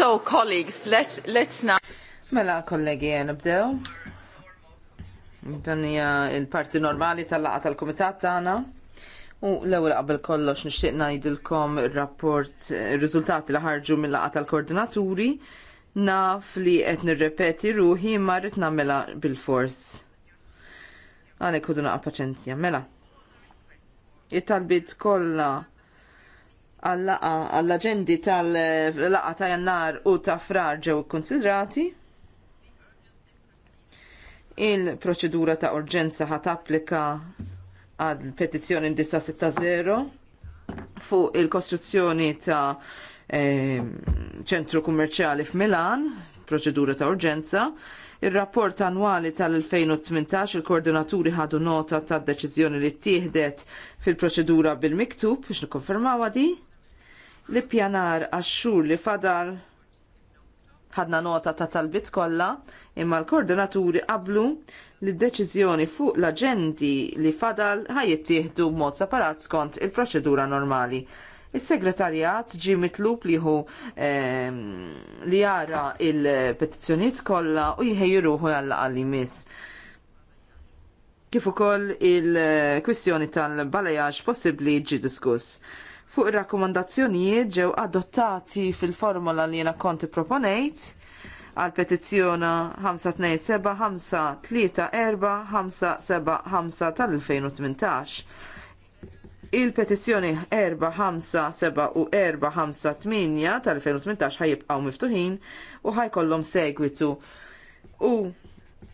So, colleagues, let's, let's now... Mela, kollegi, nibdew. Dan hija il-parti normali tal-laqa tal-kumitat tagħna. U l-ewwel qabel kollox nixtieq ngħidilkom ir-rapport ir-riżultati li ħarġu mill-laqa tal-koordinaturi naf li qed nirrepeti ruħi imma rrid nagħmilha bil-fors. Għalhekk kudu naqa' paċenzja. Mela. It-talbiet kollha għall-laqa għall-aġendi tal-laqa ta' jannar u ta' frar ġew konsidrati. Il-proċedura ta' urġenza ħat applika għal petizzjoni 960 fuq il-kostruzzjoni ta' ehm, ċentru kummerċjali f'Milan, proċedura ta' urġenza. Ir-rapport annwali tal-2018 il-koordinaturi ħadu nota tad deċiżjoni li ttieħdet fil-proċedura bil-miktub biex nikkonfermaw għadi. Li pjanar għax-xhur li fadal ħadna nota ta' talbit kollha, imma l-koordinaturi qablu li d-deċiżjoni fuq l-aġenti li fadal tieħdu b'mod separat skont il-proċedura normali. Is-segretarjat ġi mitlub liħu ehm, li jara il petizjoniet kollha u jħejruħu għalli mis. Kif ukoll il-kwistjoni tal balajax possibbli ġi diskuss fuq ir-rakkomandazzjonijiet ġew adottati fil-formola li jiena konti proponejt għal petizzjona 527-534-575 tal-2018. Il-petizzjoni 457 u 458 tal-2018 ħajibqaw miftuħin u ħajkollhom segwitu. U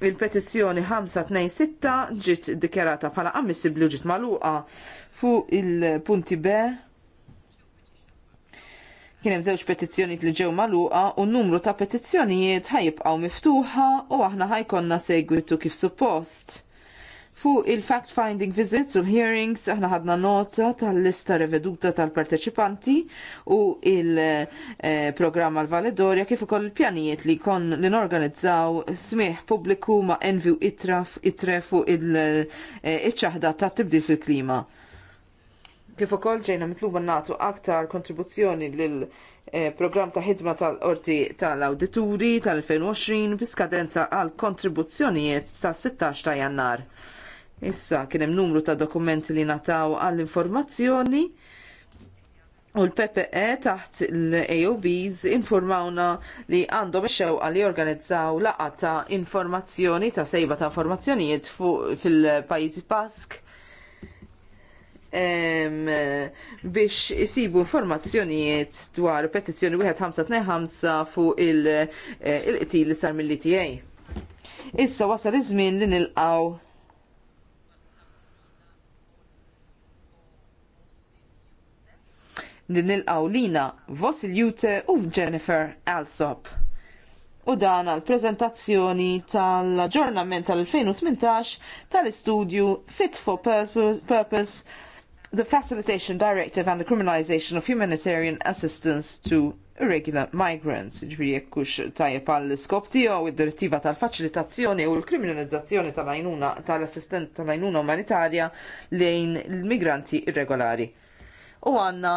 il-petizzjoni 526 ġiet dikjarata bħala ammissibli u ġiet magħluqa fuq il-punti B Kien hemm żewġ petizzjonijiet li ġew magħluqa u n-numru ta' petizzjonijiet ħajibqgħu miftuħa u aħna ħajkonna segwitu kif suppost. Fuq il-fact-finding visits u hearings aħna ħadna nota tal-lista reveduta tal-parteċipanti u il-programma eh, l validorja kif ukoll il-pjanijiet li kon li norganizzaw smieħ pubbliku ma' envju itraf itre fuq il-ċaħda eh, tat tibdil fil-klima. Kif ukoll ġejna mitluba nagħtu aktar kontribuzzjoni lil eh, program ta' ħidma tal-qorti tal-awdituri tal-2020 bi skadenza għal kontribuzzjonijiet ta' 16 ta' jannar. Issa kien hemm numru ta' dokumenti li nataw għall-informazzjoni U l-PPE taħt l-AOBs informawna li għandhom xewqa li jorganizzaw laqgħa ta' informazzjoni ta' sejba ta' informazzjonijiet fil-Pajjiżi PASK biex isibu informazzjonijiet dwar petizzjoni 1525 fuq eh, il-qtil li sar mill-ETA. Issa wasal iż-żmien li nilqaw li nilqaw lina Vosiljute u Jennifer Alsop. U dan għal prezentazzjoni tal-aġġornament tal-2018 tal-istudju Fit for Purpose the Facilitation Directive and the Criminalization of Humanitarian Assistance to Irregular Migrants, ġviri jekkux tajjeb għall skop tiegħu id-direttiva tal-faċilitazzjoni u l-kriminalizzazzjoni tal ajnuna tal-assistent tal ajnuna umanitarja lejn l-migranti irregolari. U għanna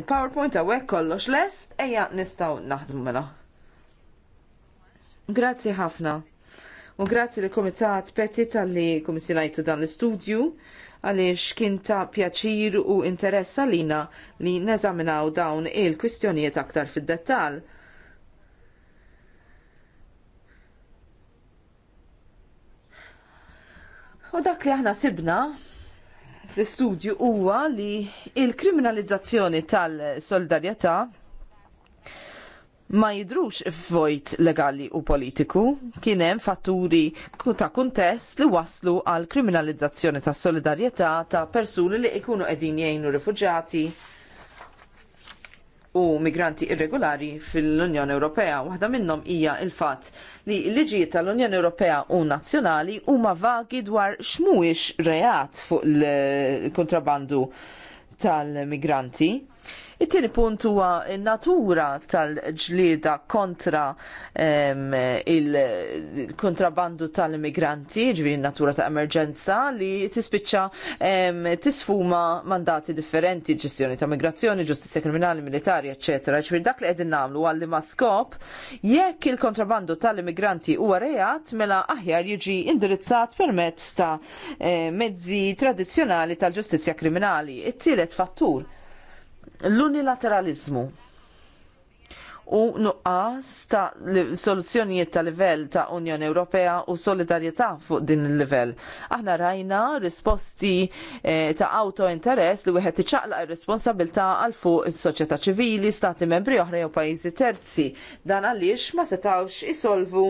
il-PowerPoint għawek kollox lest, eja nistaw naħdmu mela. Grazzi ħafna. U grazzi li komitat Petit tal-li dan l-studju għaliex kien ta' pjaċir u interess għalina li neżaminaw dawn il-kwistjonijiet aktar fid-dettall. U dak li aħna sibna fl-istudju huwa li il-kriminalizzazzjoni tal solidarjetà ma jidrux f'vojt legali u politiku, kien hemm fatturi ta' kuntest li waslu għal kriminalizzazzjoni ta' solidarjetà ta' persuni li jkunu qegħdin jgħinu rifuġati u migranti irregolari fil-Unjoni Ewropea. Waħda minnhom hija l fatt li l-liġijiet tal-Unjoni Ewropea u nazzjonali huma vagi dwar x'mhuwiex reat fuq il kontrabandu tal-migranti It-tieni punt huwa natura tal-ġlieda kontra il-kontrabandu tal-immigranti, ġviri natura ta' emerġenza li tispiċċa tisfuma mandati differenti, ġestjoni ta' migrazzjoni, ġustizja kriminali, militari, eccetera. Ġviri dak li qegħdin nagħmlu għalli ma' skop jekk il-kontrabandu tal-immigranti huwa reat mela aħjar jiġi indirizzat permezz ta' eh, mezzi tradizzjonali tal-ġustizzja kriminali. It-tielet fattur l-unilateralizmu u nuqqas ta' soluzzjonijiet ta' livell ta' Unjoni Ewropea u solidarjetà fuq din il-livell. Aħna rajna risposti eh, ta' auto-interess li wieħed iċaqlaq ir-responsabilità għal fuq is-soċjetà ċivili, stati membri oħra jew pajjiżi terzi. Dan għaliex ma setawx isolvu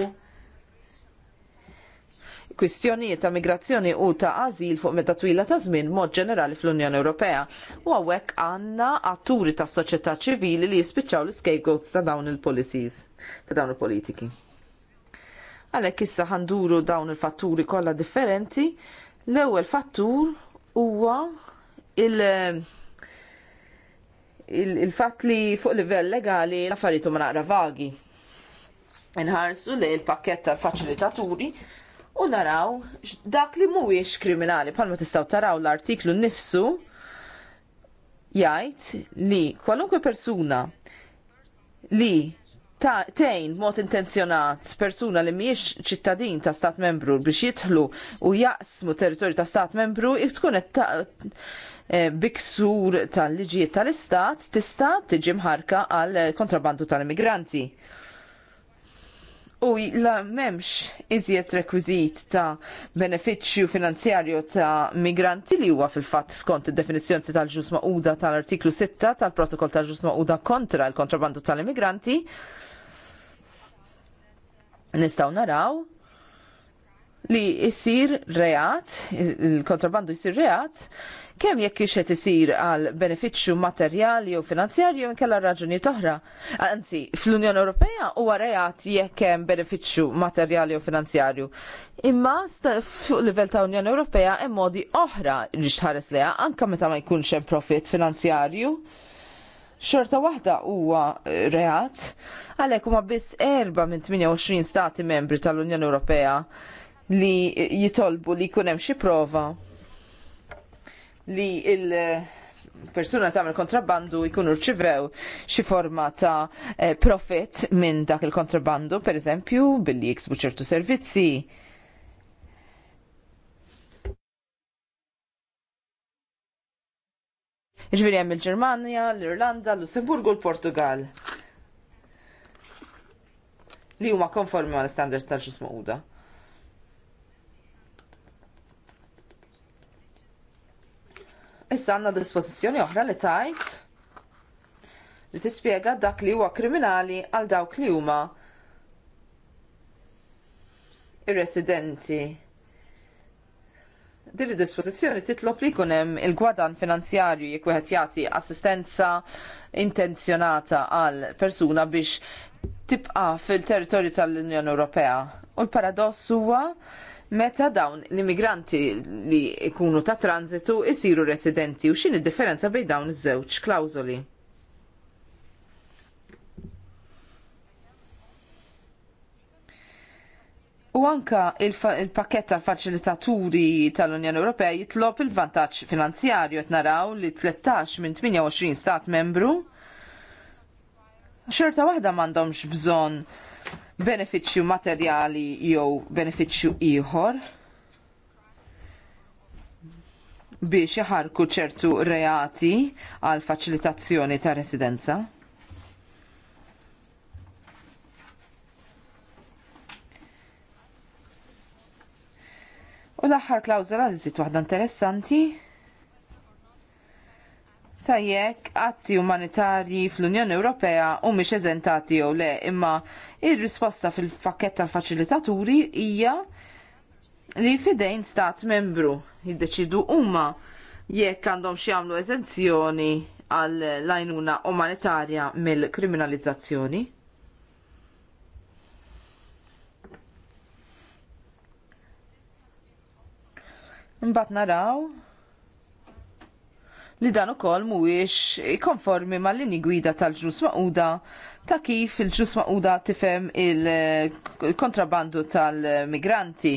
kwistjonijiet ta' migrazzjoni u ta' azil fuq meta twila ta' żmien mod ġenerali fl-Unjoni Ewropea. U għawek għandna atturi ta' soċjetà ċivili li jispiċċaw l-scapegoats ta' dawn il-policies, ta' dawn il-politiki. Għalhekk issa ħanduru dawn il-fatturi kollha differenti, l-ewwel fattur huwa il- il-fat li fuq livell legali l-affarijiet huma naqra vagi. Inħarsu li l-pakket tal-faċilitaturi u naraw dak li mhuwiex kriminali bħalma tistgħu taraw l-artiklu nnifsu jgħid li kwalunkwe persuna li tejn mod intenzjonat persuna li mhijiex ċittadin ta' stat membru biex jidħlu u jaqsmu territorju ta' stat membru tkun qed e, biksur tal-liġijiet tal-istat tista' tiġi mħarka għal kontrabandu tal-immigranti u la memx iżjed rekwizit ta' beneficju finanzjarju ta' migranti li huwa fil-fatt skont id-definizzjoni tal-ġus maquda tal-artiklu 6 tal-protokoll tal-ġus maquda kontra l-kontrabandu tal-immigranti. Nistaw naraw li jisir reat, il-kontrabandu jisir reat, kemm jekk ixet isir għal benefiċċju materjali u finanzjarju inkella raġuni toħra. Anzi, fl-Unjoni Ewropea huwa għarajat jekk hemm benefiċċju materjali u finanzjarju. Imma fuq livell ta' Unjoni Ewropea hemm modi oħra li tħares leha anke meta ma jkunx hemm profit finanzjarju. Xorta waħda huwa reat għalhekk huma biss erba' minn 28 stati membri tal-Unjoni Ewropea li jitolbu li jkun hemm xi prova li il- persuna tagħmel kontrabbandu jkunu rċivew xi forma ta' eh, profit minn dak il-kontrabbandu, per eżempju, billi jiksbu ċertu servizzi. Ġviri hemm il-Ġermanja, l-Irlanda, l-Lussemburgu, l-Portugal. Li huma konformi mal standards tal-ġusmu Issa għandna dispożizzjoni oħra li tajt li tispjega dak li huwa kriminali għal dawk li huma ir-residenti. Din id-dispożizzjoni titlob li jkun hemm il-gwadan finanzjarju jekk wieħed jagħti assistenza intenzjonata għal persuna biex tibqa fil-territorju tal-Unjoni Ewropea. U l-paradoss huwa meta dawn l-immigranti li jkunu ta' transitu isiru residenti u xin il differenza bejn dawn iż-żewġ klawżoli. U anka il-pakket il tal-faċilitaturi tal-Unjoni Ewropea jitlob il-vantaġġ finanzjarju qed naraw li 13 minn 28 stat membru. Xorta waħda m'għandhomx bżonn benefiċċju materjali jew benefiċċju ieħor biex jaħarku ċertu reati għal faċilitazzjoni ta' residenza? U l-aħħar klawżola li żiet waħda interessanti ta' jekk atti umanitarji fl-Unjoni Ewropea u miex eżentati jew le, imma il risposta fil-pakket tal-faċilitaturi hija li fidejn stat membru jiddeċidu huma jekk għandhom xi jagħmlu eżenzjoni għal lajnuna umanitarja mill-kriminalizzazzjoni. Mbagħad naraw li dan ukoll mhuwiex konformi mal-linji gwida tal-ġus maquda ta' kif il-ġus maquda tifhem il-kontrabandu tal-migranti.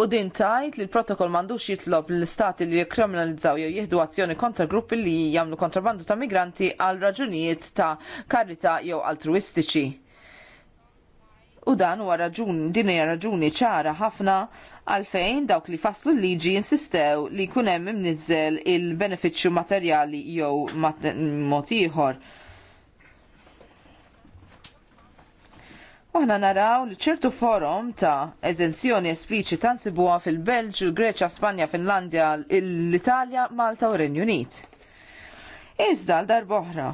U din tajt li l-protokoll m'għandux jitlob l-istati li jikriminalizzaw jew jieħdu azzjoni kontra gruppi li jagħmlu kontrabandu ta' migranti għal raġunijiet ta' karità jew altruistiċi U dan huwa raġun, din hija raġuni ċara ħafna għalfejn dawk li faslu l-liġi insistew li jkun hemm imniżżel il-benefiċċju materjali jew mod ieħor. Waħna naraw li ċertu forum ta' eżenzjoni espliċita nsibuha fil-Belġu, Greċja, Spanja, Finlandja, l-Italja, Malta u Renju Unit. Iżda l-darboħra,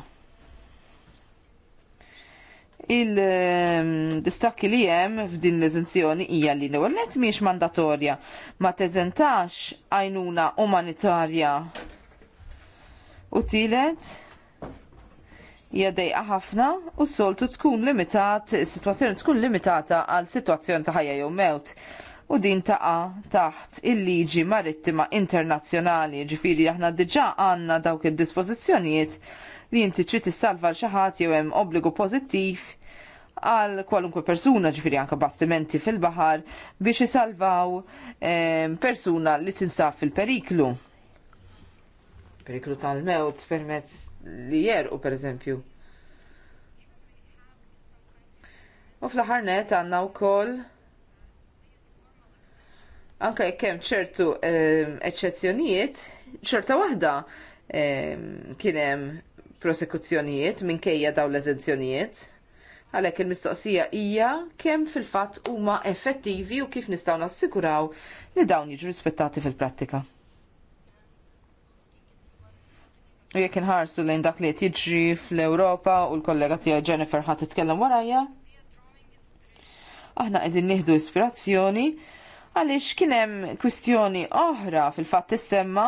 il-distakki li hemm f'din l-eżenzjoni hija li l-ewwel nett mhijiex mandatorja ma teżentax għajnuna umanitarja u tielet hija dejqa ħafna u s-soltu tkun limitat, is-sitwazzjoni tkun limitata għal sitwazzjoni ta' ħajja jew mewt u din taqa taħt il-liġi marittima internazzjonali, ġifiri aħna diġa għanna dawk il-dispozizjonijiet li inti trid tissalva l xi ħadd jew hemm obbligu pożittiv għal kwalunkwe persuna ġifiri anka bastimenti fil-bahar biex jisalvaw persuna li tinsab fil-periklu. Periklu tal-mewt permezz li jerqu per eżempju. U fl-ħarnet għanna u koll anka jekkem ċertu eh, eccezzjonijiet, ċerta wahda kienem prosekuzzjonijiet minkejja daw l-eżenzjonijiet. Għalhekk il-mistoqsija hija kemm fil-fatt huma effettivi u kif nistgħu nassikuraw li dawn jiġu rispettati fil-prattika. U jekk inħarsu lejn dak li qed jiġri fl-Ewropa u l-kollega tiegħi Jennifer ħadd titkellem warajja. Aħna qegħdin nieħdu ispirazzjoni għaliex kien hemm kwistjoni oħra fil-fatt issemma'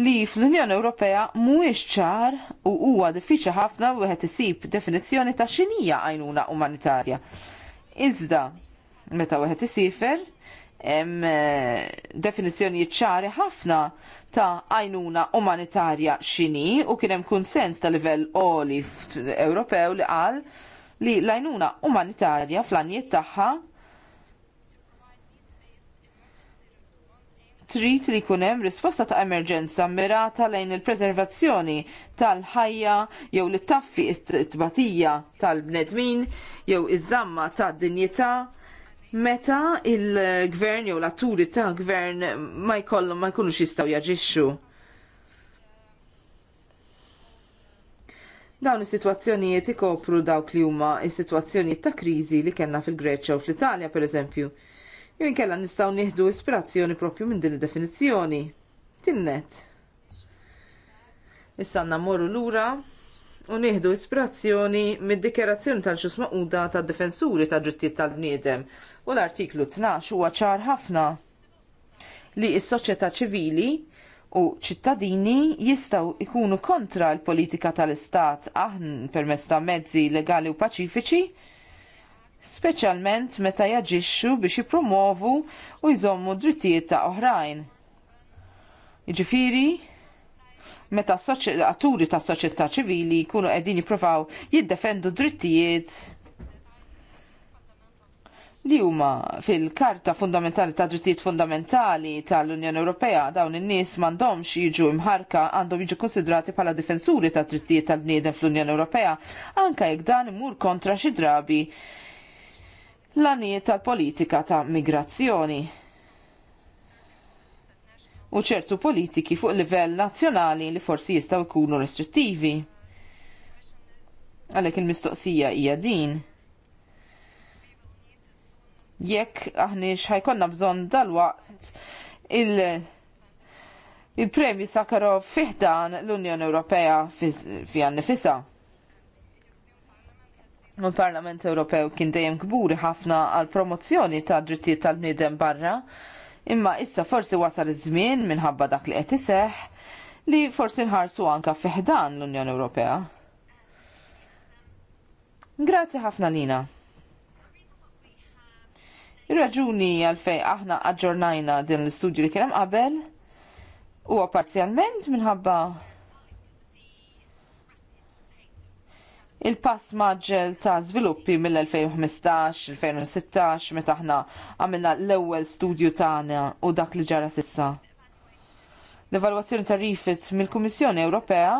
li fl-Unjoni Ewropea mhuwiex ċar u huwa diffiċli ħafna wieħed isib definizzjoni ta' x'inhija għajnuna umanitarja. Iżda meta wieħed isifer hemm eh, definizzjonijiet ċari ħafna ta' għajnuna umanitarja x'inhi u kien hemm kunsens ta' livell oli Ewropew li qal li l-għajnuna umanitarja fl-għanijiet tagħha trid li jkun hemm risposta ta' emerġenza mirata lejn il-preservazzjoni tal-ħajja jew li taffi t-tbatija tal-bnedmin jew iż-żamma tad-dinjità meta il-gvern jew l-atturi ta' gvern ma jkollhom ma jkunux jistgħu jaġixxu. Dawn is-sitwazzjonijiet ikopru dawk li huma s-sitwazzjonijiet ta' kriżi li kellna fil-Greċja u fl-Italja pereżempju jew inkella nistgħu nieħdu ispirazzjoni propju minn din id-definizzjoni. Tinnet. Issa morru lura u nieħdu ispirazzjoni mid dikjarazzjoni tal-ġus maquda tad-difensuri tad-drittijiet tal-bniedem u l-artiklu 12 huwa ċar ħafna li s-soċjetà ċivili u ċittadini jistaw ikunu kontra l-politika tal-istat aħn permezz ta' mezzi legali u paċifiċi speċjalment meta jaġixxu biex jippromovu u jżommu drittijiet ta' oħrajn. Jiġifieri, meta atturi ta' soċjetà ċivili jkunu qegħdin jippruvaw jiddefendu drittijiet li huma fil-Karta Fundamentali ta' Drittijiet Fundamentali tal-Unjoni Ewropea dawn in-nies m'għandhomx jiġu imħarka għandhom jiġu konsidrati bħala difensuri ta' drittijiet tal-bniedem fl-Unjoni Ewropea anke jekk dan imur kontra xi drabi l-għaniet tal-politika ta' migrazzjoni u ċertu politiki fuq livell nazzjonali li forsi jistgħu jkunu restrittivi. Għalhekk il-mistoqsija hija din. Jekk aħniex ħajkonna bżonn dalwaqt il- il-premju Sakharov fiħdan l-Unjoni Ewropea fi għannifisa. Il-Parlament Ewropew kien dejjem kburi ħafna għal promozzjoni ta' drittijiet tal-bniedem barra, imma issa forsi wasal iż-żmien minħabba dak li qed iseħħ li forsi nħarsu anka fiħdan l-Unjoni Ewropea. Grazzi ħafna lina. Ir-raġuni għalfej aħna aġġornajna din l-istudju li kien hemm qabel huwa parzjalment minħabba il-pass maġġel ta' żviluppi mill-2015-2016 meta aħna għamilna l-ewwel studju tagħna u dak li ġara sissa. L-evalwazzjoni ta' rifit mill-Kummissjoni Ewropea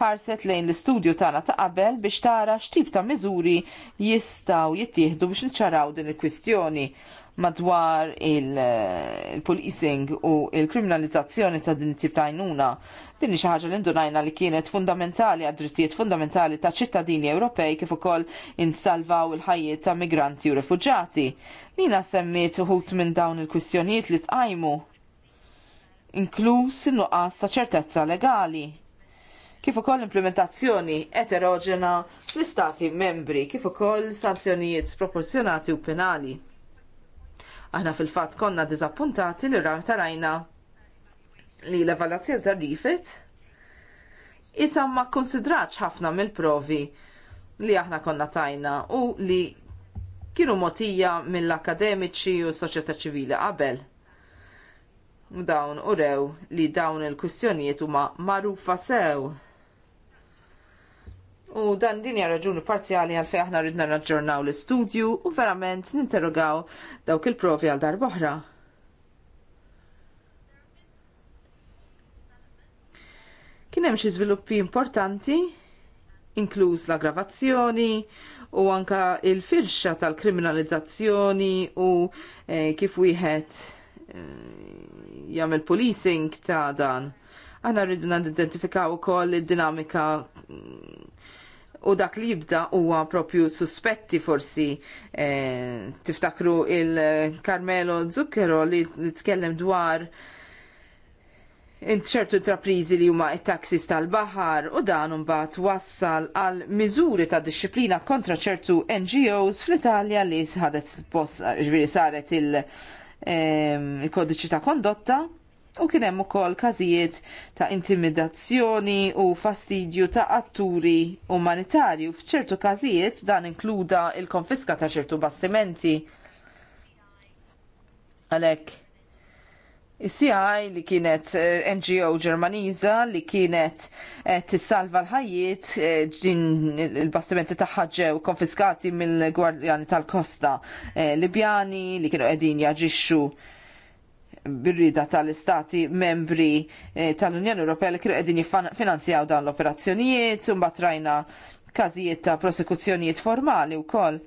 ħarset lejn l-istudju tagħna ta' qabel biex tara x'tip ta' miżuri jistgħu jittieħdu biex nċaraw din il-kwistjoni madwar il-policing eh, u il-kriminalizzazzjoni ta' din it tip ta' għajnuna. Din xi ħaġa li ndunajna li kienet fundamentali għad drittijiet fundamentali ta' ċittadini Ewropej kif ukoll insalvaw il-ħajjiet ta' migranti u refuġati. Nina semmiet uħut minn dawn il-kwistjonijiet li tqajmu inkluż in-nuqqas ta' ċertezza legali kif ukoll implementazzjoni eterogena fl-istati membri, kif ukoll sanzjonijiet sproporzjonati u penali. Aħna fil-fatt konna dizappuntati li rar tarajna li l-evaluazzjoni tar rifit isa ma konsidraċ ħafna mill-provi li aħna konna tajna u li kienu motija mill-akademiċi u s-soċjetà ċivili qabel. Dawn u rew li dawn il-kwistjonijiet huma magħrufa sew U dan din hija raġuni parzjali għal fejn aħna rridna naġġornaw l-istudju u verament ninterrogaw dawk il-provi għal dar oħra. Kien hemm xi żviluppi importanti, inkluż l-aggravazzjoni u anka il-firxa tal-kriminalizzazzjoni u eh, kif wieħed eh, jagħmel policing ta' dan. Aħna rridna nidentifikaw ukoll id-dinamika u dak li jibda huwa propju suspetti forsi e, tiftakru il-Carmelo Zucchero li tkellem dwar ċertu traprizi li huma it-taksis tal-baħar u dan imbagħad wassal għal miżuri ta' disċiplina kontra ċertu NGOs fl-Italja li sħadet post ġbiri saret il-kodiċi ehm, ta' kondotta u kien hemm ukoll każijiet ta' intimidazzjoni u fastidju ta' atturi umanitarju. F'ċertu każijiet dan inkluda il-konfiska ta' ċertu bastimenti. Għalhekk Is-CI li kienet eh, NGO Ġermaniża li kienet eh, tissalva l-ħajjiet eh, din il-bastimenti tagħha ġew konfiskati mill-gwardjani tal-Kosta Libjani li kienu qegħdin jaġixxu birrida tal-istati membri eh, tal-Unjoni Ewropea li kienu qegħdin jiffinanzjaw dan l-operazzjonijiet, u mbagħad rajna każijiet ta' prosekuzzjonijiet formali wkoll.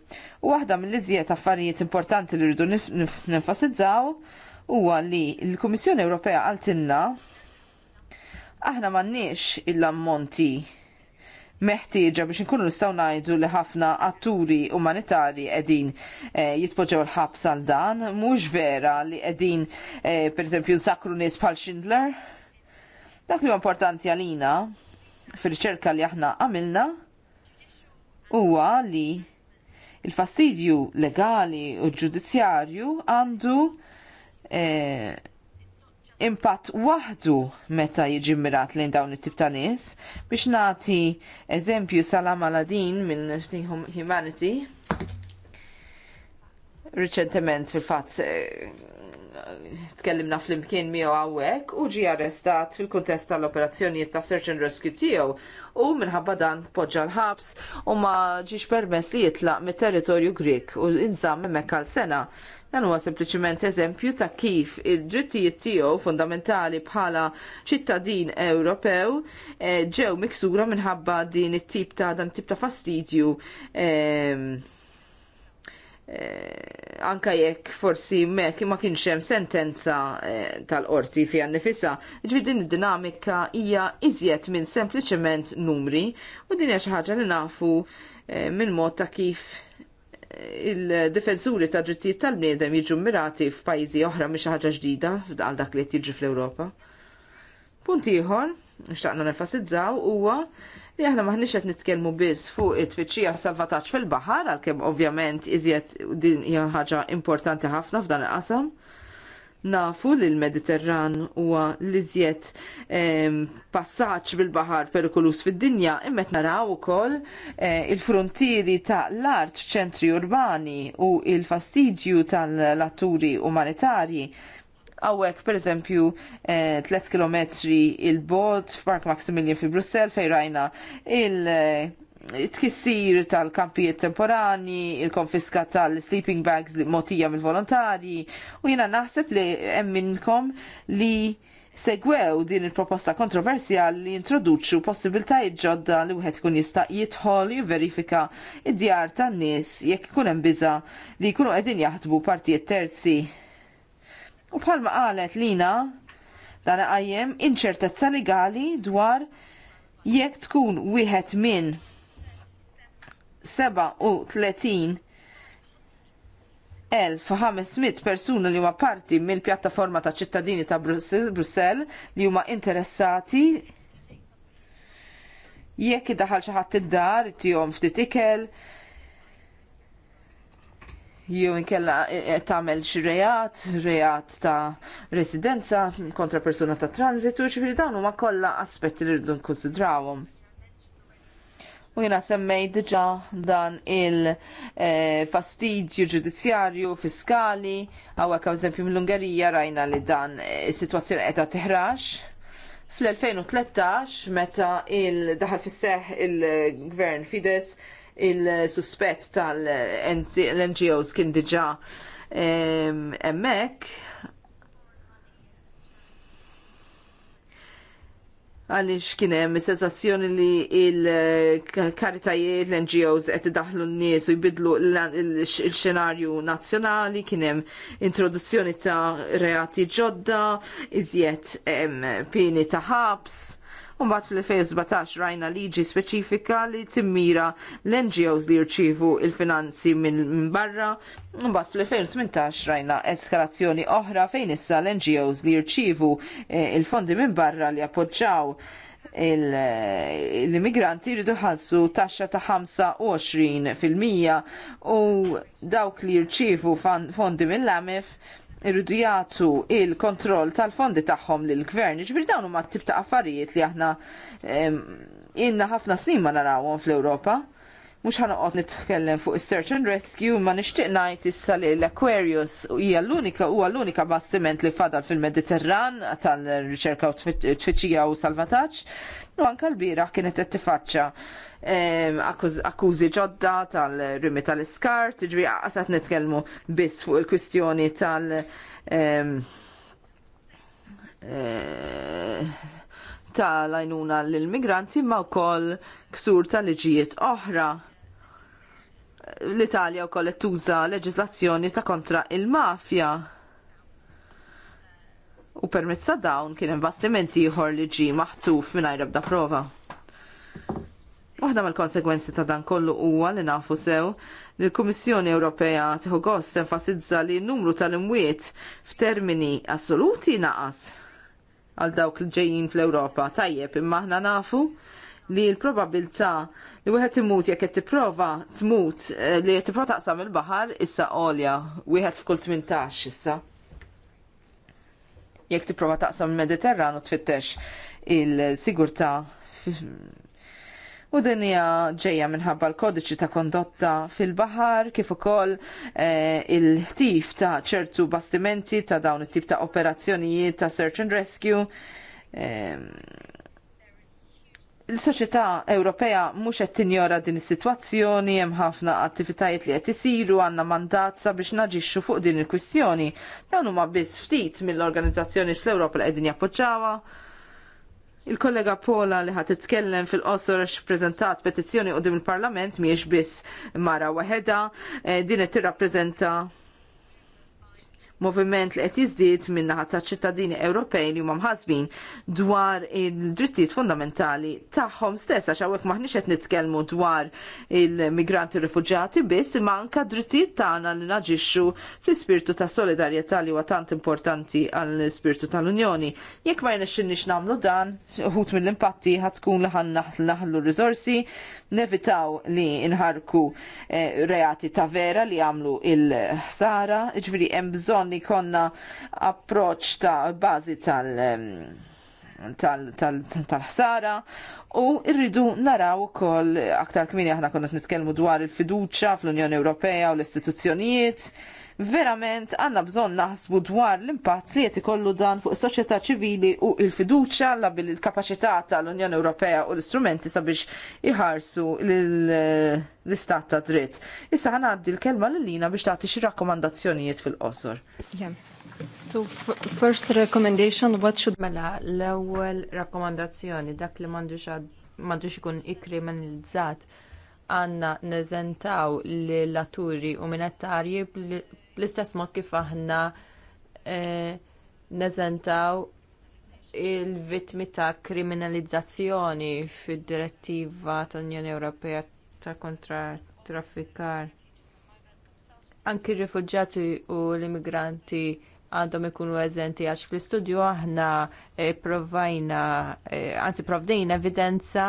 U waħda mill-iżjed affarijiet importanti li rridu nenfasizzaw huwa li l-Kummissjoni Ewropea għaltinna aħna m'għandniex il-ammonti meħtieġa biex inkunu nistgħu ngħidu li ħafna atturi umanitarji qegħdin eh, jitpoġġew l-ħabs għal dan, mhux vera li qegħdin eh, pereżempju nsakru nies bħal Schindler. Dak li huwa importanti għalina fir-riċerka li aħna għamilna huwa li il-fastidju legali u ġudizzjarju għandu eh, impatt waħdu meta jiġi mirat lejn dawn it-tip ta' nies biex nagħti eżempju Salam Aladin minn Humanity. Riċentement fil-fatt eh, tkellimna fl-imkien miegħu hawnhekk u ġie arrestat fil-kuntest tal-operazzjonijiet ta' search and rescue tiegħu u minħabba dan poġġa l-ħabs u ma ġiex permess li jitlaq mit-territorju Grik u inżamm hemmhekk għal sena. Dan huwa sempliċiment eżempju ta' kif il-drittijiet tiegħu fundamentali bħala ċittadin Ewropew eh, ġew miksura minħabba din it-tip ta' dan tip ta' fastidju ehm, Eh, anka jekk forsi mek ma kienx hemm sentenza eh, tal-qorti fiha nifisha, ġbid din id-dinamika hija iżjed minn sempliċement numri u din hija xi ħaġa li nafu eh, minn mod ta' kif il-difensuri ta' drittijiet tal-bniedem jiġu mirati f'pajjiżi oħra mhix ħaġa ġdida għal dak li qed jiġri fl-Ewropa. Punt ieħor, xtaqna nefasizzaw huwa li aħna maħniex qed nitkellmu biss fuq it-tfittxija salvataġġ fil-baħar għalkemm ovvjament iżjed din hija ħaġa importanti ħafna f'dan il-qasam. Nafu li l-Mediterran huwa l-iżjed passaġġ bil-baħar perikolus fid-dinja immet naraw ukoll eh, il-frontieri ta' l-art ċentri urbani u il-fastidju tal-atturi umanitarji Għawek, per eżempju, 3 eh, km il-bot f'Park Maximilian fi Brussel fej rajna il- it-tkissir eh, tal-kampijiet temporani, il-konfiska tal-sleeping bags li motija mill-volontari, u jina naħseb li emminkom li segwew din il-proposta kontroversjal li introduċu possibiltajiet ġodda li wieħed kun jista' jitħol jivverifika id-djar tan-nies jekk ikun hemm biża li jkunu qegħdin jaħdmu partijiet terzi U bħalma qalet lina dan għajjem inċertezza legali dwar jekk tkun wieħed minn 37,500 persuna li huma parti mill-pjattaforma ta' ċittadini ta' Brussell li huma interessati jekk iddaħħal xi ħadd id-dar, ftit ikel, jew inkella e, e, tagħmel xi reat, reat ta' residenza kontra persuna ta' u ċifri dawn huma kollha aspetti li rridu nkunsidrawhom. U jiena semmejt diġà dan il-fastidju e, ġudizzjarju, fiskali, għawek eżempju mill-Ungerija rajna li dan is-sitwazzjoni qiegħda tiħrax. Fl-2013, meta il-daħal fis il-gvern Fides, il-suspett tal-NGOs kien diġà hemmhekk. għalix kienem sensazzjoni li il-karitajiet, l-NGOs għet daħlu n-nies u jbidlu il-xenarju nazjonali, kienem introduzzjoni ta' reati ġodda, iżjed pini ta' ħabs. Un bat fl-2017 rajna liġi speċifika li timmira l-NGOs li jirċievu il-finanzi minn barra, u mbagħad fl-2018 rajna eskalazzjoni oħra fejn issa l-NGOs li jirċievu eh, il-fondi minn barra li appoġġaw eh, l-immigranti jridu ħassu taxxa ta' 25% u dawk li jirċievu fondi l amef irridu jagħtu il-kontroll tal-fondi tagħhom lill gvern Ġifieri dawn huma tip ta' affarijiet li aħna inna ħafna snin ma narawhom fl-Ewropa. Mhux ħanoqgħod nitkellem fuq is-search and rescue ma nixtieq ngħid issa li l-Aquarius hija l-unika huwa l-unika bastiment li fadal fil-Mediterran tal-riċerka u tfittxija u salvataġġ. U anke l-bieraħ kienet qed tifaċċa ehm, akkużi ġodda tal-rimi tal-iskart, ġri qasat nitkellmu biss fuq il-kwistjoni tal- ehm, eh, ta' lajnuna l-immigranti ma' wkoll ksur tal liġijiet oħra l-Italja wkoll qed tuża leġiżlazzjoni ta' kontra il-mafja. U permezz ta' dawn kien hemm bastimenti ieħor li ġie maħtuf mingħajr ebda prova. Waħda mal-konsegwenzi ta' dan kollu huwa li nafu sew li l-Kummissjoni Ewropea tieħu gost enfasizza li n-numru tal-imwiet f'termini assoluti naqas għal dawk li ġejjin fl-Ewropa. Tajjeb, imma aħna nafu li l-probabilità li wieħed imut jekk qed tipprova tmut eh, li qed tipprova taqsam il-baħar issa għolja wieħed f'kull tmintax issa. Jekk tipprova taqsam il-Mediterran u tfittex il-sigurtà U din hija ġejja minħabba l-kodiċi ta' kondotta fil-baħar kif ukoll eh, il-ħtif ta' ċertu bastimenti ta' dawn it-tip ta' operazzjonijiet ta' search and rescue. Eh, L-soċjetà Ewropea mhux qed tinjora din is-sitwazzjoni hemm ħafna attivitajiet li qed isiru għandna mandat sabiex naġixxu fuq din il-kwistjoni. Dawn huma biss ftit mill-organizzazzjoni fl-Ewropa li qegħdin jappoġġawha. Il-kollega Pola li ħat titkellem fil-qosor prezentat petizzjoni qudiem il-Parlament miex biss mara waħeda, eh, din qed tirrappreżenta moviment li qed jiżdied min-naħa taċ ċittadini Ewropej li huma mħasbin dwar id drittijiet fundamentali tagħhom stess għax hawnhekk maħniex qed nitkellmu dwar il-migranti rifuġjati biss imma anke drittijiet tagħna li naġixxu fl-ispirtu ta' solidarjetà li huwa tant importanti għall-ispirtu tal-Unjoni. Jekk ma jnexxinniex nagħmlu dan, uħut mill-impatti ħatkun li ħannaħlu r-riżorsi nevitaw li inħarku eh, reati ta' vera li għamlu il-ħsara, ġviri hemm bżonn konna approċ ta' bażi tal- tal-ħsara u rridu naraw ukoll aktar kmini aħna konna nitkellmu dwar il-fiduċa fl-Unjoni Ewropea u l-istituzzjonijiet verament għandna bżonn naħsbu dwar l-impatt li qed ikollu dan fuq is-soċjetà ċivili u l-fiduċja il kapaċità tal-Unjoni Ewropea u l-istrumenti sabiex iħarsu l-istat ta' dritt. Issa għaddi l-kelma l lina biex tagħti xi rakkomandazzjonijiet fil-qosor. So first recommendation what should mela l-ewwel rakkomandazzjoni dak li m'għandux m'għandux ikun ikriminalizzat għandna neżentaw l-atturi u minettarji bl-istess mod kif aħna e, neżentaw il-vittmi ta' kriminalizzazzjoni fid-direttiva tal-Unjoni Ewropea ta' kontra traffikar. Anki r-rifuġġati u l-immigranti għandhom ikunu eżenti għax fl-istudju aħna e, provajna, għanzi e, anzi provdejna evidenza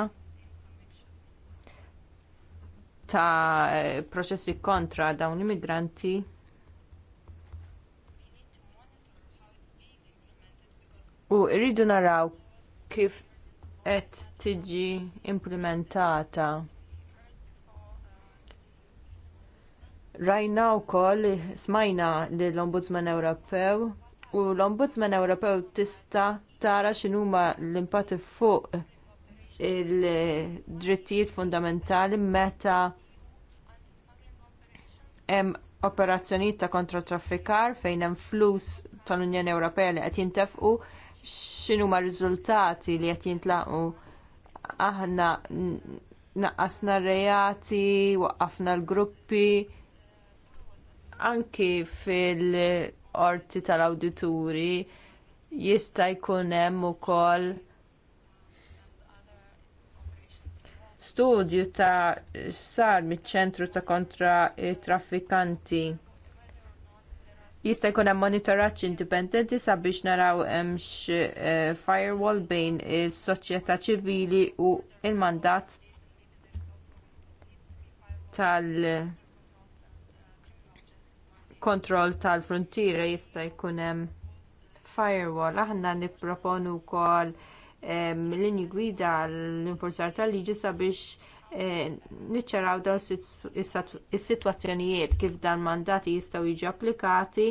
ta' proċessi kontra dawn l-immigranti u rridu naraw kif qed tiġi implementata. Rajna wkoll smajna lill ombudsman Ewropew u l-Ombudsman Ewropew tista tara x'inhuma l-impatti fuq il-drittijiet fundamentali meta hemm operazzjonijiet ta' kontra-traffikar fejn hemm flus tal-Unjoni Ewropea li qed jintefqu xinu ma' riżultati li qed jintlaqu aħna naqasna rejati, reati waqqafna l-gruppi anki fil-qorti tal-awdituri jista' jkun hemm ukoll studju ta' sar miċ-ċentru ta' kontra traffikanti Jista' jkun hemm monitoraġġ indipendenti sabiex naraw hemmx eh, firewall bejn is-soċjetà ċivili u il-mandat tal kontroll tal-frontiera jista' jkun hemm firewall. Aħna nipproponu wkoll eh, linji gwida l-infurzar tal-liġi sabiex Eh, niċċaraw daw is-sitwazzjonijiet kif dan mandati jistgħu jiġu applikati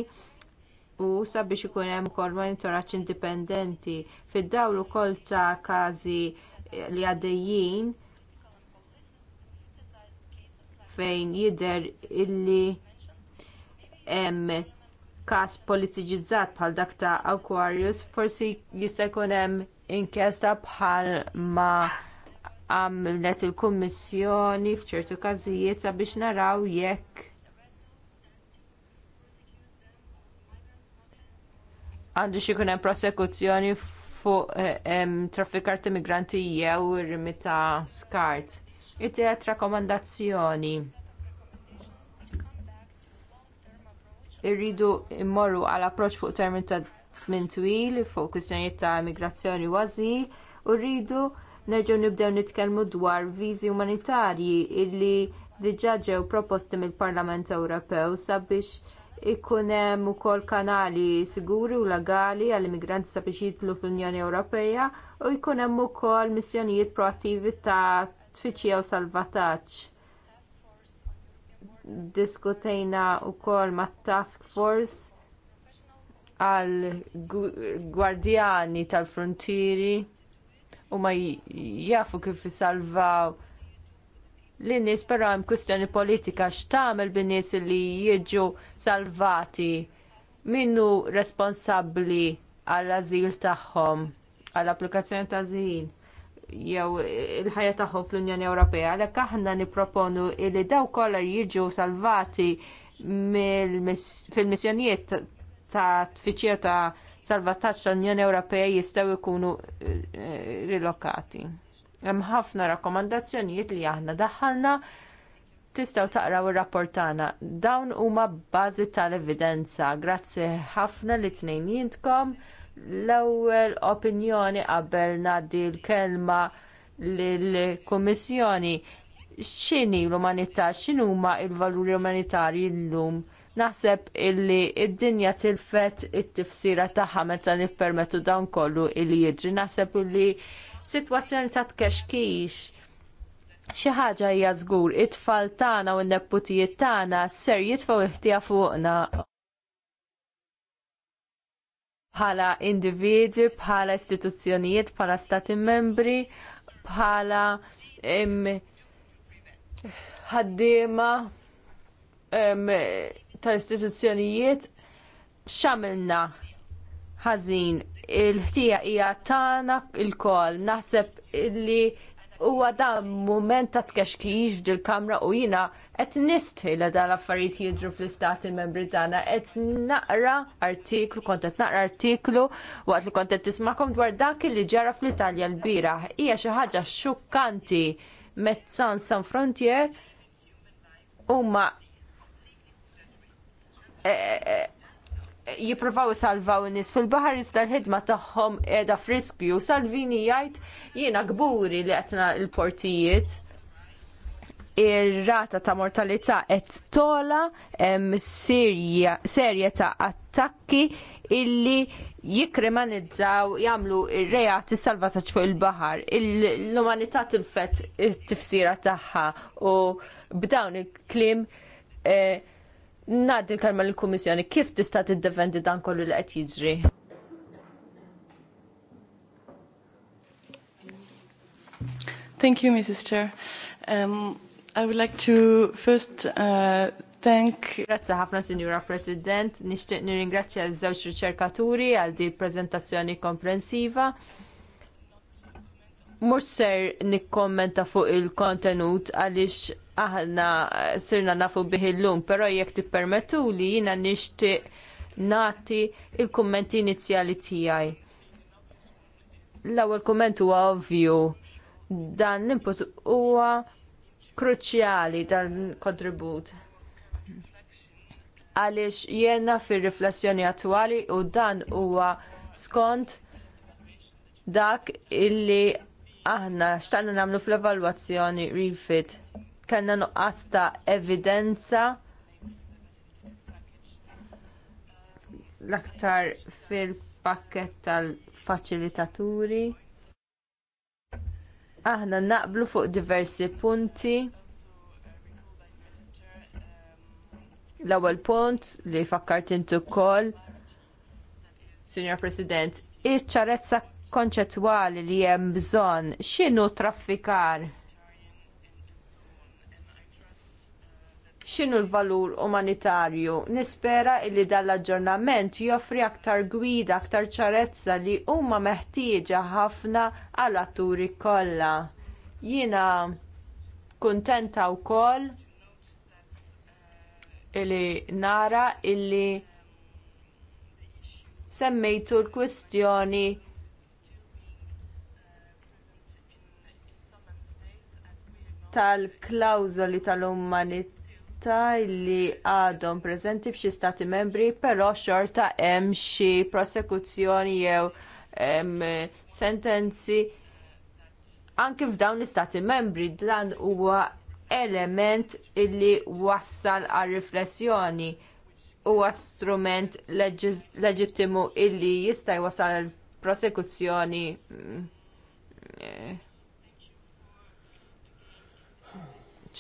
u sabiex ikun hemm ukoll monitoraġġ indipendenti fid-dawl ukoll ta' każi eh, li għaddejjin fejn jidher illi hemm każ politiċizzat bħal dak ta' Aquarius forsi jista' jkun hemm inkjesta bħal ma' għamlet il-Kummissjoni f'ċertu każijiet sabiex naraw jekk għandu xikun hemm prosekuzzjoni fuq eh, traffikar ta' migranti jew rimita skart. Ittijat rakomandazzjoni. rakkomandazzjoni. Irridu immorru għal approċċ fuq termin ta' minn twil fuq kwistjonijiet ta' immigrazzjoni u u rridu nerġgħu nibdew nitkellmu dwar viżi umanitarji illi diġà ġew proposti mill-Parlament Ewropew sabiex ikun hemm ukoll kanali siguri u legali għall immigranti sabiex jidħlu fl-Unjoni Ewropea u jkun hemm ukoll missjonijiet proattivi ta' tfittxija u salvataġġ. Diskutejna wkoll mat-task force għal gwardjani tal-frontieri u ma jafu kif salvaw l-nis però hemm kwistjoni politika x'tagħmel bin-nies li jiġu salvati minnu responsabbli għall-ażil tagħhom għall-applikazzjoni ta' żil jew il-ħajja tagħhom fl-Unjoni Ewropea. Għalhekk aħna nipproponu li daw kollha jiġu salvati fil-missjonijiet ta' tfittxija ta' salvataġġ tal-Unjoni Ewropea jistgħu jkunu eh, rilokati. Hemm ħafna rakkomandazzjonijiet li aħna daħħalna tistgħu taqraw ir rapportana Dawn huma bażi tal-evidenza. Grazzi ħafna li tnejn jintkom. L-ewwel opinjoni qabel ngħaddi l-kelma lill-Kummissjoni x'inhi l-umanità, x'inhuma l-valuri umanitarji llum Naħseb illi id-dinja tilfet it-tifsira tagħha meta nippermettu dawn kollu illi jiġri. Naħseb illi sitwazzjoni ta' tkexkix xi ħaġa hija żgur it-tfal tagħna u n-nepputijiet tagħna ser jitfgħu iħtija fuqna bħala individwi, bħala istituzzjonijiet, bħala stati membri, bħala ħaddiema Ta' istituzzjonijiet x'għamilna ħażin il-ħtija hija tagħna il-kol Naħseb li huwa dan mument ta' tkexkix f'dil kamra u jina qed nistħi li dan l-affarijiet jiġru fl-istati membri tagħna qed naqra artiklu kont qed naqra artiklu waqt li kont qed tismakom dwar dak li ġara fl-Italja l bira Hija xi ħaġa xukkanti Mezzan San Frontier huma jipprovaw salvaw nis fil-bahar iżda l-ħidma tagħhom qiegħda friskju. Salvini jajt jiena gburi li għetna l-portijiet. Ir-rata ta' mortalità qed tola hemm serje ta' attakki illi jikrimanizzaw jagħmlu ir-reati salvataġġ fuq il-baħar. L-umanità tilfet it-tifsira tagħha u b'dawn il-klim eh, Naddi l karma l-Kummissjoni, kif tista' tiddefendi dan kollu li qed jiġri? Thank you, Mrs. Chair. Um, I would like to first uh, thank... Grazie ħafna, Signora President. Nishtiq nirringrazzja l-żewġ riċerkaturi għal di prezentazzjoni komprensiva. Mhux ser nikkommenta fuq il-kontenut għaliex aħna sirna nafu bih illum, però jekk li jiena nixtieq nagħti l kummenti inizjali tiegħi. L-ewwel kumment huwa ovvju dan l-input huwa kruċjali dan kontribut. Għaliex jiena fir-riflessjoni attwali u dan huwa skont dak illi aħna xtanna nagħmlu fl-evalwazzjoni refit kellna nuqqas ta' evidenza l-aktar fil-pakket tal-faċilitaturi. Aħna naqblu fuq diversi punti. L-ewwel punt li fakkart intu wkoll, Signor President, iċ-ċarezza konċettwali li hemm bżonn x'inhu traffikar? X'inhu l-valur umanitarju? Nispera li dan l-aġġornament joffri aktar gwida, aktar ċarezza li huma meħtieġa ħafna għal atturi kollha. Jiena kuntenta wkoll illi nara illi semmejtu l-kwistjoni tal-klawżoli tal-umanità li għadhom preżenti f'xi stati membri, però xorta hemm xi prosekuzzjoni jew sentenzi anke f'dawn l-istati membri dan huwa element li wassal għal riflessjoni huwa strument leġittimu illi jista' jwassal għal prosekuzzjoni mm, eh,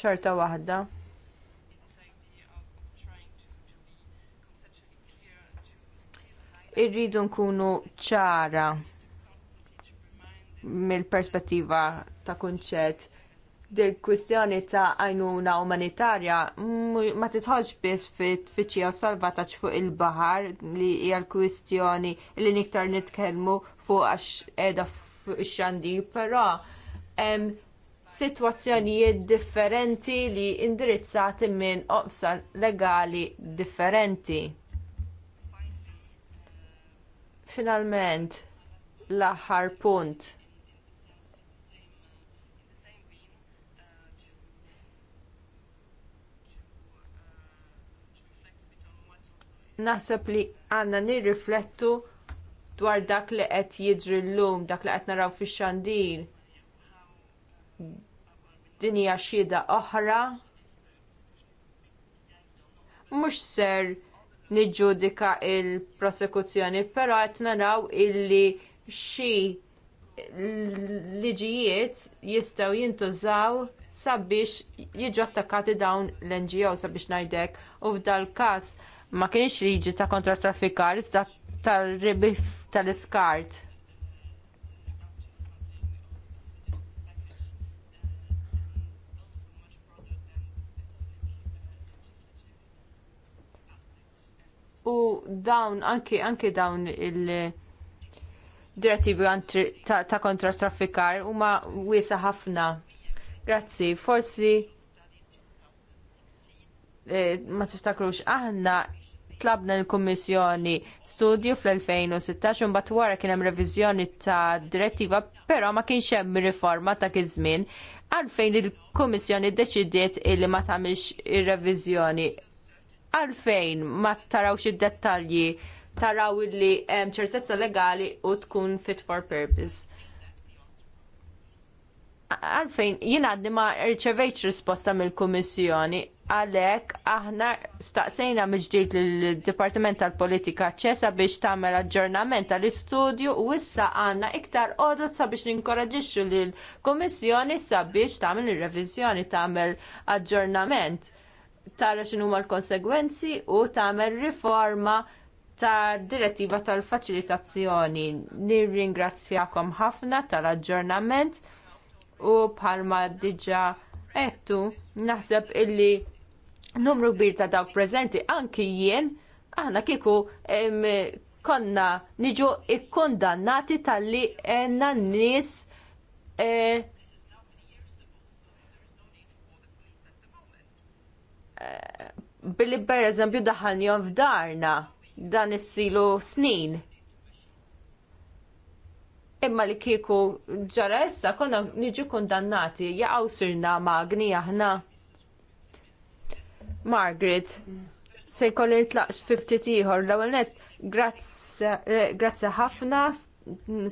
ċerta waħda. Irridu nkunu ċara mill-perspettiva ta' kunċett dil kwistjoni ta' għajnuna umanitarja ma titħolx biss fit-tfittxija u salvataġġ fuq il-baħar li hija l-kwistjoni li niktar nitkellmu fuq għax qiegħda fuq ix-xandir, però sitwazzjonijiet differenti li indirizzati minn oqsa legali differenti. Finalment, l-aħħar punt. naħseb li għandna nirriflettu dwar dak li qed jiġri llum, dak li qed naraw fix-xandir din hija xhieda oħra mhux ser niġġudika l prosekuzzjoni però qed naraw illi xi liġijiet jistgħu jintużaw sabiex jiġu attakkati dawn l-NGO sabiex ngħidlek, u f'dal każ ma kienx liġi ta' kontra traffikar iżda tal-ribif tal-iskart. u dawn anki anki dawn il- direttivi ta', kontra traffikar huma wiesa ħafna. Grazzi, forsi eh, ma tistakrux aħna tlabna l-Kummissjoni studju fl-2016 un mbagħad wara kien hemm reviżjoni ta' direttiva, però ma kienx hemm riforma ta' iż-żmien għalfejn il-Kummissjoni ddeċidiet illi ma tagħmilx ir-reviżjoni għalfejn ma tarawx id-dettalji taraw li hemm ċertezza legali u tkun fit for purpose. Għalfejn, jien għaddi ma rċevejċ risposta mill-Kummissjoni għalhekk aħna staqsejna miġdijt l-Dipartiment tal-Politika ċesa biex tagħmel aġġornament tal-istudju u issa għandna iktar għodot sabiex ninkoraġixxu lill kummissjoni sabiex tagħmel ir-reviżjoni tagħmel aġġornament tara x'inhu l-konsegwenzi u tagħmel riforma tad direttiva tal-faċilitazzjoni. Nirringrazzjakom ħafna tal-aġġornament u bħalma diġà qedtu naħseb illi numru kbir ta' dawk preżenti anki jien aħna kieku konna niġu ikkondannati talli għenna n nies eh, billi per eżempju daħanjon f'darna dan is-silu snin. Imma li kieku ġara issa konna niġu kundannati jaqgħu sirna magni aħna. Margaret, se jkolli nitlaqx 50 ieħor l-ewwel net eh, grazzi ħafna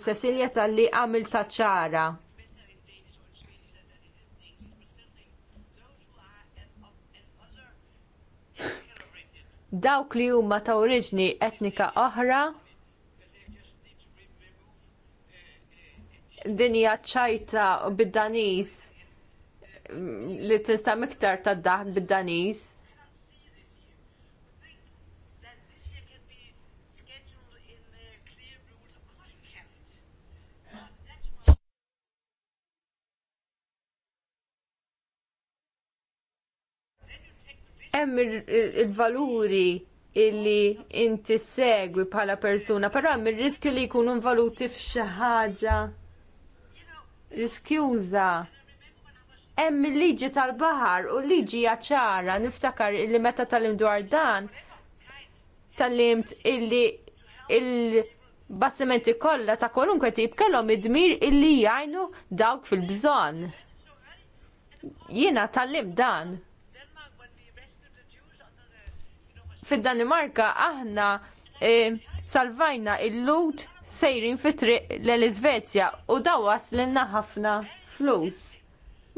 Cecilia tal-li għamil taċċara. dawk li huma ta' oriġni etnika oħra din hija ċajta bid-Daniż li tista' miktar tad daħk bid-Daniż hemm il-valuri illi inti segwi bħala persuna, però hemm ir-riskju li jkunu valuti f'xi ħaġa riskjuża. Hemm il-liġi tal-baħar u liġi ċara niftakar illi meta tal-im dwar dan tal illi il-bassimenti kollha ta' kwalunkwe tip kellhom id-dmir illi jgħinu dawk fil-bżonn. Jiena tal dan. fid-Danimarka aħna e, salvajna il-lut sejrin fit-triq l-Elizvezja u dawas l ħafna flus.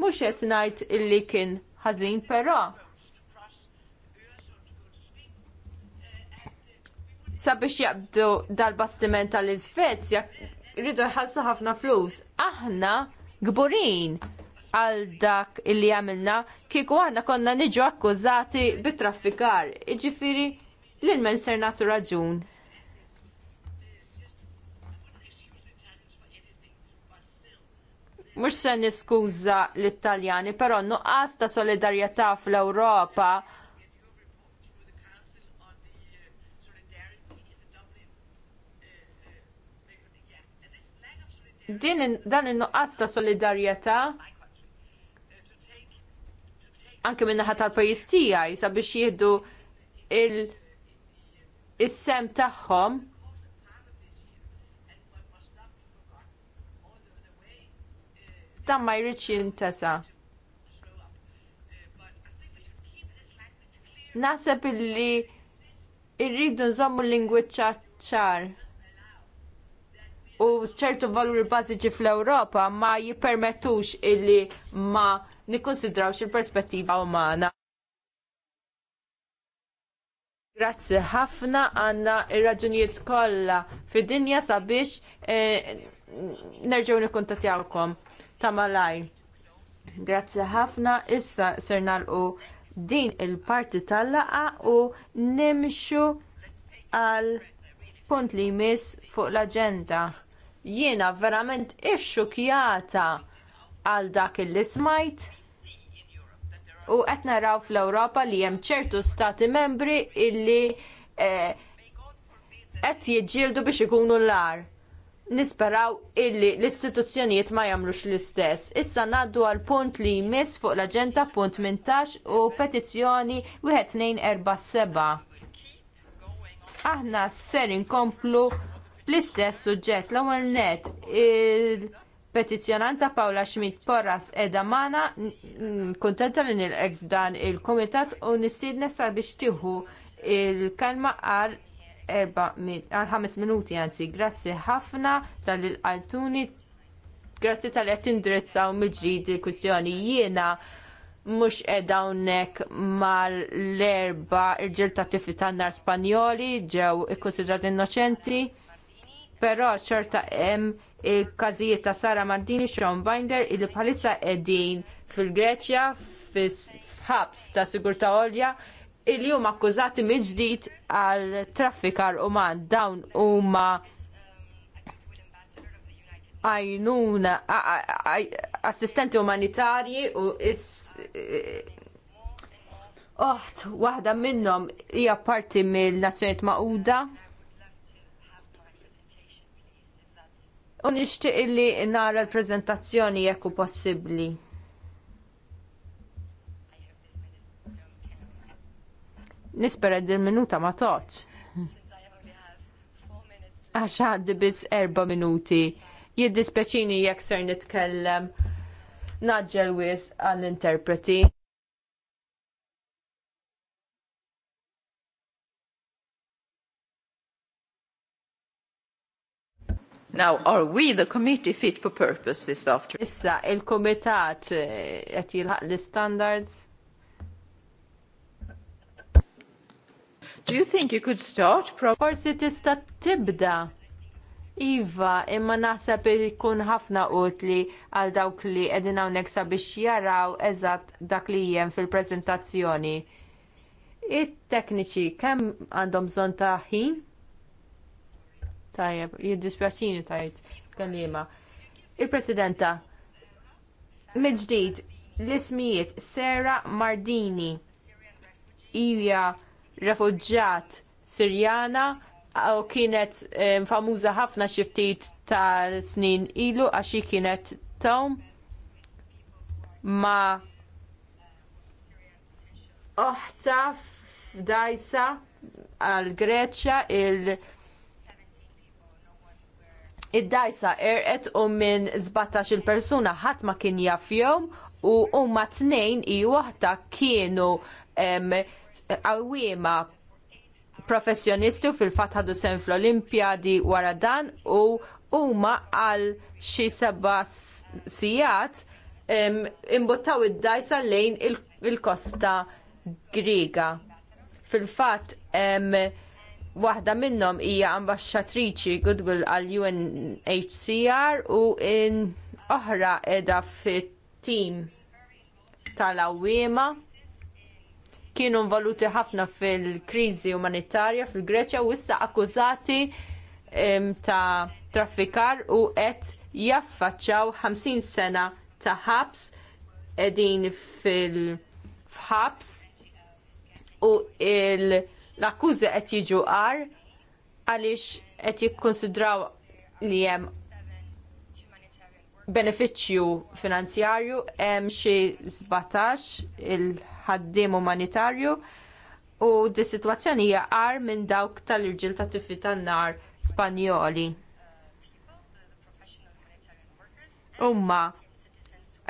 Mhux qed ngħid illi kien ħażin però. Sabiex jaqbdu dal-bastiment tal-Iżvezja rridu jħallsu ħafna flus. Aħna gburin għal dak illi għamilna kieku għanna konna niġu akkużati bit-traffikar. Iġifiri, l-inmen ser natu raġun. Mux se niskuża l-Italjani, pero nuqqas ta' solidarjetà fl-Ewropa din dan in-nuqqas ta' solidarjetà anke minn naħa tal-pajjiż tiegħi sabiex jieħdu il is-sem tagħhom dan ma jridx jintesa. Naħseb illi irridu nżommu lingwiċċa ċar u ċertu valuri bażiċi fl-Ewropa ma jipermettux illi ma nikkonsidraw il-perspettiva umana. Grazzi ħafna għanna ir-raġunijiet kollha fid-dinja sabiex eh, nerġgħu nikkuntattjawkom ta' Malaj. Grazzi ħafna issa ser nagħlqu din il-parti tal laqgħa u nimxu għal punt li jmiss fuq l-aġenda. Jiena verament kjata għal dak il ismajt u qed naraw fl-Ewropa li hemm ċertu stati membri illi eh, qed jiġġieldu biex ikunu l-ar. Nisperaw illi l-istituzzjonijiet ma jagħmlux l-istess. Issa ngħaddu għal punt li jmiss fuq l-aġenda punt mintax u petizzjoni 1247. Aħna ser inkomplu l-istess suġġett l-ewwel net il- Petizjonanta Paula Schmidt Porras edha mana kontenta li nilqek f'dan il-komitat u nistidna sabiex tieħu il-kalma għal erba għal ħames minuti għanzi, grazzi ħafna tal altuni grazzi tal għet indrizzaw mill-ġrid il-kwistjoni jiena mhux qiegħda hawnhekk mal-erba irġil ta' tifi tan-nar Spanjoli ġew ikkonsidrat innoċenti però xorta hemm il-każijiet eh, ta' Sara Martini Sean Binder illi bħalissa qegħdin fil-Greċja f'ħabs ta' sigurtà għolja illi huma akkużati mi ġdid għal traffikar uman dawn huma għajnuna assistenti umanitarji u is eh, oħt waħda minnhom hija parti mill-Nazzjonijiet Magħquda u nixtieq illi nara l-preżentazzjoni jekk hu possibbli. Nispera din minuta ma toċ. Għax għaddi biss erba minuti. Jiddispeċini jekk ser nitkellem naġġel wis għall-interpreti. Now, are we the committee fit for purpose this after? Issa, il-komitat eh, qed jilħaq l-standards? Do you think you could start? Forsi tista' tibda. Iva, imma naħseb ikun ħafna utli għal dawk li qegħdin hawnhekk sabiex jaraw eżatt dak li hemm fil-preżentazzjoni. It-tekniċi kemm għandhom bżonn ta' ħin? Tajjeb, jiddispjaċini tajt kalima. Il-Presidenta, mid-ġdid, l-ismijiet Sera Mardini, hija refugġat Sirjana, u kienet famuża ħafna xi ftit ta' snin ilu għax kienet tom ma' oħta f'dajsa għal Greċja il- id-dajsa erqet u minn 17 il persuna ħadd ma kien jaf jafjom u huma tnejn i waħda kienu għawima professjonisti u fil-fatt ħadu sehem fl-Olimpjadi wara dan u huma għal xi seba' sigħat imbuttaw id-dajsa lejn il-kosta Griega. Fil-fatt Waħda minnhom hija ambaxxatriċi Goodwill għal UNHCR u in oħra edha fit-tim tal-awwiema kienu involuti ħafna fil-kriżi umanitarja fil-Greċja u issa akkużati ta' traffikar u qed jaffaċċaw 50 sena ta' ħabs qegħdin fil-ħabs u il- l-akkużi qed jiġu qar għaliex qed jikkonsidraw li hemm benefiċċju finanzjarju hemm xi 17 il-ħaddiem umanitarju u di sitwazzjoni hija qar minn dawk tal-irġiel ta' tifi tan-nar Spanjoli. Huma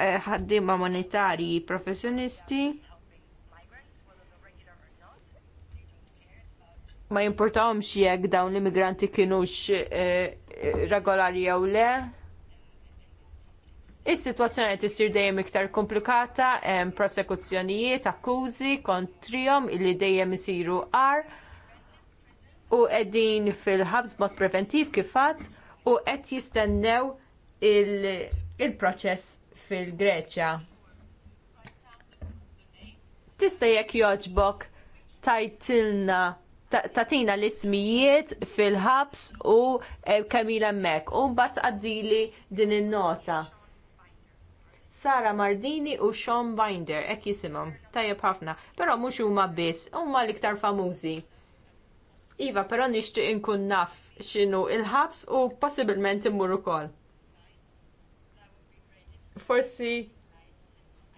eh, ħaddiema umanitarji professjonisti ma jimpurtawhomx jekk dawn l-immigranti kienux eh, regolari jew le. Is-sitwazzjoni qed issir dejjem iktar komplikata, hemm prosekuzzjonijiet, akkużi kontrihom illi dejjem isiru qar u qegħdin fil-ħabs mod preventiv kif u qed jistennew il-proċess il fil-Greċja. Tista' jekk jogħġbok tajtilna tatina l-ismijiet fil-ħabs u eh, Kamila Mek u bat għaddili din il-nota. Sara Mardini u Sean Binder, ek jisimhom, tajjeb ħafna, però mhux huma biss, huma l-iktar famużi. Iva, però nixtieq inkun naf x'inhu il-ħabs u possibilment immur ukoll. Forsi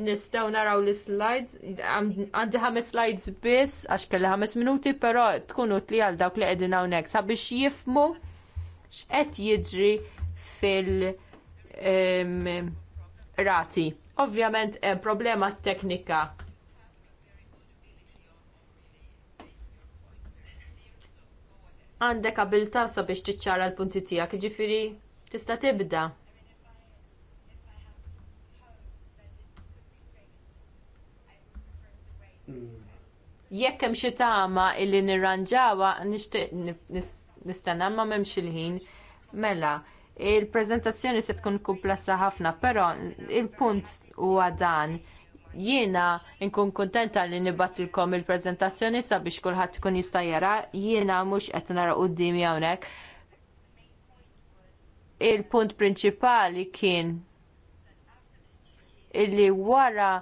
Nistgħu naraw l-slides, għandi ħames slides biss, għax kelli ħames minuti, però tkunu tli għal dawk li qegħdin hawnhekk sabiex jifmu x'qed jiġri fil-rati. Ovvjament hemm problema teknika għandek abilta sabiex tiċċara l-punti tiegħek, ġifiri tista' tibda. Jekk hemm xi tama illi nirranġawha nixtieq nistenna ma m'hemmx il-ħin mela il-preżentazzjoni se tkun kumplessa ħafna, però il-punt huwa dan jiena nkun kuntenta li nibatilkom il preżentazzjoni sabiex kulħadd tkun jista' jara, jiena mhux qed nara qudiemi hawnhekk. Il-punt prinċipali kien illi wara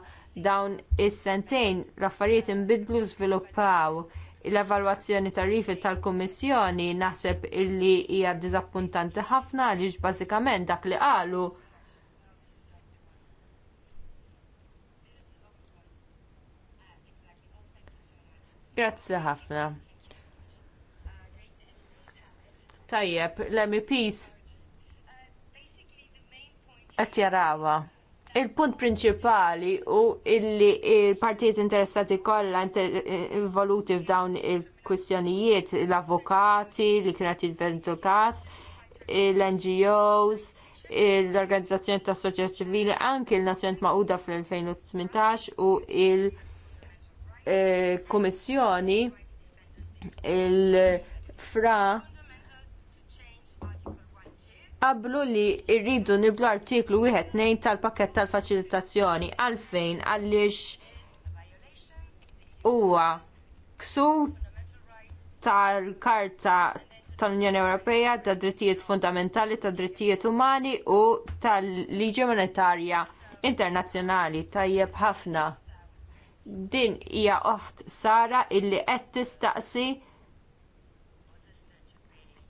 dawn is-sentejn l-affarijiet inbidlu żviluppaw l-evalwazzjoni tar-rifi tal-Kummissjoni naħseb illi hija diżappuntanti ħafna għaliex bażikament dak li qalu Grazzi ħafna. Tajjeb, l-MEPs qed jarawha il-punt prinċipali u illi il-partijiet interessati kollha involuti f'dawn il-kwistjonijiet, l-avukati li kienet jivventu każ, l-NGOs, l-organizzazzjoni ta' soċjet ċivili, anki l-Nazzjonijiet Magħquda fl-2018 u il-Kummissjoni eh, il-Fra qablu li rridu niblu artiklu wieħed nejn tal-pakket tal-faċilitazzjoni għalfejn għaliex huwa ksur tal-karta tal-Unjoni Ewropea tad drittijiet fundamentali tad drittijiet umani u tal-liġi monetarja internazzjonali tajjeb ħafna. Din hija oħt Sara illi qed tistaqsi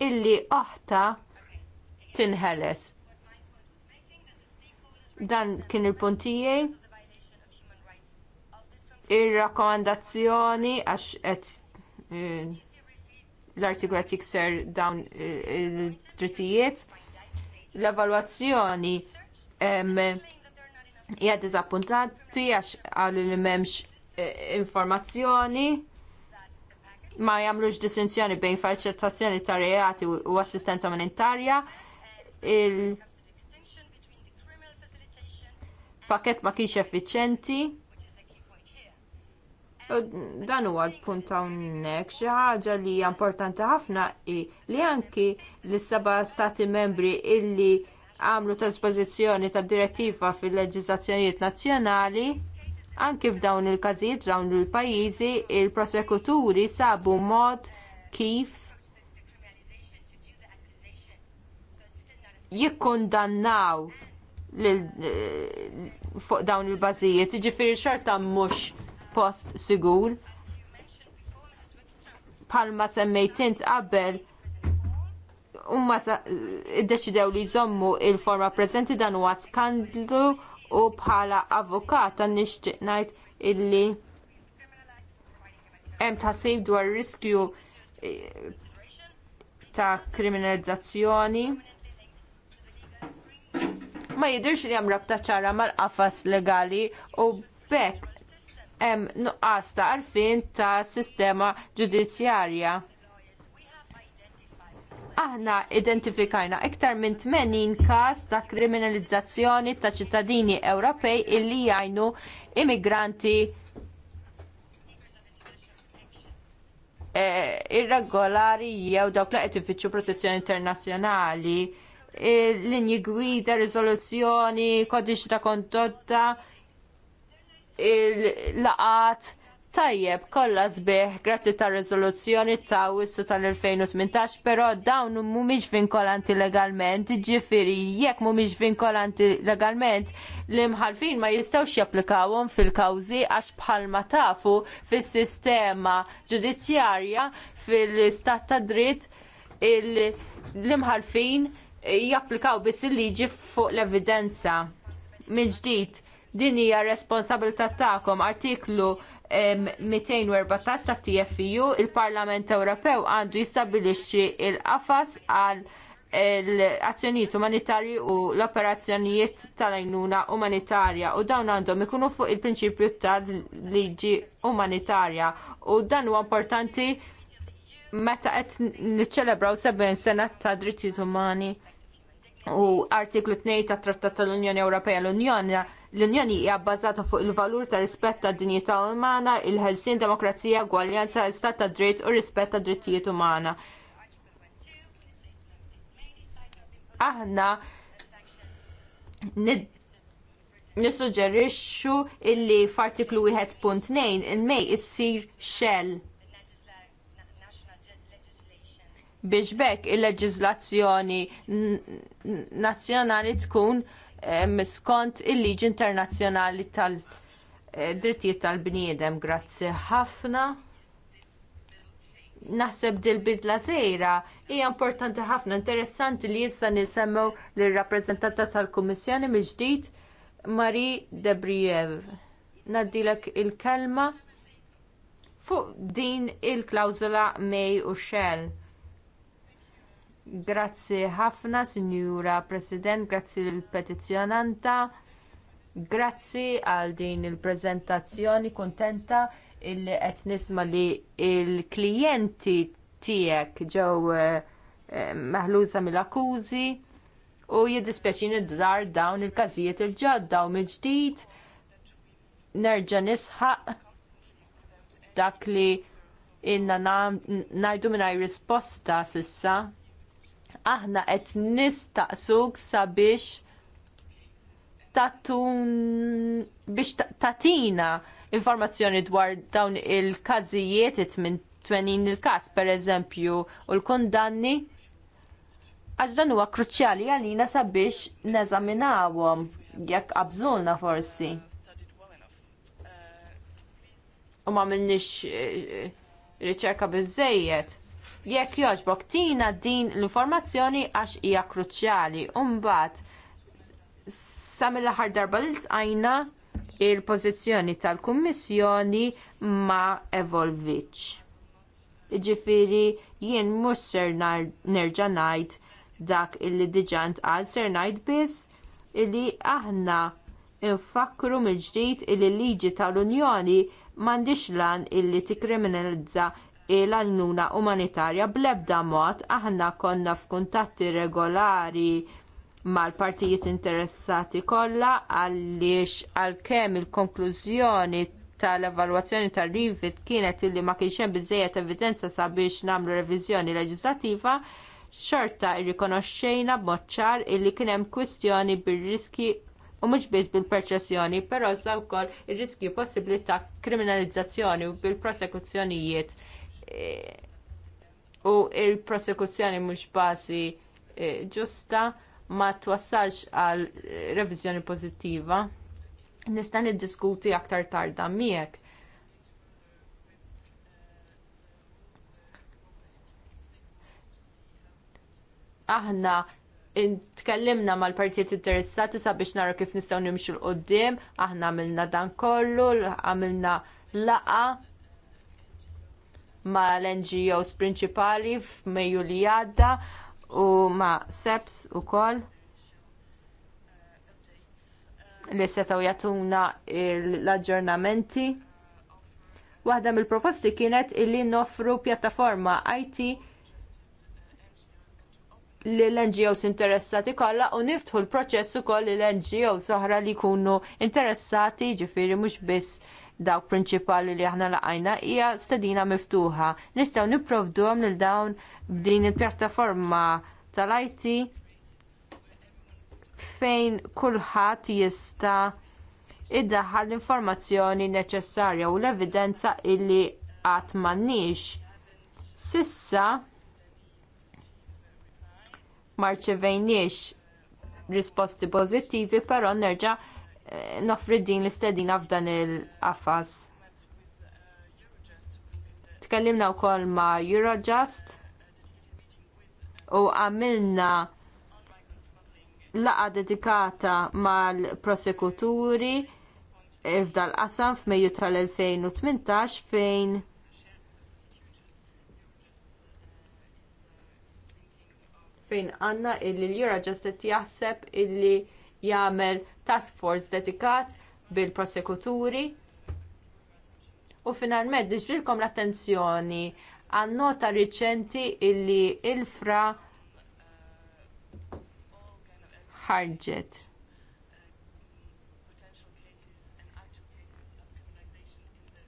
illi oħta tinħeles. Dan kien il-puntijaj ir-rakkomandazzjoni għax qed eh, l-artiklu qed jikser dawn eh, il-drittijiet. L-evalwazzjoni hija diżappuntanti għax għal li m'hemmx eh, informazzjoni ma jagħmlux distinzjoni bejn faċilitazzjoni ta' reati u assistenza monetarja il- pakket ma kienx effiċenti. Dan huwa l-punt hawnhekk xi ħaġa li hija importanti ħafna hi li anki l seba stati membri illi għamlu trasposizzjoni tad direttiva fil-leġiżlazzjonijiet nazzjonali anki f'dawn il-każijiet f'dawn il-pajjiżi il-prosekuturi sabu mod kif jikkondannaw eh, fuq dawn il-bażijiet, jiġifieri xorta mhux post sigur. Palma semmejt int qabel huma deċidew li jżommu il-forma preżenti dan huwa skandlu u bħala avukat nixtieq ngħid illi hemm tasib dwar riskju eh, ta' kriminalizzazzjoni ma jidhirx li hemm rabta ċara mal-qafas legali u bekk hemm nuqqas ta' għarfien ta' sistema ġudizzjarja. Aħna identifikajna iktar minn 80 każ ta' kriminalizzazzjoni ta' ċittadini Ewropej illi jgħinu immigranti eh, irregolari jew dawk li qed ifittxu protezzjoni internazzjonali linji gwida, riżoluzzjoni, kodiċ ta' kontotta, il-laqat, tajjeb, kollha sbieħ, grazzi tar riżoluzzjoni ta' wissu tal-2018, però dawn mhumiex vinkolanti legalment, ġifiri, jekk mhumiex vinkolanti legalment, l-imħalfin ma jistgħux japplikawhom fil kawżi għax bħalma tafu fis sistema ġudizzjarja fil-istat ta' dritt l imħalfin japplikaw biss il-liġi fuq l-evidenza. Mill-ġdid, din hija responsabilità tagħkom artiklu 214 tat TFU il-Parlament Ewropew għandu jistabilixxi l qafas għal l-azzjonijiet umanitarji u l-operazzjonijiet tal-għajnuna umanitarja u dawn għandhom ikunu fuq il-prinċipju tal-liġi umanitarja u dan huwa importanti meta qed niċċelebraw 70 sena ta' drittijiet umani u artiklu 2 tat Trattat tal-Unjoni Ewropea l-Unjoni l-Unjoni hija bbażata fuq il-valur ta' rispett tad dinjità umana, il-ħelsien demokrazija, gwaljanza, l-istat ta' dritt u rispett tad drittijiet umana. Aħna nissuġġerixxu illi f'artiklu 1.2 il-mej issir xell biex bekk il-leġizlazzjoni nazzjonali tkun eh, miskont il-liġi internazzjonali tal-drittijiet eh, tal-bniedem. Grazzi ħafna. Naħseb dil-bidla żgħira hija importanti ħafna, interessanti li issa nisemmew lir-rappreżentanta tal-Kummissjoni mill-ġdid Marie Debriev. Naddilek il-kelma fuq din il-klawzula May u Shell Grazzi ħafna, Sinjura President, grazzi l-petizjonanta, grazzi għal din il-prezentazzjoni kontenta il qed nisma li il-klijenti tiegħek ġew eh, meħluża mill-akkużi u jiddispjaċini dar dawn il-każijiet il-ġodda u mill-ġdid nerġa' nisħaq dak li inna ngħidu mingħajr risposta sissa aħna qed nistaqsuk sabiex tatun biex tatina informazzjoni dwar dawn il-każijiet minn twenin il-każ pereżempju u l-kundanni għax dan huwa kruċjali għalina sabiex neżaminawhom jekk qabżulna forsi. U ma minnix eh, eh, riċerka biżejjed. Jekk jogħġbok tina din l-informazzjoni għax hija kruċjali. u mbagħad sa mill-aħħar darba li tqajna il-pożizzjoni tal-Kummissjoni ma evolvitx. Jiġifieri jien mhux ser nerġa' ngħid dak illi diġà ntqal ser ngħid biss illi aħna infakru mill-ġdid illi liġi tal-Unjoni m'għandix lan illi tikkriminalizza l-għajnuna umanitarja bl-ebda mod aħna konna f'kuntatti regolari mal-partijiet interessati kollha għaliex għalkemm il-konklużjoni tal-evalwazzjoni tar-rivit kienet illi ma kienx hemm biżżejjed evidenza sabiex nagħmlu reviżjoni leġislattiva, xorta rrikonoxxejna b'mod ċar illi kien hemm kwistjoni bir-riski u mhux biss bil-perċezzjoni, però issa wkoll ir-riski possibbli ta' kriminalizzazzjoni u bil-prosekuzzjonijiet u il-prosekuzzjoni mhux bażi eh, ġusta ma twassalx għal reviżjoni pożittiva. Nista' niddiskuti aktar tarda miegħek. Aħna intkellimna mal-partijiet interessati sabiex nara kif nistgħu nimxu l-qoddim, aħna għamilna dan kollu, għamilna laqa ma' l-NGOs prinċipali f'Mejju li għadda u ma' SEPS ukoll li setgħu jagħtuna l-aġġornamenti. Waħda mill-proposti kienet illi noffru pjattaforma IT li l-NGOs interessati kollha u niftħu l-proċess ukoll l-NGOs oħra li jkunu interessati jiġifieri mhux biss dawk prinċipali li aħna laqajna hija stedina miftuħa. Nistgħu nipprovduhom lil dawn b'din il-pjattaforma tal-IT fejn kulħadd jista' iddaħħal l-informazzjoni neċessarja u l-evidenza illi qatt m'għandniex. Sissa marċevejniex risposti pożittivi, però nerġa' Nofriddin li stedin afdan f'dan il affas Tkellimna wkoll ma' Eurojust u għamilna laqa dedikata mal-prosekuturi ifdal qasam f'Mejju tal-2018 fejn fejn għanna illi l-Eurojust jaħseb illi jagħmel task force dedikat bil-prosekuturi u finalment diġbilkom l-attenzjoni għan nota riċenti illi il-fra ħarġet.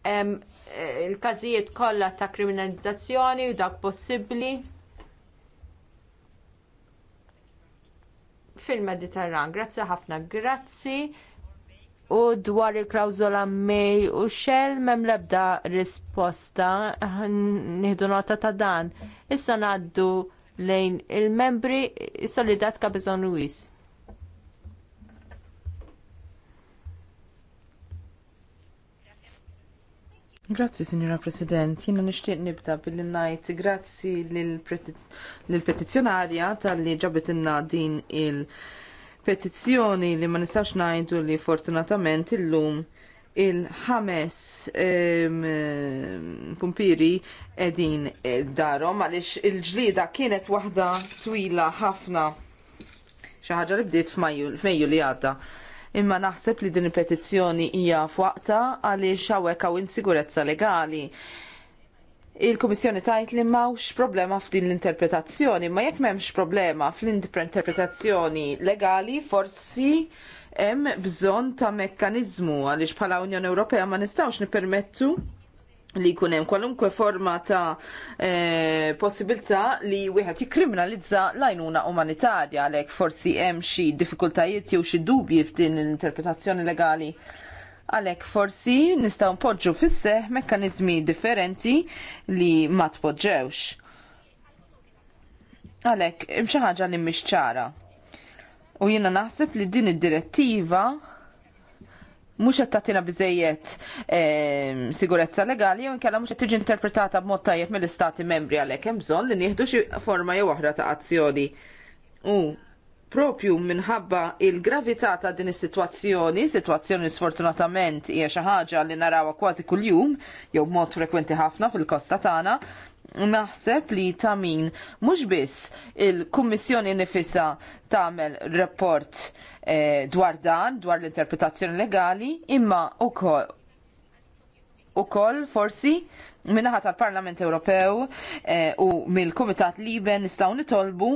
Eh, il każijiet kollha ta' kriminalizzazzjoni u dak possibbli. fil-Mediterran. Grazzi ħafna, grazzi. U dwar il-klawżola mej u xell mem lebda risposta, nieħdu nota ta' dan. Issa ngħaddu lejn il-membri solidat ka bżonn wis. Grazzi, Signora President. Jina nishtiq nibda billi najt grazzi lil petizjonarja tal-li ġabet inna din il-petizjoni li ma nistax najdu li fortunatament illum il-ħames ehm, pumpiri edin darom għalix il-ġlida kienet waħda twila ħafna xaħġa li bdiet f'Mejju li għadda imma naħseb li din il-petizzjoni hija f'waqta għaliex hawnhekk hawn insigurezza legali. Il-Kummissjoni tajt li mawx problema f'din l-interpretazzjoni, ma jekk m'hemmx problema fl-interpretazzjoni legali forsi hemm bżonn ta' mekkaniżmu għaliex bħala Unjoni Ewropea ma nistgħux nippermettu li jkun hemm kwalunkwe forma ta' e, possibilità li wieħed jikkriminalizza l-għajnuna umanitarja għalhekk forsi hemm xi diffikultajiet jew xi dubji f'din l-interpretazzjoni legali. Għalhekk forsi nistgħu npoġġu fis-seħ mekkaniżmi differenti li ma tpoġġewx. Għalhekk hemm xi ħaġa li mhix ċara. U jiena naħseb li din id-direttiva mhux qed tagħtina biżejjed ehm, sigurezza legali jew inkella mhux qed tiġi interpretata b'mod tajjeb mill-istati membri għalhekk hemm bżonn li nieħdu xi forma jew oħra ta' azzjoni. U propju minħabba il-gravità ta' din is-sitwazzjoni, sitwazzjoni sfortunatament hija xi ħaġa li narawha kważi kuljum jew b'mod frekwenti ħafna fil-kosta tagħna, naħseb li ta' min mhux biss il-Kummissjoni nifisa tagħmel rapport eh, dwar dan, dwar l-interpretazzjoni legali, imma ukoll forsi, forsi naħa tal-Parlament Ewropew eh, u mill-Kumitat Liben nistgħu nitolbu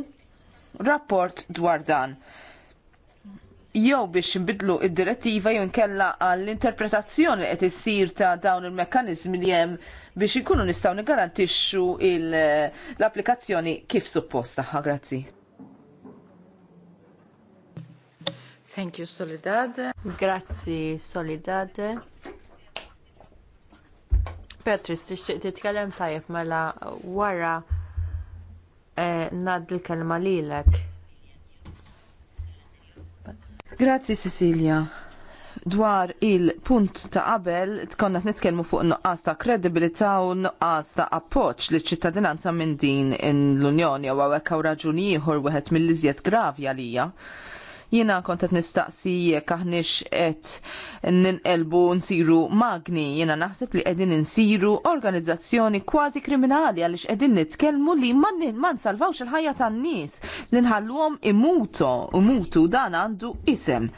rapport dwar dan jew biex nbidlu id-direttiva jew nkella għall-interpretazzjoni qed issir ta' dawn il-mekkaniżmi li hemm biex inkunu nistgħu nigarantixxu l-applikazzjoni kif suppost tagħha. Grazzi. Thank you, Solidad. Grazzi, Solidad. Petris, tixtieq titkellem tajjeb mela wara eh, nad il-kelma lilek. Grazzi Cecilia. Dwar il-punt ta' qabel tkonna nitkellmu fuq nuqqas ta' kredibilità u nuqqas ta' appoġġ li ċittadinanza minn din l-Unjoni u għawek raġuni ieħor wieħed mill-iżjed gravi għalija Jiena kont qed nistaqsi jekk aħniex qed ninqelbu nsiru magni, jiena naħseb li qegħdin insiru organizzazzjoni kważi kriminali għaliex qegħdin nitkellmu li ma nsalvawx il-ħajja tan-nies li nħalluhom imutu, imutu dan għandu isem.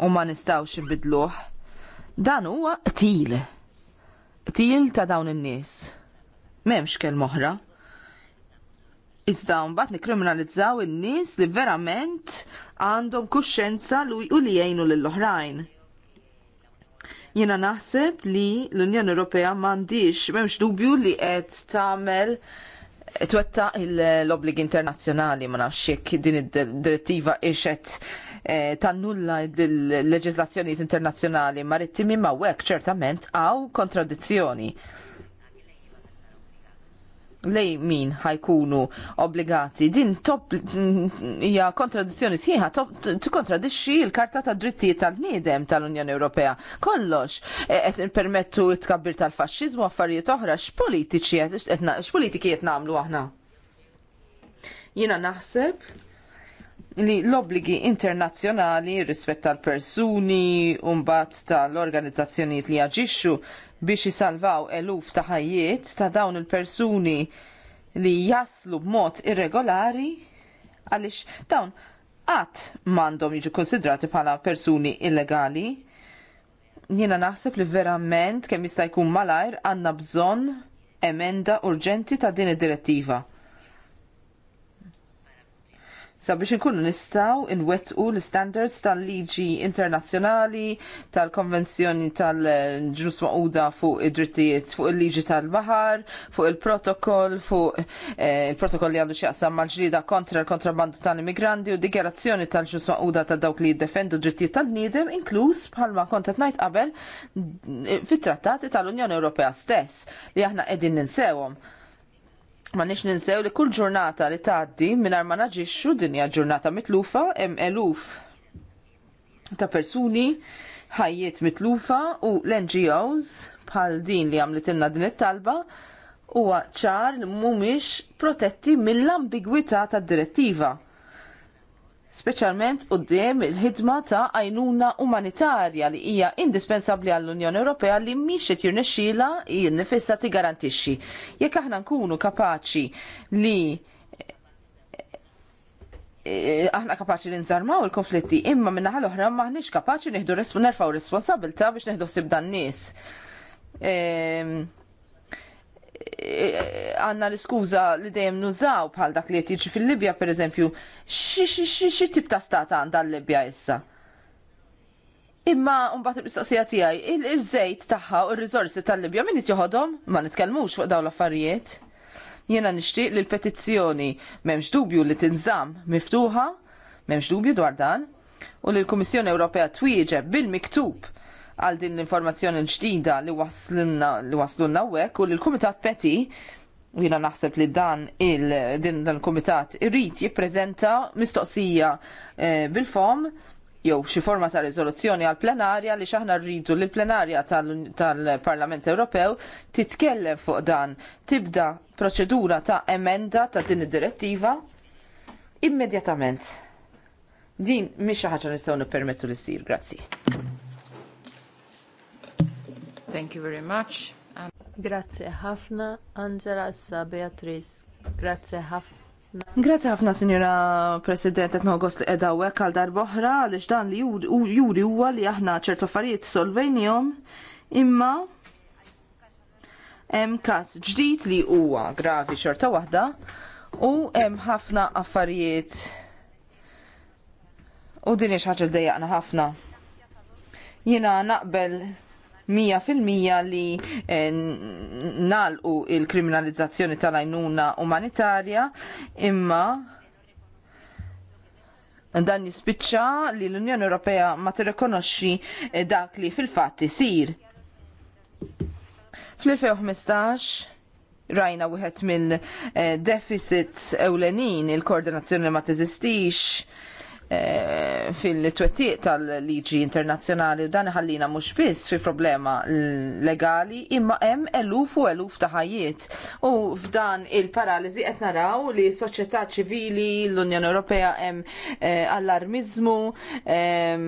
U ma nistgħux nbidluh. Dan huwa qtil. Qtil ta' dawn in-nies. M'hemmx kelm oħra. Iżda mbagħad nikkriminalizzaw in-nies li verament għandhom kuxjenza u li jgħinu lill-oħrajn. Jiena naħseb li l-Unjoni Ewropea m'għandix m'hemmx dubju li qed tagħmel twetta l-obbligi internazzjonali ma nafx jekk din id-direttiva ixet eh, tannulla l leġiżlazzjonijiet internazzjonali marittimi ma' wek ċertament għaw kontradizzjoni lej min ħajkunu obbligati. Din top hija kontradizzjoni sħiħa, tikkontradixxi l-Karta ta' Drittijiet tal-Bniedem tal-Unjoni Ewropea. Kollox qed permettu tkabbir tal-faxxiżmu affarijiet oħra x'politiċi x'politiki qed nagħmlu aħna. Jiena naħseb li l-obbligi internazzjonali rispett tal-persuni u mbagħad tal-organizzazzjonijiet li jaġixxu biex jisalvaw eluf ta' ħajjiet ta' dawn il-persuni li jaslu b'mod irregolari għaliex dawn qatt m'għandhom jiġu konsidrati bħala persuni illegali. Jiena naħseb li verament kemm jista' jkun malajr għandna bżonn emenda urġenti ta' din id-direttiva sabiex inkunu nistaw inwettqu l-standards tal-liġi internazzjonali, tal-konvenzjoni tal ġus maquda fuq id-drittijiet, fuq il-liġi tal-bahar, fuq il-protokoll, fuq eh, il-protokoll li għandu xieqsam mal-ġlida kontra l-kontrabandu tal-immigranti u dikjerazzjoni tal-ġnus maquda ta' dawk li jiddefendu drittijiet tal nidem inkluż bħalma kontet najt qabel fit-trattati tal-Unjoni Ewropea stess li aħna qegħdin ninsewhom. Ma nix ninsew li kull ġurnata li tgħaddi mingħajr ma naġixxu dinja ġurnata mitlufa hemm eluf ta' persuni ħajjiet mitlufa u l-NGOs bħal din li għamlet inna din it-talba huwa ċar li mhumiex protetti mill-ambigwità tad-direttiva speċjalment quddiem il-ħidma ta' għajnuna umanitarja li hija indispensabbli għall-Unjoni Ewropea li mhix qed jirnexxiela nifissa tigarantixxi. Jekk aħna nkunu kapaċi li eh, eh, aħna kapaċi li nżarmaw il-konflitti, imma minna l oħra maħniex kapaċi nieħdu nerfaw responsabilta biex neħdu sib dan nies ehm, għanna l-iskuża li dejjem nużaw bħal dak li qed jiġi fil-Libja pereżempju, xi tip ta' stat għandha l-Libja issa? Imma mbagħad il-mistaqsija tiegħi, il-żejt tagħha u r-riżorsi tal-Libja min qed joħodhom? Ma nitkellmux fuq dawn l-affarijiet. Jiena nixtieq li l-petizzjoni m'hemmx dubju li tinżamm miftuħa, m'hemmx dubju dwar dan, u li l-Kummissjoni Ewropea twieġeb bil-miktub għal din l-informazzjoni ġdida li waslunna hekk u li l-Kumitat Peti jina naħseb li dan il din dan il-Kumitat irrid jippreżenta mistoqsija eh, bil-fom jew xi forma ta' riżoluzzjoni għal plenarja li xaħna rridu li l-plenarja tal-Parlament Ewropew titkellem fuq dan tibda proċedura ta' emenda ta' din id-direttiva immedjatament. Din mhix xi ħaġa nistgħu nippermettu li ssir, grazzi. Thank you very much. Grazie ħafna, Angela sa Beatriz. Grazie ħafna. Grazie ħafna, Sinjora President, et nogos li edawek għal darboħra, għalix dan li juri huwa li aħna ċertu affarijiet solvenjom, imma hemm każ ġdid li huwa gravi xorta waħda u hemm ħafna affarijiet u din hija ħaġa ħafna. Jiena naqbel 100% li eh, nalqu il-kriminalizzazzjoni tal-għajnuna umanitarja imma dan jispiċċa li l-Unjoni Ewropea ma tirrikonoxxi eh, dak li fil-fatt isir. Fl-2015 rajna wieħed mill-deficits eh, ewlenin il-koordinazzjoni ma teżistix Eh, fil-twettiq tal-liġi internazzjonali u dan ħallina mhux biss fi problema legali imma hemm eluf u eluf ta' ħajjiet. U f'dan il-paraliżi qed naraw li s-soċjetà ċivili, l-Unjoni Ewropea hemm eh, allarmiżmu, ehm,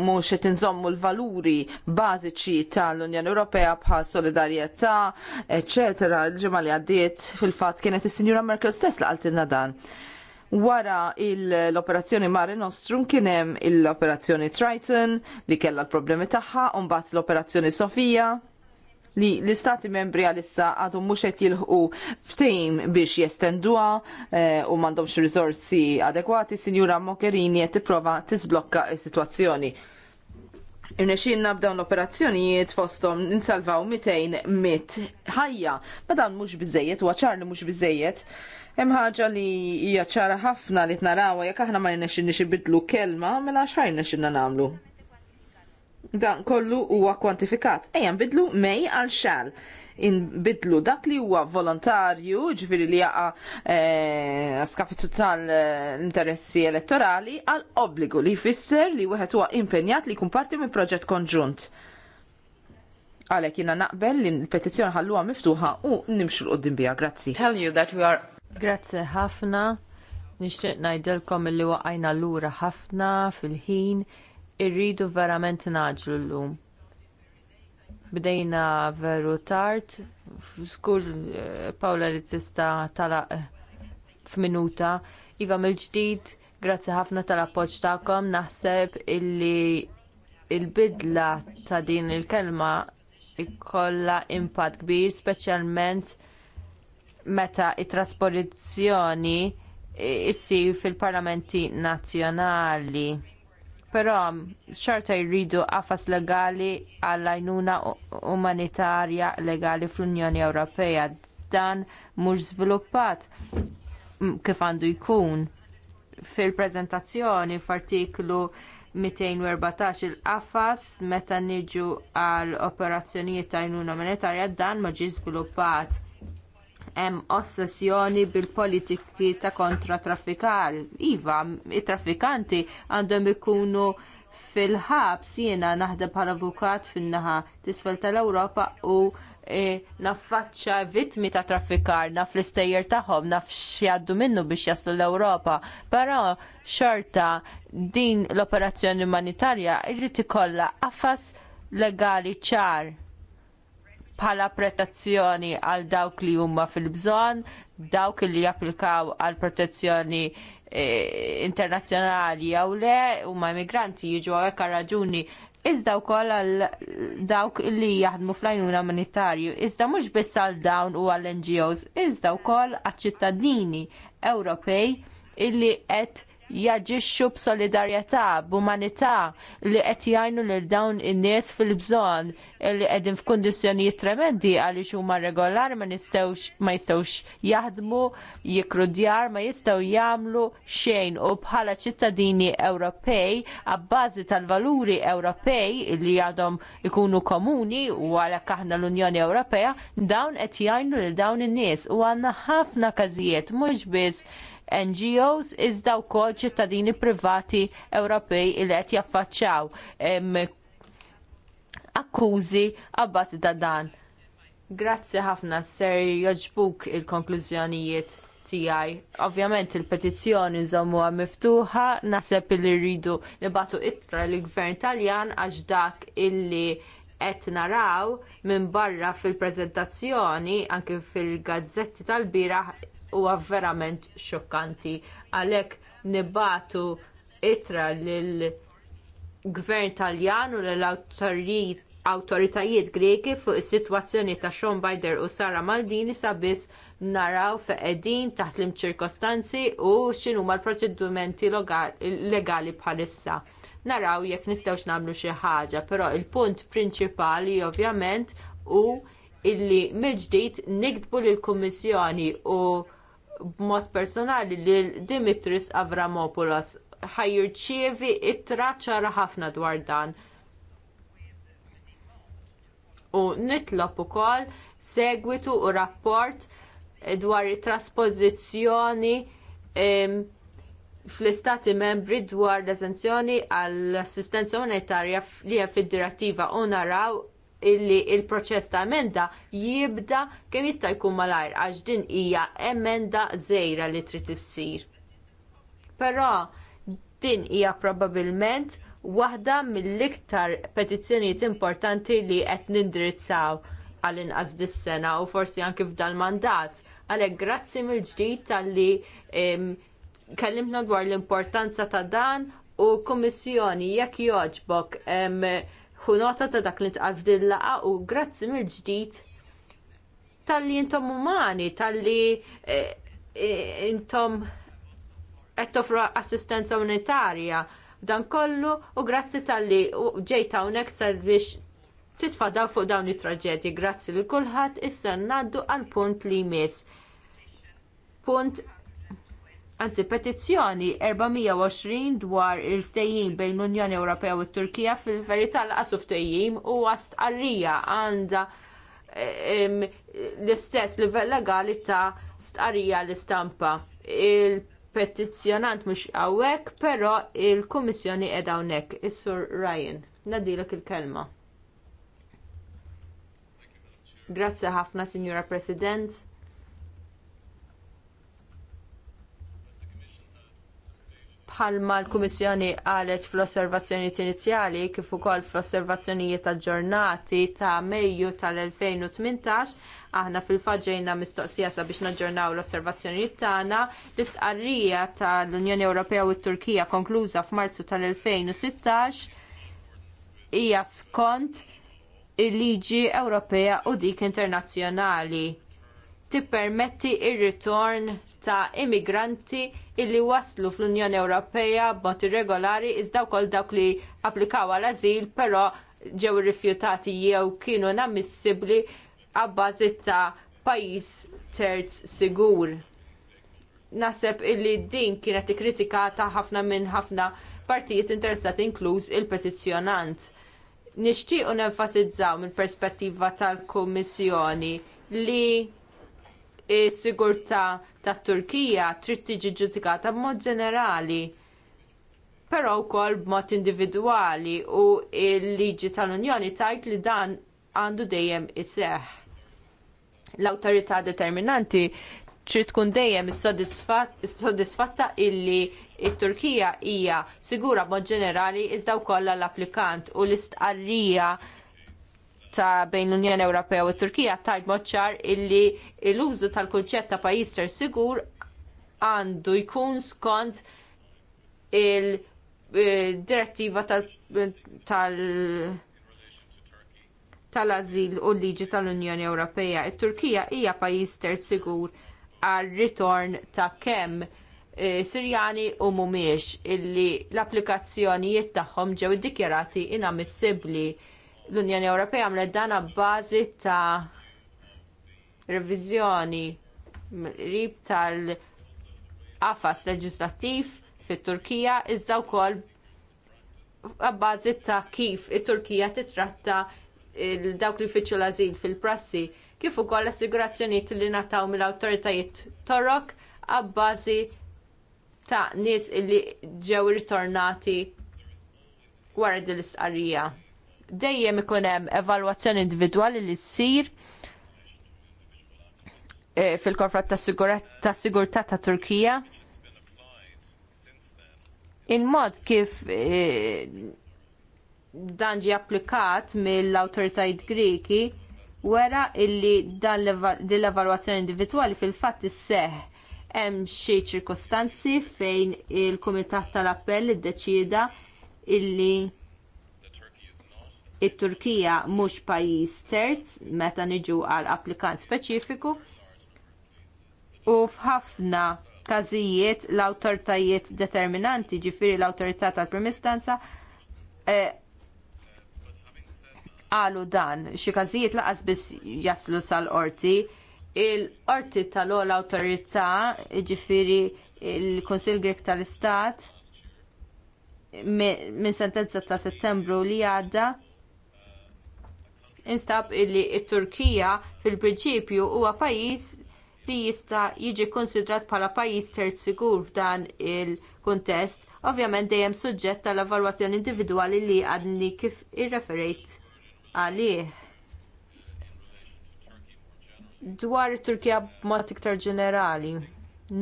mhux qed inżommu l-valuri bażiċi tal-Unjoni Ewropea bħal solidarjetà, eċċetera, l-ġimgħa li għaddiet fil-fatt kienet is-Sinjura Merkel stess li qaltilna dan. Wara l-operazzjoni Mare Nostrum kien hemm l-operazzjoni Triton li kellha l-problemi tagħha u mbagħad l-operazzjoni Sofija li l-istati membri għalissa għadu mhux qed jilħqu ftejm biex jestenduha eh, u m'għandhomx risorsi adekwati, Sinjura Mokerini qed tipprova tisblokka s-sitwazzjoni. Irnexin b'dawn l-operazzjonijiet fostom ninsalvaw 200 mit ħajja, ma dan mhux bizzejiet, huwa ċar li mhux biżejjed. Hemm ħaġa li hija ċara ħafna li tnarawha jekk aħna ma jnexxinni xibidlu kelma mela x'ħajna nexxinna nagħmlu. Dan kollu huwa kwantifikat. Ejja nbidlu mej għal xal inbidlu dak li huwa volontarju, ġifiri li jaqa e, skapitu tal-interessi elettorali, għal obbligu li jfisser li wieħed huwa impenjat li jkun parti minn proġett konġunt. Għalek jina naqbel li l-petizjoni ħalluha miftuħa u nimxu l-qoddim bija, grazzi. Tell you that we are Grazzi ħafna. Nixtieq ngħidilkom illi waqajna lura ħafna fil-ħin irridu verament naġlu llum. Bdejna veru tard, skur eh, Pawla li tista talaq eh, f'minuta. Iva mill-ġdid, grazzi ħafna tal-appoġġ tagħkom, naħseb illi il-bidla ta' din il-kelma ikollha impatt kbir, speċjalment meta t trasposizzjoni issir fil-parlamenti nazzjonali. Però xorta jridu għafas legali għall għajnuna umanitarja legali fl-Unjoni Ewropea dan mhux żviluppat kif għandu jkun fil-preżentazzjoni f'artiklu 214 il-qafas meta niġu għal operazzjonijiet ta' għajnuna umanitarja dan ma ġie żviluppat hemm ossessjoni bil-politiki ta' kontra traffikar. Iva, it-traffikanti għandhom ikunu fil-ħabs jiena naħdem bħala avukat fin-naħa tisfel tal-Ewropa u e, naffaċċa vittmi ta' traffikar, naf l-istejjer tagħhom, naf x'jgħaddu minnu biex jaslu l-Ewropa. Però xorta din l-operazzjoni umanitarja irrid ikollha qafas legali ċar bħala protezzjoni għal dawk li huma fil-bżonn, dawk li japplikaw għal protezzjoni eh, internazzjonali jew le huma immigranti jiġu hekk raġuni iżda wkoll għal dawk li jaħdmu fl-għajnuna umanitarju, iżda mhux biss għal dawn u għall NGOs, iżda wkoll għaċ ċittadini Ewropej illi qed jaġixxu b'solidarjetà, b'umanità li qed jgħinu lil dawn in-nies fil-bżonn li qegħdin f'kundizzjonijiet tremendi għaliex huma regolari ma nistgħux ma jistgħux jaħdmu, jikru djar, ma jistgħu jagħmlu xejn u bħala ċittadini Ewropej abbażi tal-valuri Ewropej li għadhom ikunu komuni u għalhekk aħna l-Unjoni Ewropea dawn qed jgħinu lil dawn in-nies u għandna ħafna każijiet mhux biss NGOs iżda wkoll ċittadini privati Ewropej li qed jaffaċċjaw akkużi abbażi ta' dan. Grazzi ħafna ser joġbuk il-konklużjonijiet tiegħi. Ovvjament il-petizzjoni żommuha miftuħa, naħseb li rridu nibatu ittra lill gvern Taljan għax dak illi qed naraw minn barra fil-preżentazzjoni anke fil-gazzetti tal-bieraħ huwa verament xokkanti għalhekk nibatu itra lill gvern Taljan u lill awtoritajiet Greki fuq is-sitwazzjoni ta' Sean Bider u Sara Maldini sabiex naraw feqedin taħt l-imċirkostanzi u x'inhuma l-proċedimenti legali bħalissa. Naraw jekk nistgħux nagħmlu xi ħaġa, però il-punt prinċipali ovvjament hu illi mill-ġdid nikdbu lill-Kummissjoni u b'mod personali lil Dimitris Avramopoulos ħajjirċievi it ċara ħafna dwar dan. U nitlob ukoll segwitu u rapport eh, dwar it-traspożizzjoni fl-istati membri dwar l-esenzjoni għall-assistenza monetarja li hija fid-direttiva u naraw illi il-proċess ta' emenda jibda kemm jista' jkun malajr għax din hija emenda żgħira li trid issir. Però din hija probabbilment waħda mill-iktar petizzjonijiet importanti li qed nindirizzaw għal inqas dis-sena u forsi anke f'dan mandat. Għalhekk grazzi mill-ġdid talli kellimna dwar l-importanza ta' dan u kummissjoni jekk jogħġbok ħu nota ta' dak li tqal f'dillaqa u grazzi mill-ġdid tal-li intom umani, tal-li eh, eh, intom qed toffru assistenza umanitarja dan kollu u grazzi tal-li ġejta hawnhekk biex titfadaw fuq dawn it-traġedji. Grazzi lil kulħadd issa ngħaddu għal punt li jmiss. Punt anzi petizzjoni 420 dwar il-ftejjim bejn l-Unjoni Ewropea u t-Turkija fil-verità l-qasu ftejjim u għast arrija għanda l-istess livell legali ta' stqarrija l-istampa. Il-petizzjonant mhux għawek, però il-Kummissjoni qiegħda hawnhekk, is-Sur Ryan. nadilok il-kelma. Grazzi ħafna, Signora President. bħalma l-Kummissjoni qalet fl-osservazzjonijiet inizjali kif ukoll fl-osservazzjonijiet aġġornati ta' Mejju tal-2018 aħna fil-faġġejna mistoqsija sabiex naġġornaw l-osservazzjonijiet tagħna l-istqarrija tal-Unjoni Ewropea u t-Turkija konkluża f'Marzu tal-2016 hija skont il-liġi Ewropea u dik internazzjonali tippermetti r ritorn ta' immigranti illi waslu fl-Unjoni Ewropea b'mod irregolari iżda wkoll dawk li applikaw għal ażil però ġew irrifjutati jew kienu nammissibbli għabbażi ta' pajjiż terz sigur. Naħseb illi din kienet ikkritikata ħafna minn ħafna partijiet interessati inkluż il-petizzjonant. Nixtiequ nenfasizzaw mill-perspettiva tal-Kummissjoni li is-sigurtà tat-Turkija trid tiġi ġudikata b'mod ġenerali però wkoll b'mod individwali u l-liġi tal-Unjoni tajt li dan għandu dejjem iseħħ. L-awtorità determinanti trid tkun dejjem is-sodisfatta illi it-Turkija hija sigura b'mod ġenerali iżda wkoll l-applikant u l-istqarrija ta' bejn l-Unjoni Ewropea u t Turkija tajt ċar illi l-użu tal-kunċett ta' pajjiż ter sigur għandu jkun skont il-direttiva eh, tal ażil u l-liġi tal-Unjoni Ewropea. Il-Turkija hija pajjiż ter sigur għar ritorn ta' kemm eh, Sirjani u mumiex illi l-applikazzjonijiet tagħhom ġew iddikjarati inammissibbli l-Unjoni Ewropea għamlet dan bbażi ta' revizjoni rib tal-qafas leġislattiv fit-Turkija iżda wkoll għabbażi ta' kif it-Turkija titratta dawk li fitxu l-azil fil-prassi, kif ukoll assigurazzjonijiet li nataw mill-awtoritajiet torok għabbażi ta' nies li ġew ritornati wara din l-istqarrija dejjem ikun hemm evalwazzjoni individwali li ssir eh, fil-konfront tas sigurtà ta' Turkija. Il-mod kif eh, dan ġie applikat mill-awtoritajiet Griki wera illi dan l-evalwazzjoni individwali fil-fatt isseħħ hemm xi ċirkostanzi fejn il-Kumitat tal-Appell iddeċieda illi it-Turkija mhux pajjiż terz meta niġu għal applikant speċifiku u f'ħafna każijiet l-awtoritajiet determinanti ġifiri l-awtorità tal-primistanza qalu e, għalu dan xi każijiet laqas biss jaslu sal-qorti il-qorti tal għol awtorità ġifiri il-Konsil Grek tal-Istat minn sentenza ta' settembru li għadda instab illi t turkija fil-prinċipju huwa pajjiż li jista' jiġi konsidrat bħala pajjiż terz sigur f'dan il-kuntest, ovvjament dejjem suġġett tal-evalwazzjoni individwali li għadni kif irreferejt għalih. Dwar it-Turkija b'mod iktar ġenerali,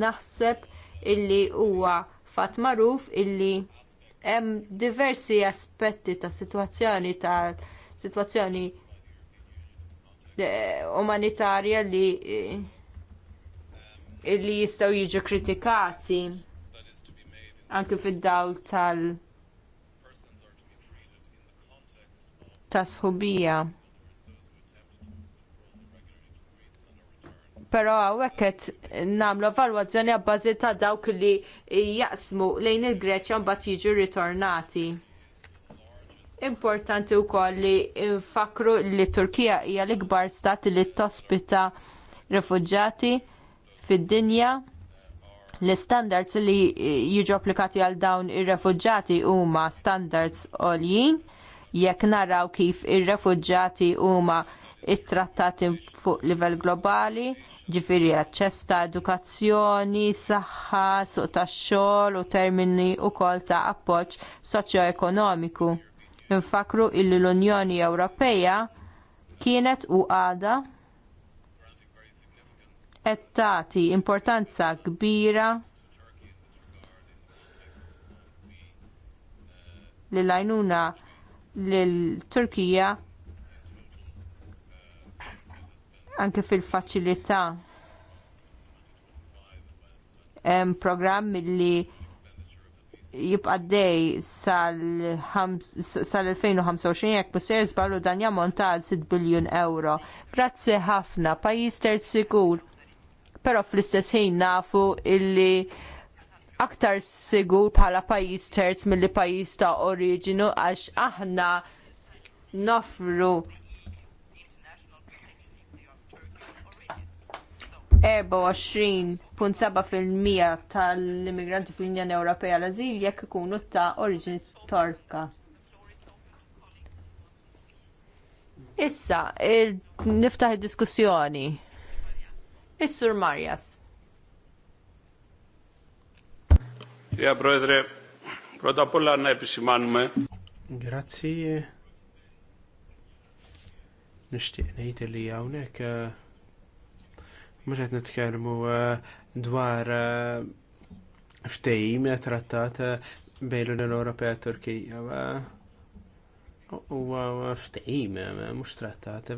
naħseb illi huwa fatt magħruf illi hemm diversi aspetti tas-sitwazzjoni ta' sitwazzjoni Eh, umanitarja li eh, li jistaw jiġu kritikati anke fid-dawl tal tasħubija. Però hawnhekk qed nagħmlu evalwazzjoni għabbażi ta' dawk li jaqsmu lejn il-Greċja mbagħad jiġu ritornati. Importanti wkoll li nfakru li Turkija hija l-ikbar stat li tospita rifuġġati fid-dinja. L-standards li jiġu applikati għal dawn ir-refuġġati huma standards għoljin jekk naraw kif ir-refuġġati huma it-trattati fuq livell globali, ġifiri aċċess ta' edukazzjoni, saħħa, suq tax xogħol u termini wkoll ta' appoġġ soċjoekonomiku nfakru illi l-Unjoni Ewropea kienet u għada qed tagħti importanza kbira lil għajnuna lil Turkija anke fil-faċilità hemm programmi li jibqaddej sal-2025 jekk musser żballu dan jammont ta' 6 biljun euro. Grazzi ħafna, pajjiż terz sigur. Però fl-istess ħin nafu illi aktar sigur bħala pajjiż terz milli pajjiż ta' oriġinu għax aħna nofru 24.7% tal-immigranti fl-Unjoni Ewropea l-azil jekk ikunu ta' oriġini torka. Issa, niftaħ id-diskussjoni. Is-Sur Marjas. Ja, brodre, Πρώτα απ' għanna να επισημάνουμε. Grazie. Nishtiq nejt li hawnhekk eh, mhux qed nitkellmu eh, dwar ja eh, trattat eh, bejn l-Unjoni Ewropea Turkija. Huwa ftehim mux trattat,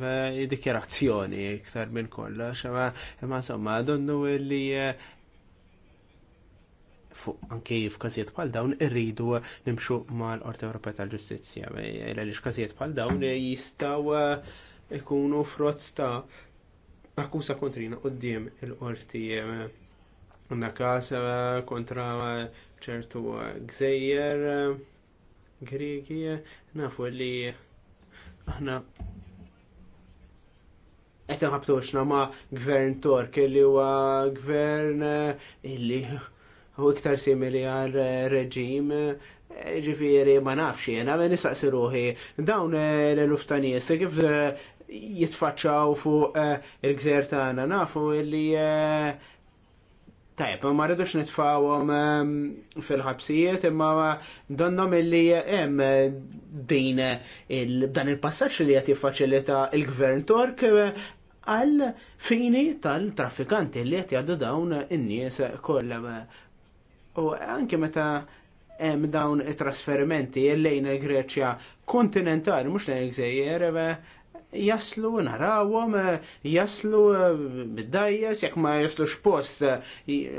dikjerazzjoni iktar minn kollox, imma somma donnu illi fuq anke f'każijiet bħal dawn irridu nimxu mal-Qorti Ewropea tal-Ġustizzja. Għaliex każijiet bħal dawn jistgħu ikunu frott ta' akkuża kontrina qoddim il-qorti eh, għandna kasa eh, kontra eh, ċertu gżejjer Greki nafu li aħna qed inħabtux ma' gvern Tork li huwa gvern illi u iktar simili għal reġim ġifiri ma nafx na ma ruħi, dawn l-luftanies, kif jitfaċċaw fuq eh, il-gżer tagħna nafu li eh, Tajb, ma rridux nitfawhom eh, fil-ħabsijiet, imma donnom illi hemm din dan il-passaġġ li qed jiffaċilita il-Gvern Tork għal fini tal-traffikanti li qed jgħaddu dawn in-nies kollha. U anke meta hemm dawn it-trasferimenti lejn il-Greċja kontinentali mhux lejn il-Gżejjer, jaslu, narawom, eh, jaslu eh, bid-dajjes, jek ma jaslu xpost, eh,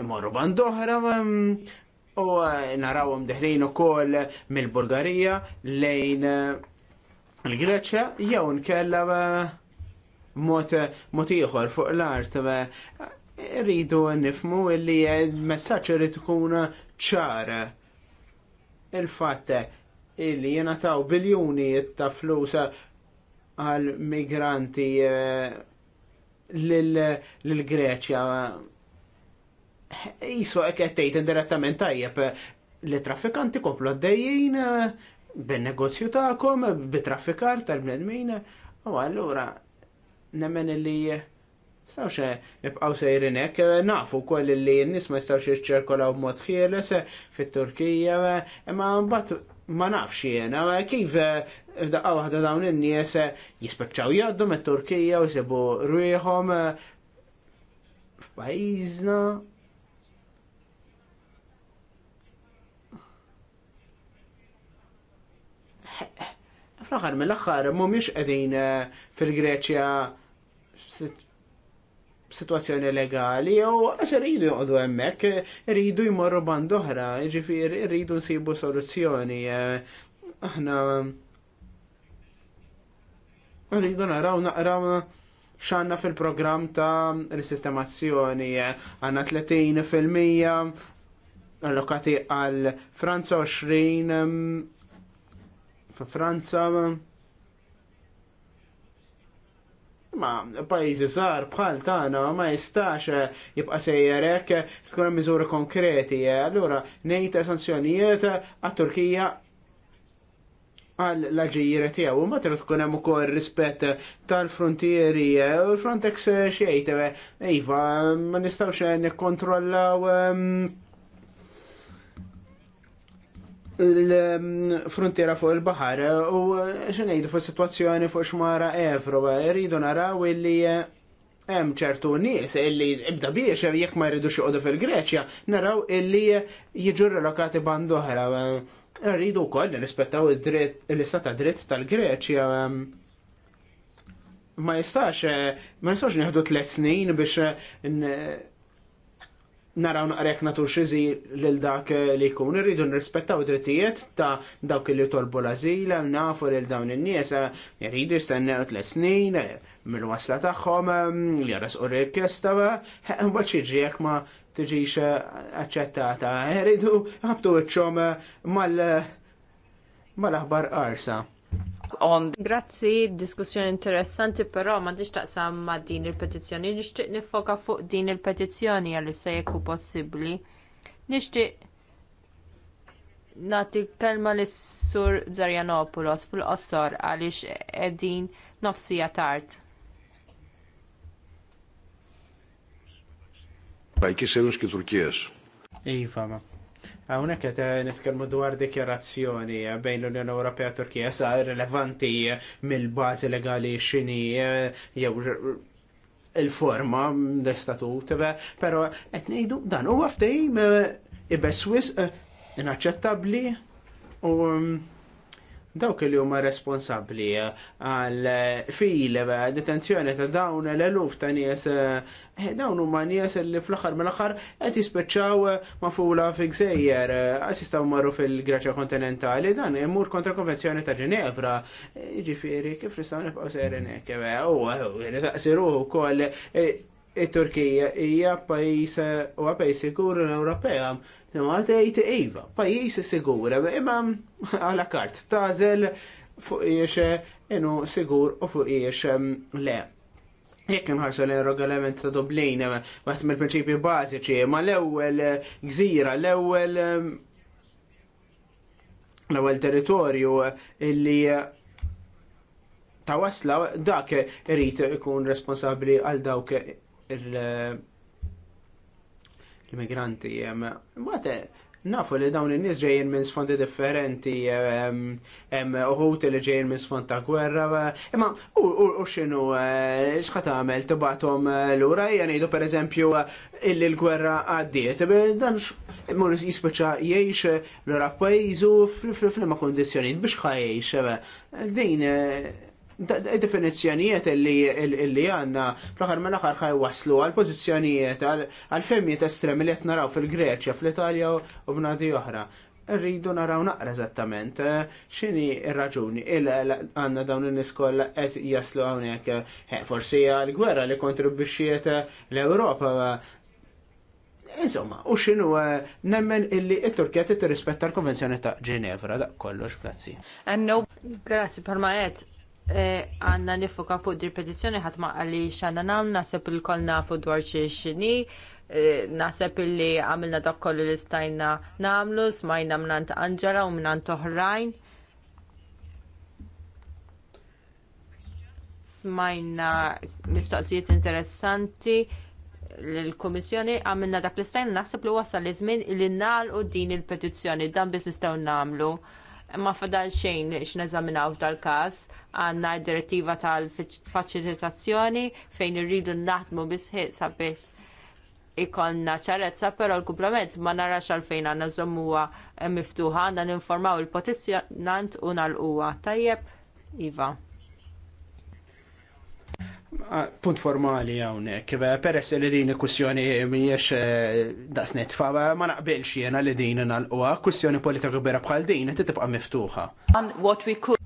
morru bandohra, mm, u narawom deħrin u kol mill-Bulgarija lejn l-Greċja, jew nkella mod ieħor fuq l-art. Rridu nifmu li messaċ messaġġ irid ikun ċar. Il-fatt illi jena taw biljoni ta' flusa għal migranti l-Greċja. Iso għek għettejt indirettament tajjeb li traffikanti komplu għaddejjien eh, bin-negozju ta'kom, b'trafikar traffikar tal-bnedmin, u għallura nemmen li eh, Stawx nibqaw sejrin hekk, eh, nafu wkoll li n-nies ma jistgħux jiċċirkolaw b'mod ħieles fit-Turkija, imma mbagħad ma nafx jena, kif eh, f'daqqa waħda dawn in-nies eh, jispaċċaw jgħaddu me turkija u jsibu rieħhom eh, f'pajjiżna. fl axar mill-aħħar mhumiex qegħdin fil-Greċja situazzjoni legali u għas rridu jgħodu emmek, rridu jmorru bandu oħra, ġifir rridu nsibu soluzzjoni. Aħna rridu naraw naqraw xanna fil-program ta' risistemazzjoni għanna 30 fil-mija allokati għal Franza 20 Franza Ma pajjiżi żgħar bħal tagħna ma jistax eh, jibqa' sejjer hekk eh, tkun miżuri konkreti. Eh. Allura ngħid sanzjonijiet għat-Turkija għal l-ġejjira tiegħu u trid tkun hemm ukoll rispett tal-frontieri u Frontex xejn iva ma nistgħux nikkontrollaw ehm, l-frontiera fuq il-bahar u xinejdu fuq situazzjoni fuq xmara Evro rridu naraw illi hemm ċertu nies illi ibda biex jekk ma jridux joqogħdu fil-Greċja, naraw illi jiġu relokati band oħra. Rridu wkoll nirrispettaw l-istat ta' dritt tal-Greċja. Ma jistax, ma jistax nieħdu tliet snin biex naraw naqrek natur xizi lil dak eh, li kun irridu nirrispettaw drittijiet ta' dawk li torbu l-azil, eh, nafu lil dawn in-nies, eh, jridu jistennew tliet snin mill-wasla tagħhom li jarasqu r-rikjesta, mbagħad xiġri jekk ma tiġix aċċettata. Jridu ħabtu iċċhom mal- mal-aħbar qarsa on Grazzi, diskussjoni interessanti, però ma diċ taqsam ma din il-petizzjoni. Nixtieq nifoka fuq din il-petizzjoni għalli se jekku possibbli. Nixtieq nati kelma lis sur Zarjanopoulos fil-qossor għaliex qegħdin nofsija tard. Pajkis ki Turkijas. Ej, fama. Hawnhekk qed eh, nitkellmu dwar dikjarazzjoni eh, bejn l-Unjoni Ewropea u Turkija sa rilevanti eh, mill-bażi legali xini jew il-forma l-istatut, pero qed ngħidu dan huwa ftehim ibes wisq inaċċettabbli u mm, dawk li huma responsabbli eh, għal fil eh, detenzjoni ta' dawn l-eluf ta' nies eh, dawn huma nies li fl-aħħar mill-aħħar qed jispiċċaw mafula fi gżejjer assistaw marru fil graċja kontinentali dan imur kontra konvenzjoni ta' Ġenevra. Ġifieri kif nistgħu nibqgħu serin hekk u nistaqsiruh ukoll it-Turkija hija pajjiż u pajjiż sigur Ewropea. Imma tgħid iva, pajjiż sigur, imma għala kart tażel fuq jiex inu sigur u fuq jiex le. Jekk nħarsu l-regolament ta' Dublin, waħt mill-prinċipji bażiċi, ma l-ewwel gżira, l-ewwel l-ewwel territorju illi ta' wasla dak irid ikun responsabbli għal dawk l-immigranti. Mate, nafu li dawn in-nies ġejjin minn sfondi differenti, hemm uħut li ġejjin minn sfond ta' gwerra, imma u x'inhu x'qed tagħmel tibgħathom lura hija ngħidu pereżempju illi l-gwerra għaddiet, dan imur jispiċċa jgħix lura f'pajjiżu f'liema kundizzjonijiet biex ħajjix. Din definizjonijiet li għanna fl-axar ma l-axar ħaj waslu għal pozizjonijiet għal femmijiet estremi li naraw fil-Greċja, fl-Italja u b'nadi oħra. Rridu naraw naqra eżattament eh, xini il raġuni il għanna dawn in niskoll għet qed jaslu hawnhekk eh, forsi għal-gwerra li kontribuxiet eh, l-Ewropa Insomma, u xinu nemmen illi il turkija t rispetta l-Konvenzjoni ta' Ġenevra, da' kollox, grazzi. Grazzi, parma għed, Eh, għanna nifuka fuq dir petizzjoni ħat ma xanna nam nasib il kolna nafu dwar xiexini, eh, nasib li għamilna dak l li namlu, smajna mnant Angela u mnant oħrajn. Smajna mistoqsijiet interessanti l-Komissjoni għamilna dak l-istajna nasib li wasal li żmien li u din il-petizzjoni dan biss nistgħu namlu ma fadal xejn x'neżaminaw f'dal-każ għandna d-direttiva tal-faċilitazzjoni fejn irridu naħdmu bisħiq sabiex ikonna ċarezza, però l-kumplament ma narax għalfejn għandna żommuha miftuħa n ninformaw il potizjonant u nal-uwa. Tajjeb, Iva punt formali hawnhekk, peress li din kussjoni mhijiex eh, daqsnet fa ma naqbilx jiena li din nal-qwa, kussjoni politika kbira bħal din qed tibqa' miftuħa.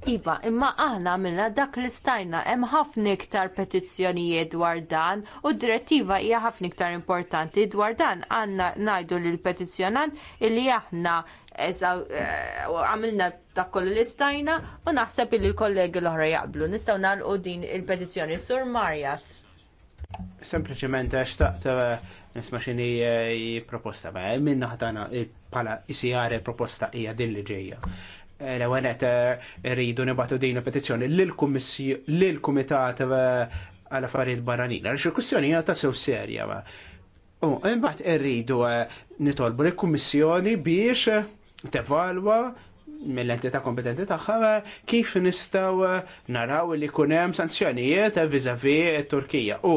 Iva, imma aħna minna dak li stajna hemm ħafna iktar petizzjonijiet dwar dan u d-direttiva hija ħafna iktar importanti dwar dan għandna ngħidu lill petizzjonant illi aħna Eh, għamilna dak kollu li stajna u naħseb li l-kollegi l-oħra jaqblu. Nistgħu nagħlqu din il-petizzjoni Sur Marjas. Sempliċement xtaqt eh, nisma' xini eh, proposta ma' minn naħdana bħala ICR proposta hija din li ġejja. l għanet rridu nibatu din il petizjoni l kumitat għal affarijiet barranin. Għaliex il-kwistjoni ta' sew serja. U imbagħad irridu nitolbu l-Kummissjoni biex tevalwa mill-entità kompetenti tagħha kif nistgħu naraw li jkun hemm sanzjonijiet viżavi Turkija u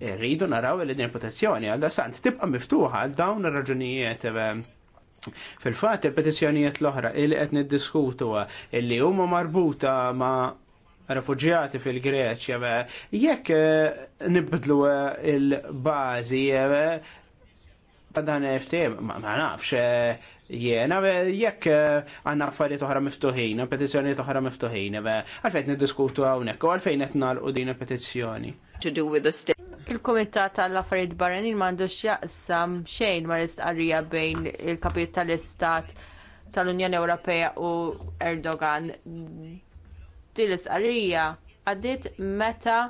rridu naraw li din il-petizzjoni għal sant tibqa' miftuħa għal dawn ir-raġunijiet eh, Fil-fatt il-petizzjonijiet l-oħra li qed niddiskutu illi eh, huma marbuta ma' refugjati fil-Greċja, eh, jekk nibdlu il-bażi ta' dan FTM, ma nafx Jena, jekk eh, għanna affarijiet oħra miftuħin, petizzjonijiet oħra miftuħin, għalfejn niddiskutu hawnhekk u għalfejn qed nagħlqu din il-petizzjoni. Il-Kumitat tal-Affarijiet Barranin m'għandux jaqsam xejn ma l-istqarrija bejn il-Kapit tal-Istat tal-Unjoni Ewropea u Erdogan. Din l-istqarrija għaddiet meta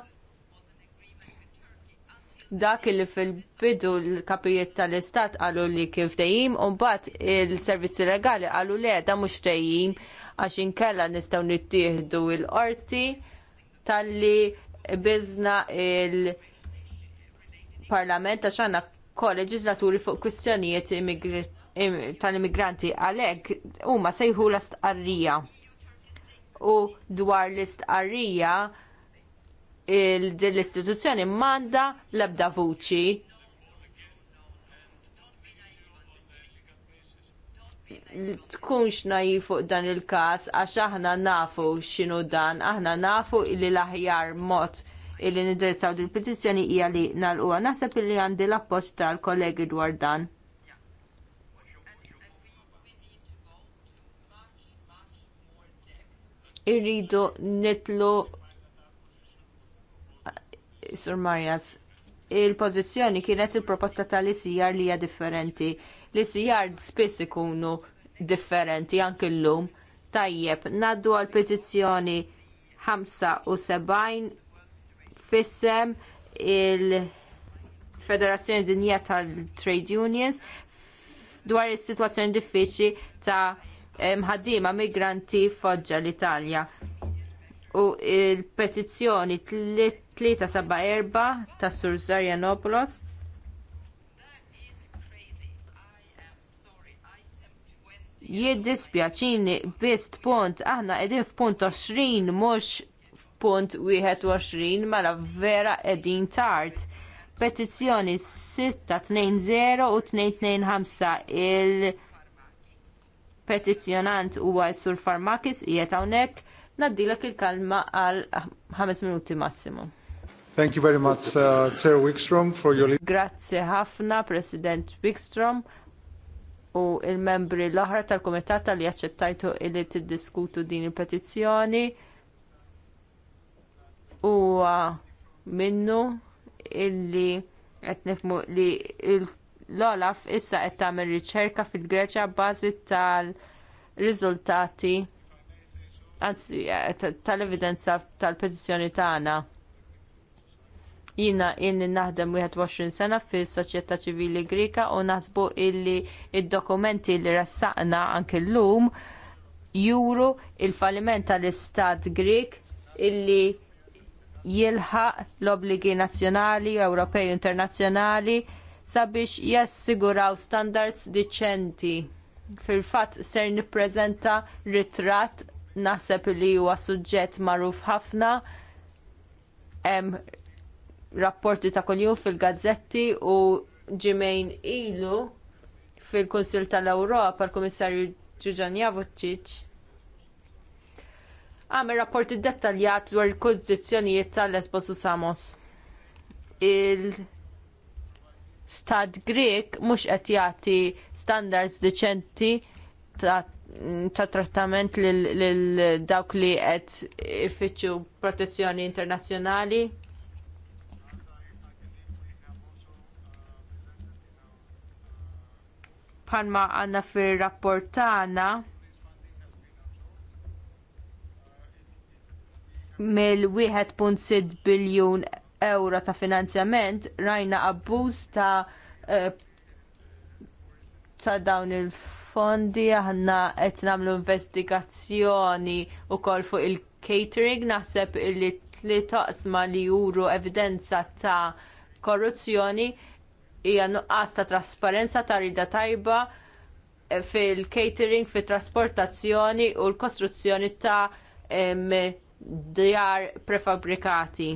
dak il fil-bidu l-kapijiet tal-istat qalu li kif dejjim u mbagħad il-servizzi legali qalu le da mhux dejjim għax inkella nistgħu nittieħdu l-qorti talli biżna il-parlament għax għandna koleġislaturi fuq kwistjonijiet tal-immigranti għalhekk huma sejħu l-istqarrija u dwar l-istqarrija l-istituzzjoni manda l-ebda vuċi. Tkunx naiv fuq dan il każ għax aħna nafu x'inhu dan, aħna nafu li l-aħjar mod illi nidrizzaw il petizzjoni hija li nalquha naħseb illi għandi l-appoġġ tal-kollegi dwar dan. Irridu nitlu Sur Marjas, il-pożizzjoni kienet il-proposta tal-ICR li hija differenti. L-ICR spiss ikunu differenti anke llum. Tajjeb, naddu għal petizzjoni 75 fissem il-Federazzjoni Dinja tal-Trade Unions dwar is-sitwazzjoni diffiċli ta' mħaddiema migranti foġġa l-Italja u il-petizzjoni 374 ta' Sur Zarjanopoulos. Jiddispjaċini biss punt aħna qegħdin f'punt 20 mhux f'punt 21 mela vera qegħdin tard. Petizzjoni 620 u 225 il-petizzjonant huwa s-sur Farmakis qiegħed hawnhekk Naddilek il-kalma għal 5 minuti massimo. Thank you very much, uh, Chair Wickstrom, for your... Grazie ħafna, President Wickstrom, u il-membri l-oħra tal komitata li jaċċettajtu t tiddiskutu din il-petizzjoni. U minnu illi qed nifmu li l-Olaf issa qed tagħmel riċerka fil-Greċja bbażi tal-riżultati anzi eh, tal-evidenza tal-petizzjoni tagħna. Jina inni naħdem 21 sena fis soċjetà ċivili Grika u naħsbu illi id-dokumenti li rassaqna anke llum juru l falliment tal-Istat Grik illi jilħaq l obbligi nazzjonali, Ewropej internazzjonali sabiex jassiguraw standards diċenti. Fil-fatt ser nippreżenta ritratt naħseb li huwa suġġett magħruf ħafna hemm rapporti ta' kuljum fil-gazzetti u ġimejn ilu fil-Kunsil tal-Ewropa l-Kummissarju Ġuġan Javuċċiċ għamel rapporti dettaljat dwar il-kondizzjonijiet tal-Lesbos u Samos. Il-Stat Grek mhux qed jagħti standards deċenti ta' ta' trattament lil dawk li qed ifittxu protezzjoni internazzjonali? Panma għanna fir rapport mill-1.6 biljun euro ta' finanzjament rajna abbuż ta' eh, ta' dawn il- fondi, aħna qed nagħmlu investigazzjoni wkoll fuq il-catering, naħseb li li toqsma li juru evidenza ta' korruzzjoni hija nuqqas ta' trasparenza ta' rida tajba eh, fil-catering, fit-trasportazzjoni u l-kostruzzjoni ta' djar prefabbrikati.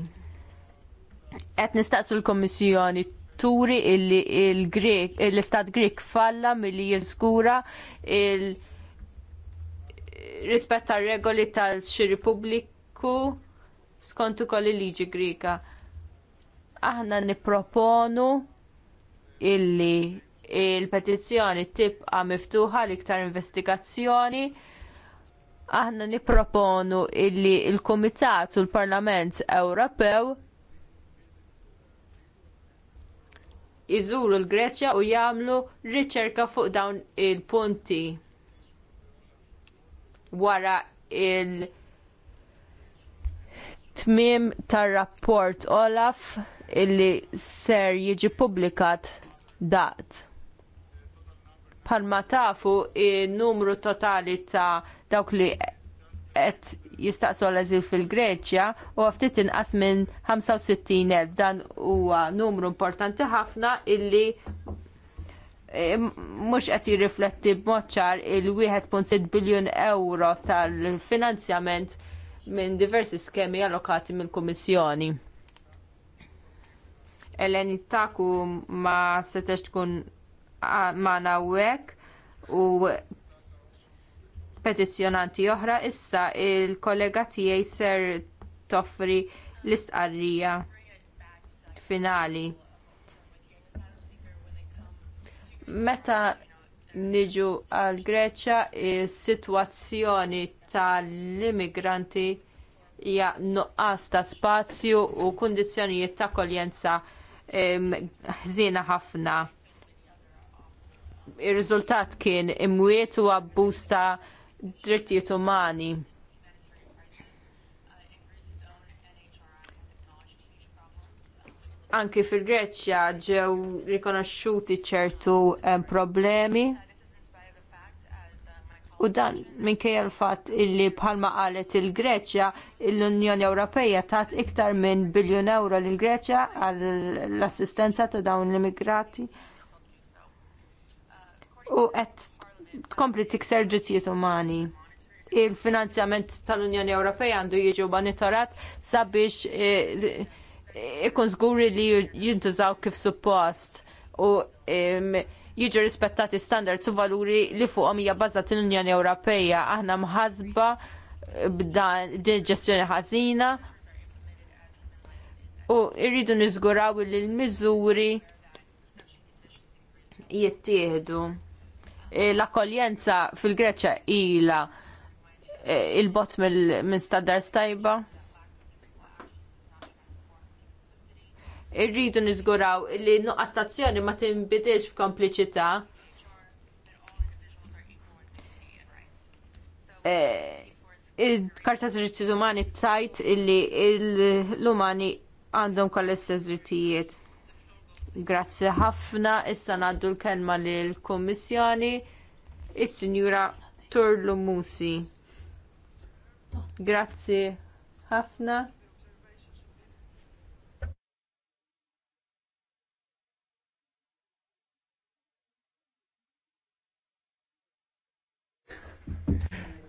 Qed nistaqsu l kummissjoni kulturi illi l-istat Grek falla milli jiżgura il rispett tar regoli tal xi pubbliku skont ukoll il-liġi Grika. Aħna nipproponu illi il-petizzjoni tibqa' miftuħa l-iktar investigazzjoni aħna nipproponu illi l il kumitat u l-Parlament Ewropew iżuru l-Greċja u jagħmlu riċerka fuq dawn il-punti wara il- tmiem tar-rapport Olaf illi ser jiġi publikat dat. Palma tafu n numru totali ta' dawk li qed jistaqsu għal fil-Greċja u ftit inqas minn 65.000 dan huwa numru importanti ħafna illi eh, mhux qed jirrifletti b'moċċar ċar il-1.6 biljun euro tal-finanzjament minn diversi skemi allokati mill-Kummissjoni. Eleni Taku ma setax tkun ah, ma nawek u petizzjonanti oħra issa il-kollega tiegħi ser toffri l-istqarrija finali. Meta niġu għal Greċja is-sitwazzjoni tal-immigranti hija nuqqas ta' spazju u kundizzjonijiet ta' kolienza ħżiena ħafna. Ir-riżultat kien imwiet u abbuż ta' drittijiet umani. Anki fil-Greċja ġew rikonoxxuti ċertu eh, problemi. U dan minkejja l-fatt illi bħalma qalet il-Greċja l-Unjoni Ewropeja tat iktar minn biljun euro l greċja għall assistenza ta' dawn l-immigrati. U qed tkompli tikser ġittijiet umani. Il-finanzjament tal-Unjoni Ewropea għandu jiġu monitorat sabiex eh, ikun żguri li jintużaw kif suppost u jiġu rispettati standards u valuri li fuqhom hija bbażat l-Unjoni Ewropea. Aħna mħazba b'dan din ġestjoni ħażina u rridu nizguraw li l-miżuri jittieħdu. Eh, l-akkoljenza fil-Greċja ila eh, il-bot minn standard stajba. Irridu nizguraw li nuqqa stazzjoni ma tinbidilx f'kompliċità. Eh, il-karta t drittijiet umani tajt illi l-umani għandhom koll istess drittijiet. Grazzi ħafna, issa naddu l-kelma lill kummissjoni is-Sinjura Turlu Musi. Grazzi ħafna.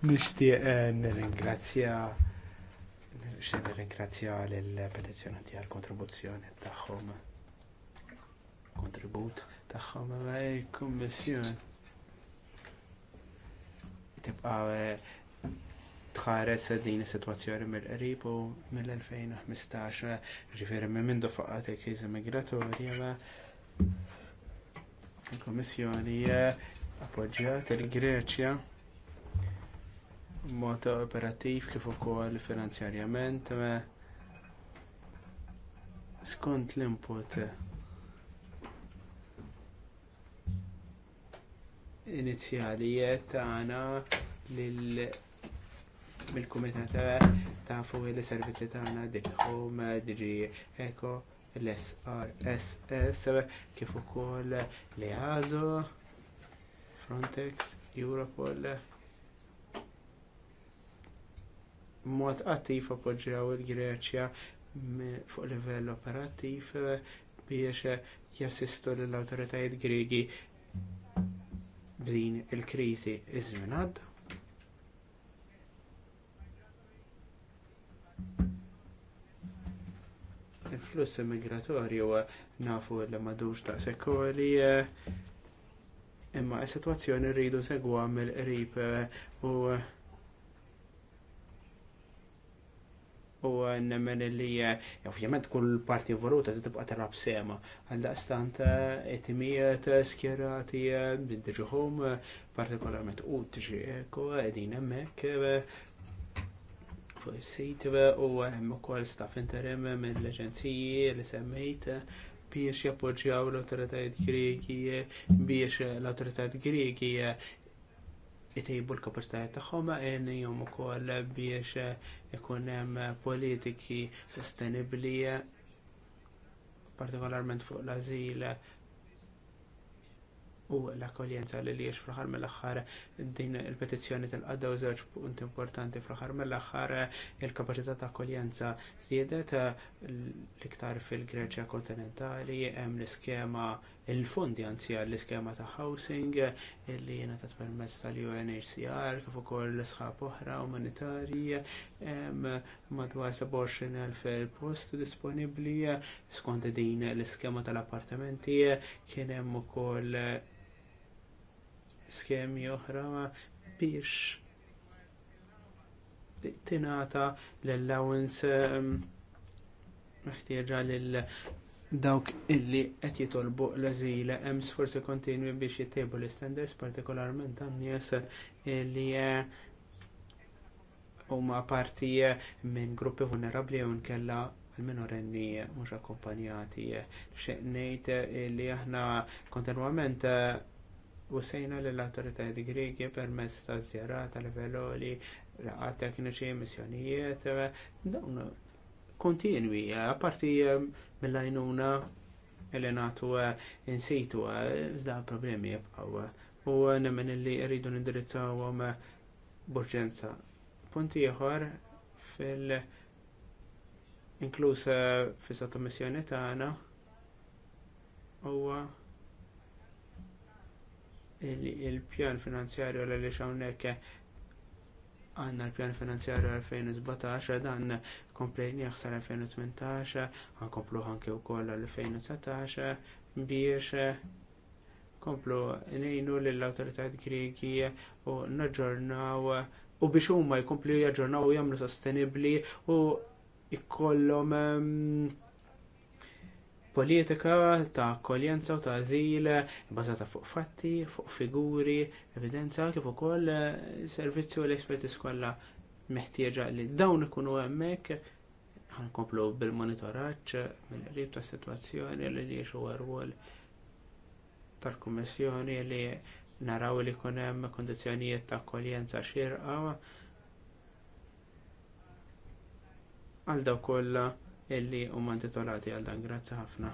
Nishtiq eh, nirringrazzja nirringrazzja l-petizjoni għal kontribuzzjoni tagħhom kontribut tagħhom il-Kummissjoni. Tibqa' eh, tħares din is-sitwazzjoni mill-qrib u mill-2015 ġifieri minn minn dofaqat il-kriżi migratorja ma il-Kummissjoni eh, appoġġjat il-Greċja mod operattiv kif ukoll finanzjarjament skont l-input inizjalijiet tagħna lil mill-kumitat fuq li servizzi tagħna dilħom diġi eko l-SRSS kif ukoll l-EASO Frontex Europol mod attiv appoġġjaw il-Greċja fuq livell operattiv biex jassistu lill awtoritajiet Griegi b'din il-kriżi iż-żmien għadda. il-fluss immigratorju eh, nafu li madux ta' sekoli eh, imma s sitwazzjoni rridu segwa mill-qrib eh, u u nemmen li eh, ovvjament kull parti involuta tibqa telab sema għal daqstant etimijiet eh, eh, skjerati bid-ġuħum partikolarment u tġi eko edin emmek fuq sit u hemm ukoll staff interim mill-aġenziji li semmejt biex jappoġġjaw l-autoritajiet Greki biex l-autoritajiet Greki jtejbu l-kapacitajt tagħhom għenjom ukoll biex ikun hemm politiki sostenibbli partikolarment fuq l-azil u l-akkoljenza li liex fl-axar mill-axar din il-petizzjoni tal qaddaw żewġ zewġ punt importanti fl aħħar mill aħħar il-kapacità ta' akkoljenza zjedet l-iktar fil-Greċja kontinentali hemm l-iskema il-fondi anzi l iskema ta' housing li jena ta' permess tal-UNHCR kif ukoll l-sħab oħra umanitarji madwar 27,000 post disponibbli skont din l-iskema tal-appartamenti kien hemm ukoll skemi oħra biex tingħata l-allowance meħtieġa lil dawk illi qed jitolbu l-eżil hemm sforzi kontinwi biex jittiebu l-istandards partikolarment għan nies li eh, huma parti eh, minn gruppi vulnerabbli u nkella l-minorenni mhux akkumpanjati. X'eq ngħid li aħna kontinwament eh, li l autoritajiet Griegi permezz ta' zjarat, tal-veloli, laqgħat tekniċi, missjonijiet, dawn kontinwi, għaparti eh, eh, mill lajnuna il in eh, insitu, zda problemi jibqaw. U nemmen li rridu nindirizzaw burġenza. Punti ieħor fil- inkluż fis ta' tagħna u il-pjan finanzjarju l li hawnhekk għanna l-pjan finanzjarju 2017, dan komplejni jaxsar 2018, għankomplu għanke u koll 2019, biex komplu nejnu l-autoritajt Greki u naġġornaw u biex huma jkomplu jaġġornaw u jagħmlu sostenibbli u jkollhom mm, politika ta' akkoljenza u ta' azil bazata fuq fatti, fuq figuri, evidenza, kif ukoll eh, servizzi u l-espertis kollha meħtieġa li dawn ikunu hemmhekk ħankomplu bil-monitoraġġ mill-qrib ta' situazzjoni li li xu rwol tal-Kummissjoni li naraw li jkun hemm kundizzjonijiet ta' akkoljenza xirqa għal daw kollha illi huma intitolati għal dan grazzi ħafna.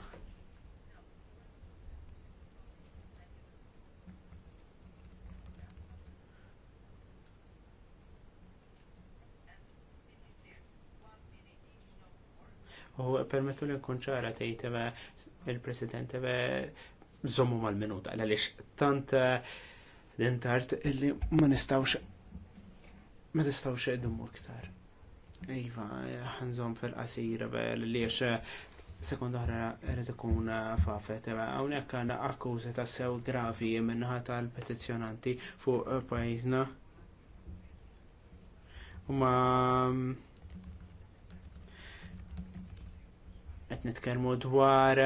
U permettu li nkun ċara tgħid il-President żommu mal-minuta għaliex tant l-intart eh, illi ma nistawx ma nistawx idumu iktar. Iva, ħanżom fil-qasir, li eh, sekund oħra rrid ikun eh, fafet. Eh, hawnhekk għandna akkużi ta' sew gravi minnaħa tal-petizzjonanti fuq pajizna. U ma' mm, qed nitkellmu dwar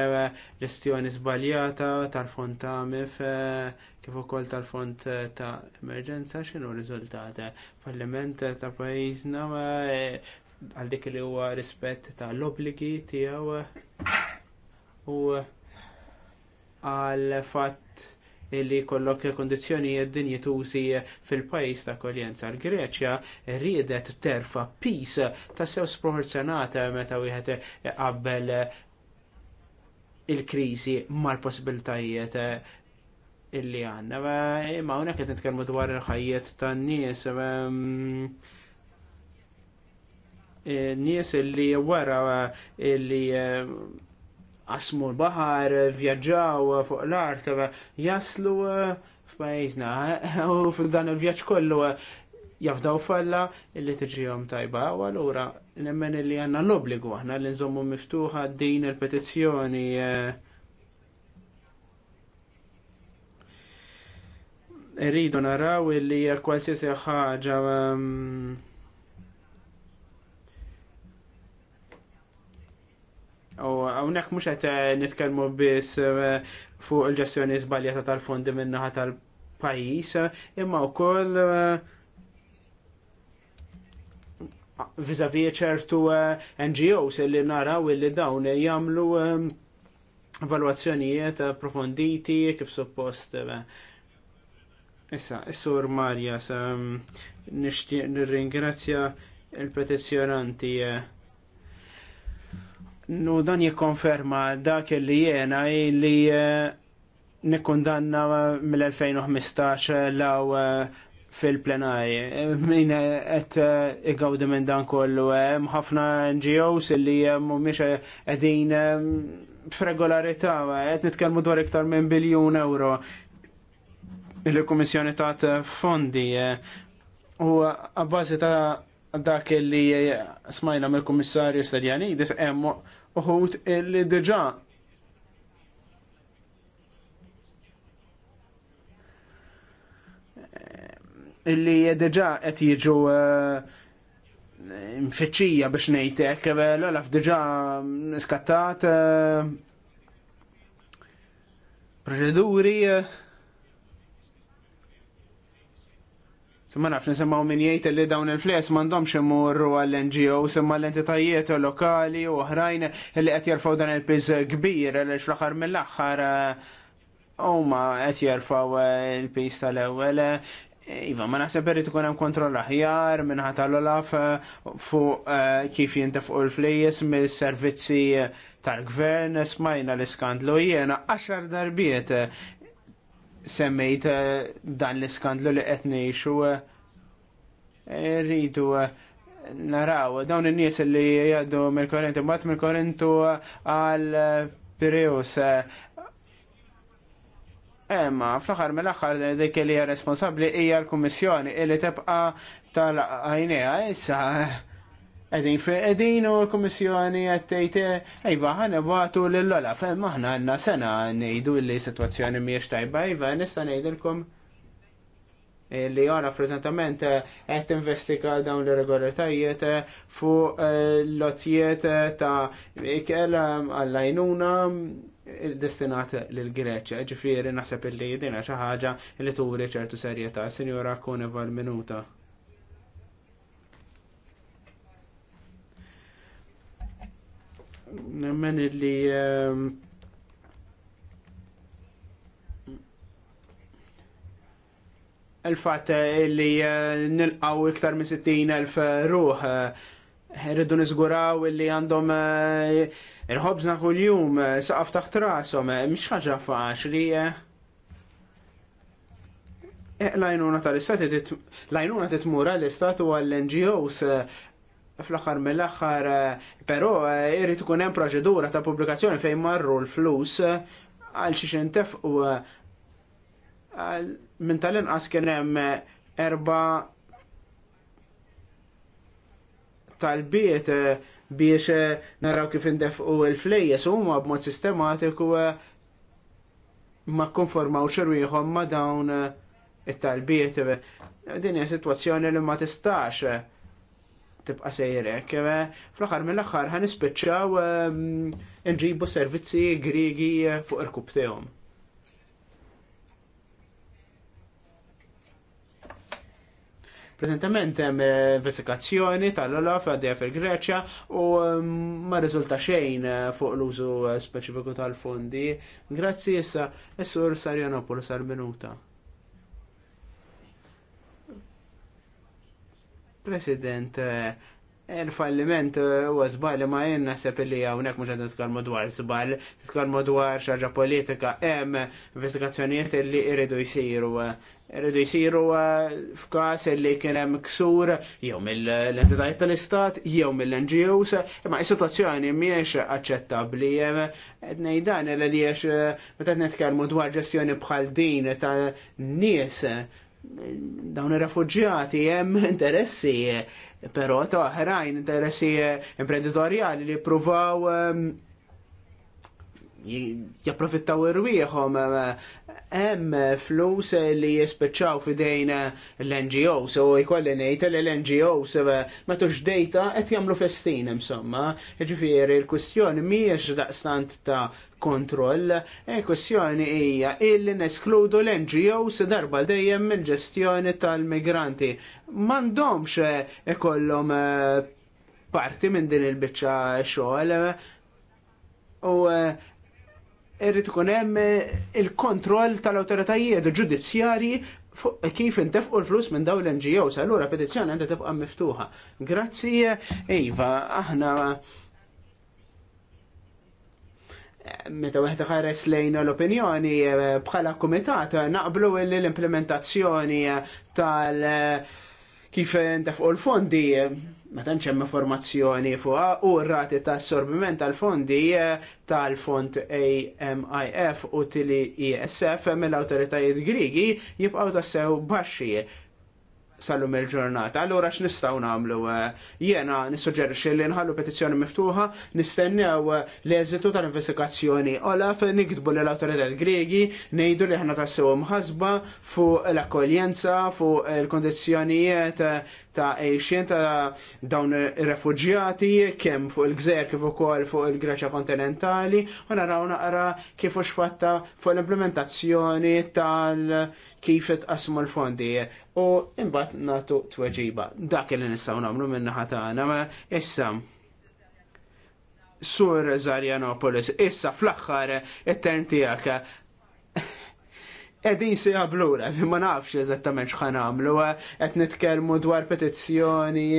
ġestjoni eh, żbaljata tal-fond ta' MIF eh, kif ukoll tal-fond eh, ta' emerġenza x'inhu riżultat. Falliment ta' pajjiżna għal dik li huwa rispett tal-obbligi tiegħu u għal fatt li kollok kondizjonijiet dinjitużi fil-pajis ta' koljenza. L-Greċja riedet terfa pis ta' sew sproporzjonata meta wieħed qabel il-krizi mal-possibilitajiet illi għanna. Imma unek qed nitkellmu dwar il-ħajjiet tan-nies. Mm, Nies illi wara illi asmu l-bahar, vjaġġaw fuq l-art, jaslu eh, f'pajizna. Eh, u f'dan il-vjaġġ kollu eh, jafdaw falla illi tiġihom tajba. U allura nemmen li għanna l-obligu aħna li nżommu miftuħa din il-petizzjoni. Rridu naraw illi kwalsiasi ħaġa mm, U għonek mux għet eh, nitkelmu bis eh, fuq il-ġestjoni zbaljata tal-fondi minnaħa tal-pajis, eh, imma u koll vizavi ċertu NGOs li naraw li dawn jamlu valwazzjonijiet approfonditi kif suppost. Issa, Sur Marjas nishtiq nirringrazzja il-petizjonanti Nu dan jikkonferma dak li jena li eh, nikkundanna mill-2015 law eh, fil-plenari. Min qed eh, igawdi minn dan kollu hemm ħafna NGOs li mhumiex qegħdin f'regolarità qed nitkellmu dwar iktar minn biljun euro il-Kummissjoni ta' fondi u għabbażi ta' dak li smajna mill kummissarju Stadjani, dis hemm uħut illi diġa illi diġa qed jiġu eh, mfittxija biex nejtek eh, l laf diġà skattat eh, proċeduri Ma nafx nisimgħu min jgħid li dawn il-fles m'għandhomx imorru għall-NGO imma l-entitajiet lokali u oħrajn li qed jerfgħu dan il-piż kbir għaliex fl-aħħar mill-aħħar eh, huma qed jerfgħu eh, l piż tal-ewwel. Eh, iva, ma naħseb irrid ikun hemm kontroll aħjar minħata l-olaf fuq kif jintefqu l-flejjes mis-servizzi tal-gvern smajna l-iskandlu jiena għaxar darbiet semmejt eh, dan l-iskandlu li qed ngħixu eh, rridu eh, naraw dawn in-nies li jaddu mill korrentu bat mill korrentu għal Pireus. Emma, fl axar mill-aħħar dik li hija responsabbli hija l-Kummissjoni li tibqa' tal-għajnejha issa Għedin fe edin u l-Komissjoni għattejte, ejva ħana għatu l-lola, fem maħna għanna sena nejdu li situazzjoni miex tajba, ejva nista nejdilkom li għana prezentament għet investiga dawn l-regolaritajiet fu l-lotijiet eh, ta' ikel eh, għallajnuna eh, destinat l-Greċa, ġifiri naħseb li dina xaħġa li turi ċertu serjeta, senjora Koneva l-Minuta. nemmen li ehm, il-fat li eh, nilqaw iktar minn 60.000 eh, ruħ eh, rridu nizguraw li għandhom il-ħobżna kull-jum saqaf taħt rasom, mx ħaġa faċli. Lajnuna tal-istat, lajnuna titmura l-istat u għall-NGOs fl-axar mill-axar, eh, pero eh, irrit ikun hemm proċedura ta' pubblikazzjoni fejn marru l-flus eh, għal xi xintef u minn tal-inqas kien hemm erba' tal-biet biex naraw kif indefqu l-flejjes huma b'mod sistematiku ma konformaw xirwieħhom ma dawn it-talbiet. Din hija sitwazzjoni li ma tistax tibqa sejrek. Fl-axar mill-axar ħan ispiċċaw ehm, nġibu servizzi gregi eh, fuq irkub tiegħhom. Prezentament hemm investigazzjoni eh, tal olof għaddejja fil-Greċja u ehm, ma riżulta xejn eh, fuq l-użu speċifiku tal-fondi. Grazzi issa, is-sur Sarjanopoulos għal-minuta. President, eh, il-falliment u għazbal li ma jenna sepp li għawnek mux t tkar dwar zbal, t tkar dwar xaġa politika, em investigazzjoniet li irridu jisiru. Irridu jisiru eh, f'kas li kienem ksur jew mill entitajt tal-istat, jew mill-NGOs, ma situazzjoni miex aċċettabli. Nejdan li jiex, eh, meta t tkar dwar ġestjoni bħal din ta' nies dawn ir-refuġjati hemm interessi però ta' oħrajn interessi imprenditorjali li pruvaw ehm, japprofittaw irwieħhom hemm flus li jispeċċaw fidejn l-NGOs u jkolli ngħid li l-NGOs eh, ma tux dejta qed jagħmlu festin insomma. Ġifieri l-kwistjoni mhijiex daqstant ta' kontroll, il-kwistjoni eh, hija illi neskludu l-NGOs darba dejjem mill-ġestjoni tal-migranti. M'għandhomx eh, ikollhom parti minn din il-biċċa xogħol u irrid ikun hemm eh, il-kontroll tal-awtoritajiet ġudizzjarji kif intefqu l-flus minn dawn l-NGOs, allura petizzjoni għandha tibqa' miftuħa. Grazzi, Iva, aħna meta weħda ħares lejn l-opinjoni eh, bħala kumitat eh, naqblu l-implementazzjoni tal- kif intefqu l-fondi meta nċemm informazzjoni fuq u r-rati ta' assorbiment tal-fondi eh, tal-fond AMIF u tili ESF mill-awtoritajiet Grigi jibqgħu tassew baxxi sal-lum il-ġurnata. Allora x'nistgħu nagħmlu? Eh, jiena nissuġġerixxi li nħallu petizzjoni miftuħa, nistennew eh, l-eżitu tal-investigazzjoni. Olaf nikdbu l awtoritet Gregi, ngħidu li ħna tassew mħasba fuq l-akkoljenza, fuq il-kondizzjonijiet eh, ta' għejxien ta' dawn ir-refuġjati, kemm fuq il-gżer kif ukoll fuq il-Greċja kontinentali, u naraw naqra kif hux fatta fuq l-implementazzjoni tal kif itqasmu l-fondi u imbagħad nagħtu tweġiba. Dak li nistgħu nagħmlu minna naħa tagħna ma issa Sur Zarianopolis, issa fl-aħħar it-tern tiegħek Edin si għablura, ma nafx eżattament xħan għamlu, et nitkelmu dwar petizzjoni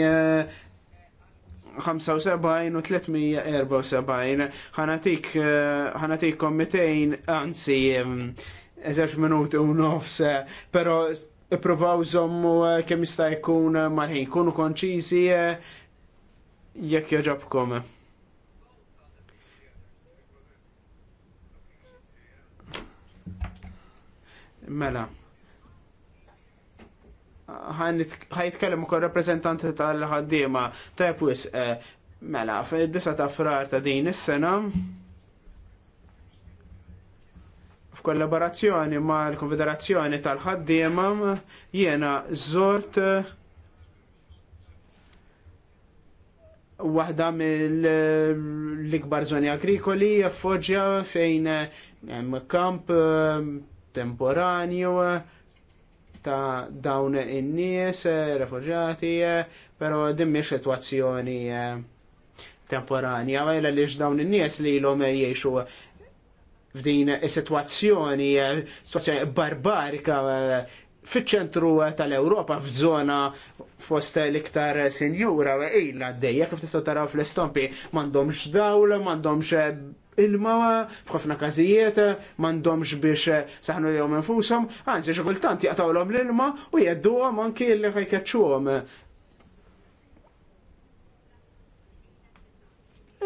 75 eh, u 374, ħanatik, eh, ħanatik komitejn, anzi, eh, eżerx minuti u nofs, pero ippruvaw żommu eh, kemm jista' jkun eh, mal-ħin, kunu konċiżi eh, jekk joġobkom. Mela. Ħajtkellem ukoll rappreżentanti tal-ħaddiema ta' mela fid-disa ta' frar ta' din is-sena f'kollaborazzjoni ma' l-Konfederazzjoni tal-ħaddiema jiena żort waħda mill-ikbar żoni agrikoli f'Foġġja fejn hemm kamp ehm, temporanju ta' dawn in-nies refuġjati, però din mhix sitwazzjoni eh, temporanja, għajla li dawn in-nies li l-om jiexu f'din situazzjoni eh, sitwazzjoni barbarika eh, fiċ-ċentru tal-Ewropa f'żona fost l-iktar sinjura ejla eh, għaddejja kif tistgħu taraw fl-istompi m'għandhomx dawl, m'għandhomx ilma f'ħafna każijiet m'għandhomx biex saħnu lilhom infushom, anzi xi kultant jaqtawhom l-ilma u jedduhom anki li ħajkeċċuhom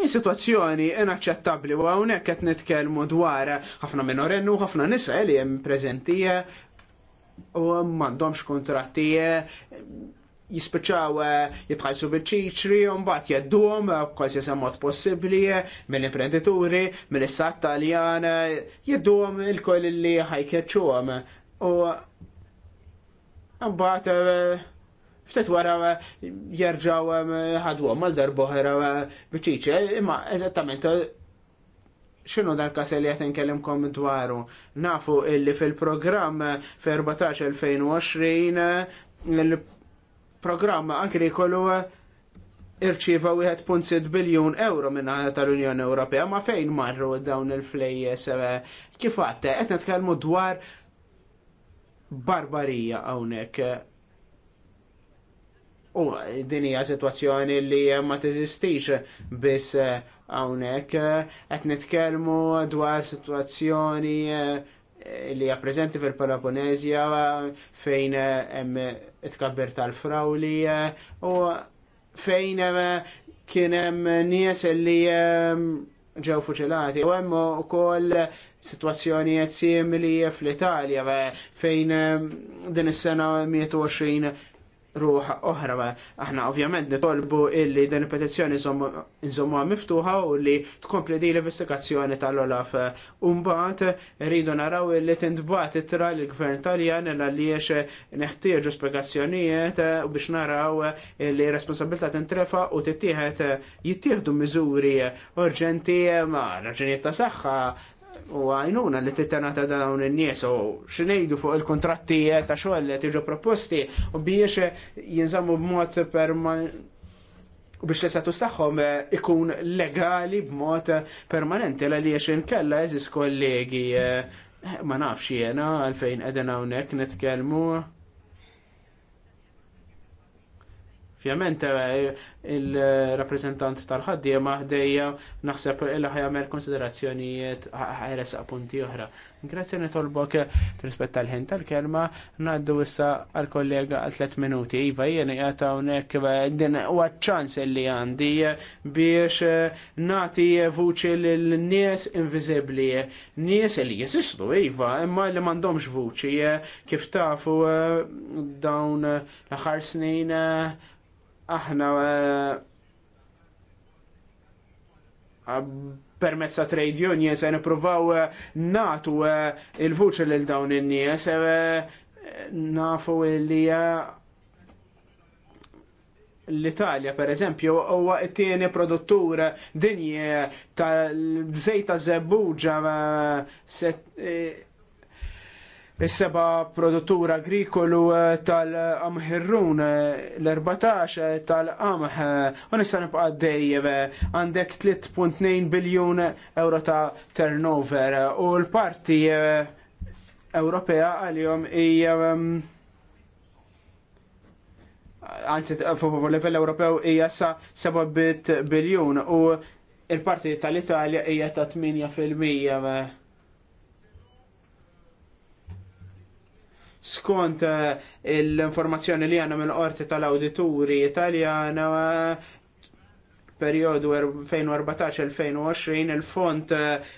situazzjoni inaċċettabbli u hawnhekk qed nitkellmu dwar ħafna minorennu, ħafna nisa li hemm prezentija u m'għandhomx kontratija jispiċaw jitħajsu bil-ċiċri, mbagħad jedduhom b'kwalsiasi mod possibbli mill-imprenditori, mill-istat Taljan, jedduhom il-koll li ħajkeċċuhom. U mbagħad ftit wara eh, jerġaw eh, ħadwom mal darboħra eh, biċiċe, imma eżattament xinu dal kas li għet nkellimkom dwaru. Nafu illi fil-programm f-14-2020 il-programm anki kollu irċiva 1.6 biljun euro minna tal-Unjoni Ewropea, ma fejn marru dawn il-flejjes, kif għatte, għetna dwar barbarija għawnek U din hija sitwazzjoni li ma teżistix biss eh, hawnhekk qed nitkellmu dwar sitwazzjoni eh, li hija preżenti fil-Peloponnesja fejn eh, hemm it-tkabbir tal-frawli u fejn kien hemm nies li ġew fuċilati. U hemm ukoll sitwazzjonijiet simili fl-Italja fejn din is-sena 120 ruħ oħra. Aħna ovvjament nitolbu illi din il-petizzjoni nżommu miftuħa u li tkompli di l-investigazzjoni tal-Olaf. Umbat rridu naraw illi tintbat itra l-gvern taljan illa li neħtieġu spiegazzjonijiet u biex naraw li responsabilta tintrefa u tittieħed jittieħdu miżuri urġenti ma' raġunijiet ta' saħħa u għajnuna li t-tenata dawn il-nies u xinejdu fuq il-kontratti ta' xoħl li tiġu proposti u biex jinżammu b'mod permanenti u biex l-istatus tagħhom ikun legali b'mod permanenti l għaliex inkella eżis kollegi eh, ma nafx jena għalfejn qegħdin hawnhekk nitkellmu. Ovvjament eh, il-rappresentant tal-ħaddiema ħdejja naħseb il ħajamel konsiderazzjonijiet ħares punti oħra. Grazzi nitolbok rispett tal ħin tal-kelma ngħaddu issa għal kollega għal tliet minuti. Iva jien jagħta hawnhekk iva, din għadċans li għandi biex eh, nagħti vuċi lil nies invizibli, nies li jesistu, iva, imma li m'għandhomx vuċi kif tafu eh, dawn l-aħħar snin aħna eh, permessa ta' trade union se nippruvaw eh, natu eh, il-vuċi lil dawn in-nies nafu li l-Italja per eżempju huwa t-tieni produttur dinji tal-żejt ta' zebbuġa is-seba produttur agrikolu eh, tal-amħirrun eh, l-14 eh, tal-amħ u nistan nibqa' dejjem għandek 3.2 biljun euro ta' turnover u l-parti Ewropea għal-jom hija għanzi mm, fuq level Ewropew hija sa 7 biljun u il-parti tal-Italja hija ta' 8 fil-mija skont eh, l-informazzjoni li għanna mill qorti tal-awdituri italjana periodu 2014-2020 er-, il-font eh,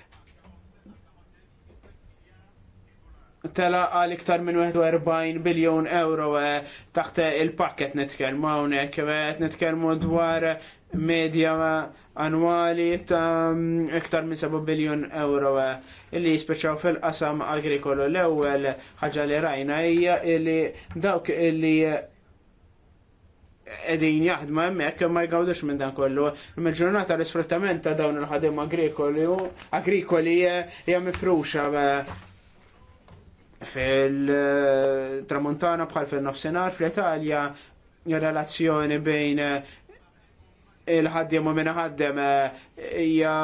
tela għal iktar minn 41 biljon euro eh, taħt il-pakket netkelmu hawnhekk qed nitkellmu dwar medja annwali ta' iktar minn 7 biljon euro eh, illi jispeċaw fil-qasam agrikolo l-ewwel ħaġa li rajna hija illi dawk illi edin eh, jaħdmu hemmhekk ma jgawdux minn dan kollu. Il-ġurnata l-isfruttament ta' dawn il ħadim agrikoli agrikoli eh, hija mifruxa fil-Tramontana bħal fil-Nofsenar fl-Italja relazzjoni bejn il ħaddim u minna ħaddim eh, hija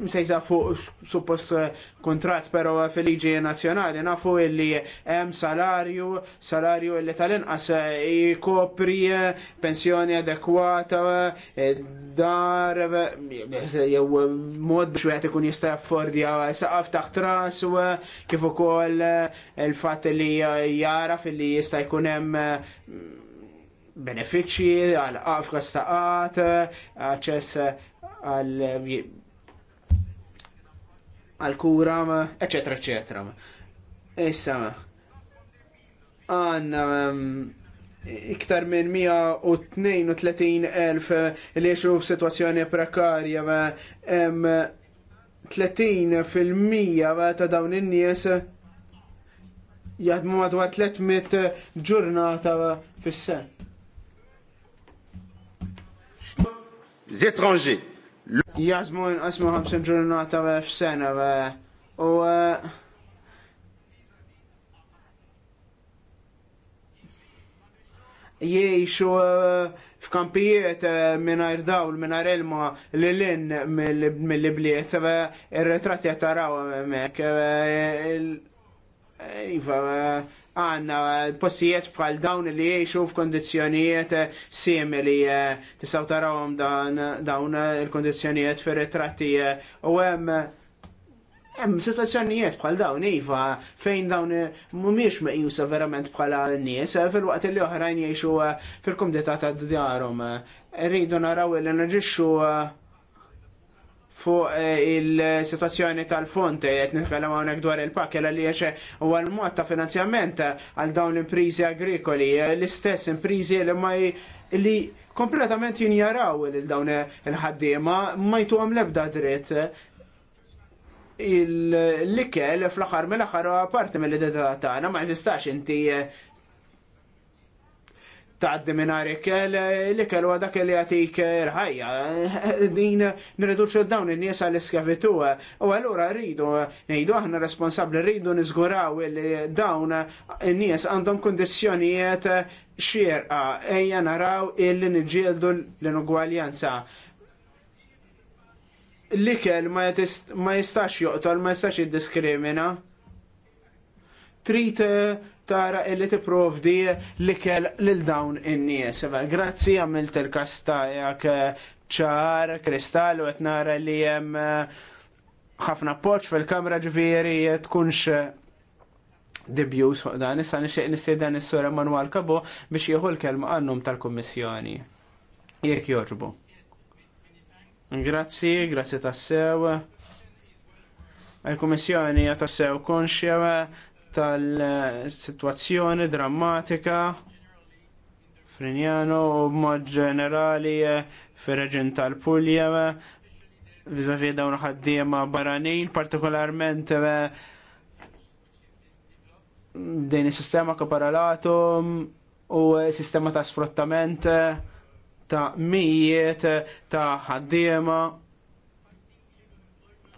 msejsa fuq suppost eh, kontrat pero eh, fil-liġi nazjonali nafu illi hemm salarju, salarju illi tal-inqas jkopri pensjoni adekwata, dar, jew mod biex wieħed ikun jista' jaffordja saqaf taħt rasu, kif ukoll il-fatt li fil-li jista' jkun hemm benefiċċji għal qafra staqat, aċċess għal għal kura, eccetera, eccetera. Issa, għanna um, iktar minn 132.000 li jxu f-situazzjoni prekarja, 30% ta' dawn in-nies jgħadmu madwar 300 ġurnata fis-sen. étrangers. Jazmu nqasmu 50 ġurnata f'sena u eh, jiexu eh, f'kampijiet eh, minar dawl, minar ilma l-lin mill-bliet, ir-retratti jattaraw mek. Iva, għanna possijiet bħal dawn li jiexu f'kondizjonijiet eh, simili eh, tisaw tarawhom dawn eh, il-kondizjonijiet fir ritratti u hemm hemm situazzjonijiet bħal dawn iva fejn dawn mhumiex meqjusa verament bħala nies fil-waqt li oħrajn jgħixu fil-kumdità ta' djarhom. Rridu naraw li naġixxu fuq eh, il-situazzjoni tal-fonte, qed nitkellem hawnhekk dwar il-pak, li għaxe u l mod ta' finanzjament għal dawn l-imprizi agrikoli, eh, l-istess imprizi li ma li kompletament jinjaraw lil dawn il-ħaddiema ma jtuhom l-ebda dritt eh, l-ikel fl aħħar mill aħħar parti mill-identità tagħna ma jistax inti taqdi minar ikel, l-ikel għadak li għatik rħajja. Din nirriduċu dawn il-nies għal-iskavitu. U għallura rridu, nejdu aħna responsabli, rridu nizguraw li dawn il-nies għandhom kondizjonijiet xierqa, ejja naraw il-nġildu l-inugwaljanza l-ikel ma jistax juqtol, ma jistax jiddiskrimina. Trite tara illi tipprovdi l-ikel lil dawn in-nies. Grazzi għamilt il-kastajak eh, ċar, kristall qed nara li hemm eh, ħafna poċ fil-kamra ġviri tkunx eh, debjus fuq dan, issa nixtieq dan is-sura Manwal Kabo biex jieħu l-kelma għannum tal-Kummissjoni. Jekk joġbu. Grazzi, grazzi tassew. Il-Kummissjoni tassew konxja tal-situazzjoni drammatika Frinjano u b'mod ġenerali eh, fir-reġin tal-Pulja eh, vizavi dawn ħaddiema barranin, partikolarment eh, din is-sistema kaparalatum u sistema ta' sfruttament ta' mijiet ta' ħaddiema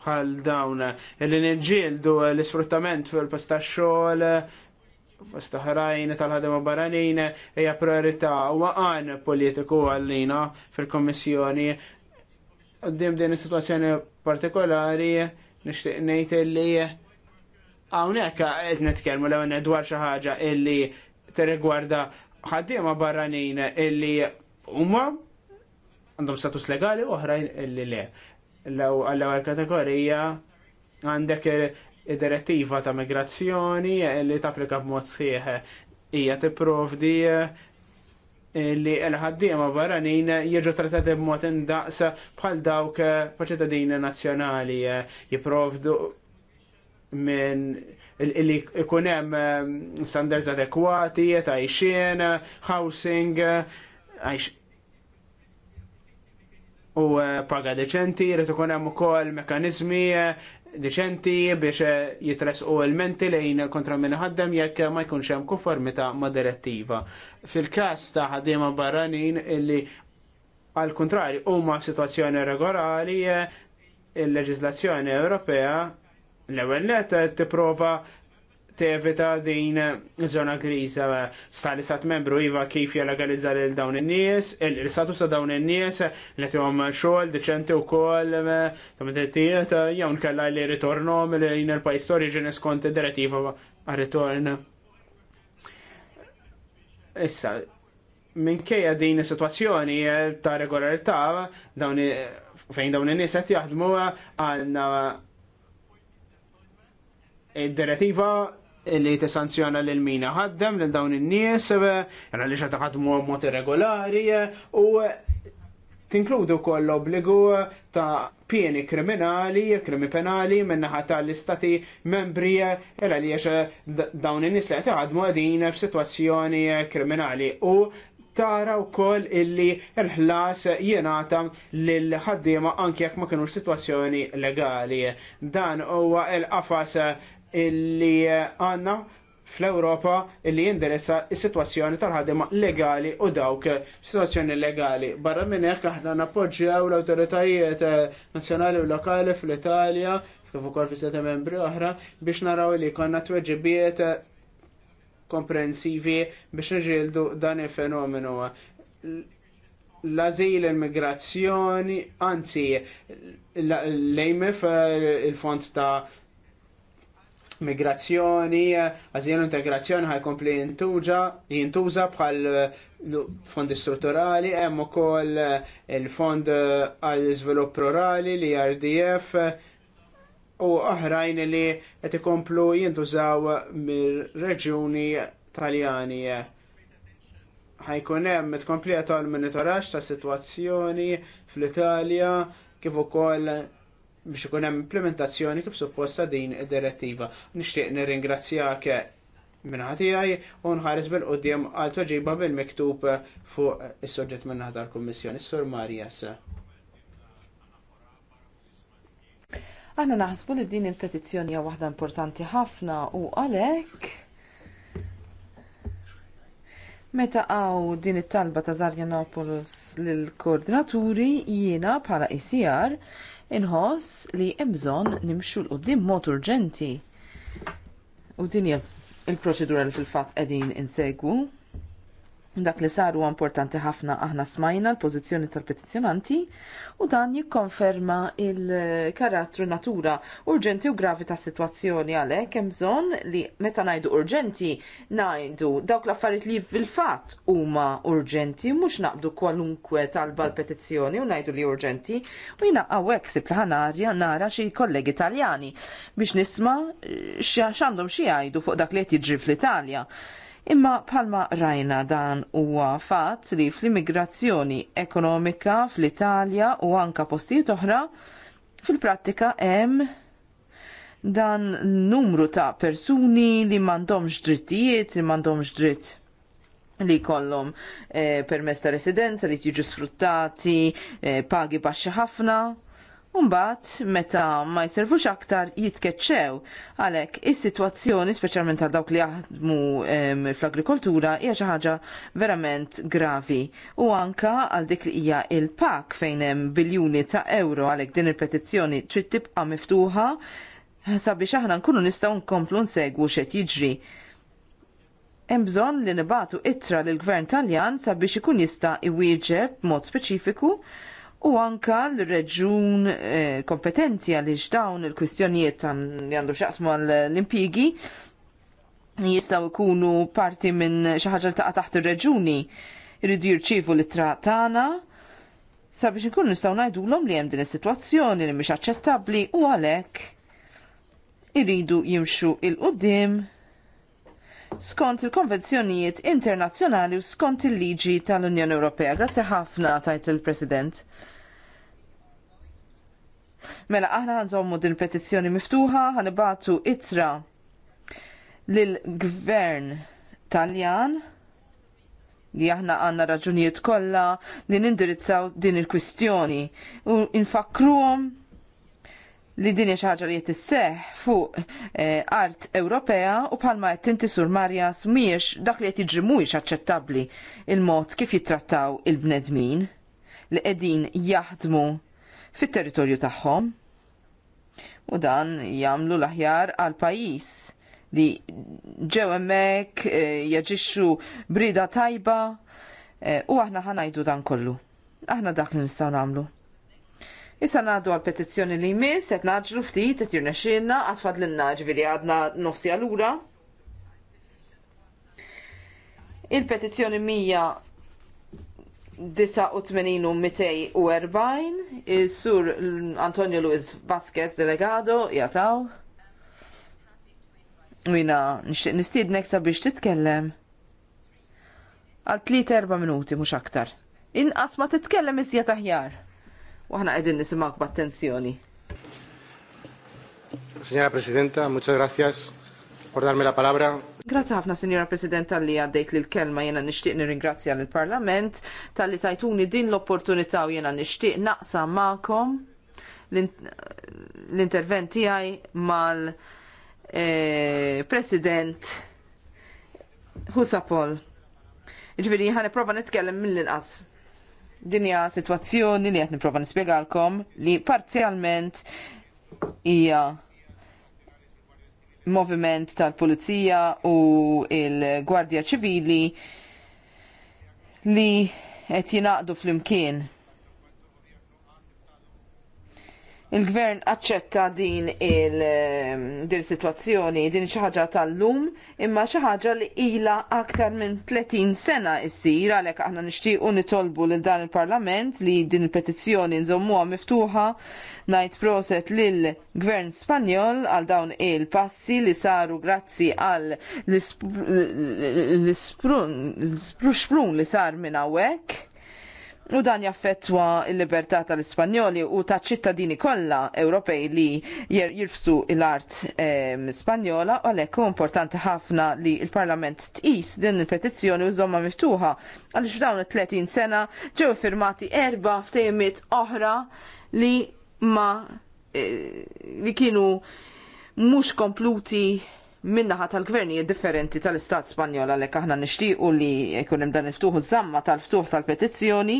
bħal dawn l nġildu l-isfruttament fil-pasta xogħol pasta ħrajn tal-ħadema barranin hija priorità u għan politiku għallina fil-Kommissjoni. għoddim din is-sitwazzjoni partikolari nixtieq ngħid illi hawnhekk qed nitkellmu l dwar xi ħaġa illi tirrigwarda ħaddiema barranin illi huma għandhom status legali u oħrajn illi le l-ewwel kategorija għandek id-direttiva ta' migrazzjoni eh, li tapplika b'mod sieħ hija tipprovdi eh, li l-ħaddiema barranin jiġu trattati b'mod indaqs bħal dawk eh, pa'ċittadini nazzjonali jipprovdu minn li ikun hemm standards adekwati ta' housing, u eh, paga deċenti, rritu ikun hemm ukoll mekanizmi eh, deċenti biex eh, jitresqu menti lejn kontra minn ħaddem jekk ma jkunx hemm konformità ma' direttiva. Fil-każ ta' ħaddiema barranin illi għal kontrarju huma situazzjoni regolari il-leġislazzjoni Ewropea l-ewwel net tipprova tevita din zona griża sta li sat membru iva kif jalegalizza lil dawn in-nies, il-status ta' dawn in-nies li tuhom xogħol deċenti wkoll ta' medettijiet jew nkella li ritornom lejn il-pajjiż oriġini skont id-direttiva għar-ritorn. Issa, minkejja din is-sitwazzjoni ta' regolarità dawn fejn dawn in-nies qed jaħdmu għandna id-direttiva li t-sanzjona l-mina ħaddem l dawn in-nies, għana eh, li xata ħadmu mod irregolari eh, u eh, tinkludu koll obbligu ta' pieni kriminali, krimi penali minnaħa tal-istati membri għala li dawn in-nies li ħadmu għadin f'sitwazzjoni kriminali u tara u koll illi l-ħlas jenata l-ħaddima anki jekk ma kienu situazzjoni legali. Dan huwa l-qafas illi għanna fl-Europa illi jindiressa il sitwazzjoni tal-ħadima legali u dawk situazzjoni legali. Barra minn hekk aħna nappoġġjaw l-awtoritajiet nazzjonali u lokali fl-Italja kif ukoll fi stati membri oħra biex naraw li konna tweġibiet komprensivi biex nġildu dan il-fenomenu. L-azil, immigrazzjoni, anzi, l-EMF, il-fond ta' migrazzjoni, għazjel integrazzjoni ħajkompli jintuża bħal eh, fondi strutturali, hemm ukoll eh, il-fond eh, għal iżvilupp rurali li RDF u oħrajn li qed ikomplu jintużaw mir-reġjuni Taljani. Ħajkun hemm tkompleta l-monitoraġġ ta' sitwazzjoni fl-Italja kif ukoll biex ikun hemm implementazzjoni kif supposta din id-direttiva. Nixtieq nirringrazzjak minna tiegħi u nħares bil-qudiem għal toġiba bil-miktub fuq is-soġġett minna tal-Kummissjoni. Sur Marjas. Aħna naħsbu li din il-petizzjoni hija waħda importanti ħafna u għalhekk Meta għaw din it-talba ta' Zarjanopolos lill koordinaturi jiena bħala ICR e inħoss li hemm bżonn nimxu l qudiem mod urġenti. U din hija l-proċedura li fil-fatt qegħdin insegwu Dak li saru importanti ħafna aħna smajna l-pożizzjoni tal-petizzjonanti u dan jikkonferma il-karattru natura urġenti u gravi ta' situazzjoni għalhekk hemm bżonn li meta ngħidu urġenti ngħidu dawk l-affarijiet li fil-fatt huma urġenti mhux naqbdu kwalunkwe talba l-petizzjoni u ngħidu li urġenti u jiena hekk sib ħanarja nara xi kollegi Taljani biex nisma' x'għandhom xi jgħidu fuq dak li qed jiġri fl-Italja Imma bħalma rajna dan huwa fatt li fl-immigrazzjoni ekonomika fl-Italja u anka postijiet oħra fil-prattika hemm dan numru ta' persuni li m'għandhomx drittijiet, li m'għandhomx dritt li kollom eh, permesta ta' residenza li tiġu sfruttati eh, pagi baxxi ħafna Umbat, meta ma jservux aktar jitkeċċew. Għalek, is-situazzjoni, speċjalment għal dawk li jaħdmu fl-agrikoltura, hija xi ħaġa verament gravi. U anka għal dik li hija il-pak fejn hemm biljuni ta' euro għalek din il-petizzjoni trid tibqa' miftuħa sabiex aħna nkunu nistgħu nkomplu nsegwu x'qed jiġri. Hemm bżonn li nibatu ittra lill-Gvern Taljan sabiex ikun jista' iwieġeb mod speċifiku u anka l-reġun eh, kompetenti għaliex dawn il-kwistjonijiet li għandu xaqsmu għall-impigi jistaw ikunu parti minn xi ħaġa li taqa' taħt ir-reġuni jridu jirċievu l-ittra tagħna sabiex nkunu nistgħu ngħidulhom li hemm din is-sitwazzjoni li mhix aċċettabbli u għalhekk irridu jimxu il qudiem skont il-konvenzjonijiet internazzjonali u skont il-liġi tal-Unjoni Ewropea. Grazzi ħafna tajt il-President. Mela aħna ħanżommu din petizzjoni miftuħa, ħanibatu itra lill-gvern Taljan li aħna għanna raġunijiet kollha li nindirizzaw din il-kwistjoni u infakruhom li din xaġa xi ħaġa li qed isseħħ fuq eh, art Ewropea u bħalma qed tinti sur Marjas miex dak li qed mujx aċċettabli aċċettabbli il-mod kif jittrattaw il-bnedmin li qegħdin jaħdmu fit-territorju tagħhom. U dan jagħmlu l-aħjar għal pajjiż li ġew hemmhekk eh, jaġixxu brida tajba eh, u aħna ħanajdu dan kollu. Aħna dak li nistgħu nagħmlu. Issa naħdu għal petizzjoni li jmiss, qed naġlu ftit, qed jirnexxinna, għatfad l-naġvi għadna nofsi għalura. Il-petizzjoni mija u il-sur Antonio Luis Vasquez Delegado jataw. Mina, nistid neksa biex titkellem. Għal 3-4 minuti, mux aktar. Inqas ma titkellem iżja taħjar. Waħna għedin nisimak b'attenzjoni. Signora Presidenta, muchas gracias por darme la palabra. Grazie ħafna, Sinjora President, tal-li għaddejt li l-kelma jena nishtiq nir-ingrazzja l-Parlament, tal-li tajtuni din l-opportunità u jena nishtiq naqsa ma'kom l-intervent għaj mal-President eh, Husapol. Ġviri, ħane prova nitkellem mill-inqas. Dinja situazzjoni li għet niprofa nispiegalkom li parzjalment hija moviment tal-Pulizija u il-Gwardja Ċivili li qed jingħaqdu flimkien Il-gvern aċċetta din il sitwazzjoni din xi ħaġa tal-lum, imma xi ħaġa li ila aktar minn 30 sena issir għalhekk aħna nixtiequ nitolbu lil dan il-Parlament li din il-petizzjoni nżommuha miftuħa ngħid proset lil gvern Spanjol għal dawn il-passi li saru grazzi għal l-sprun li sar minn hawnhekk U dan jaffettwa l-libertà tal-Ispanjoli u ta' ċittadini kollha Ewropej li jirfsu l-art ehm, Spanjola u għalhekk hu importanti ħafna li l-Parlament tqis din il-petizzjoni u żomma miftuħa għaliex dawn it-30 sena ġew firmati erba' ftehimiet oħra li ma eh, li kienu mhux kompluti minnaħa tal-gvernijiet differenti tal-Istat Spanjol għalhekk aħna nixtiequ li jkun hemm dan il-ftuħ zamma tal-ftuħ tal-petizzjoni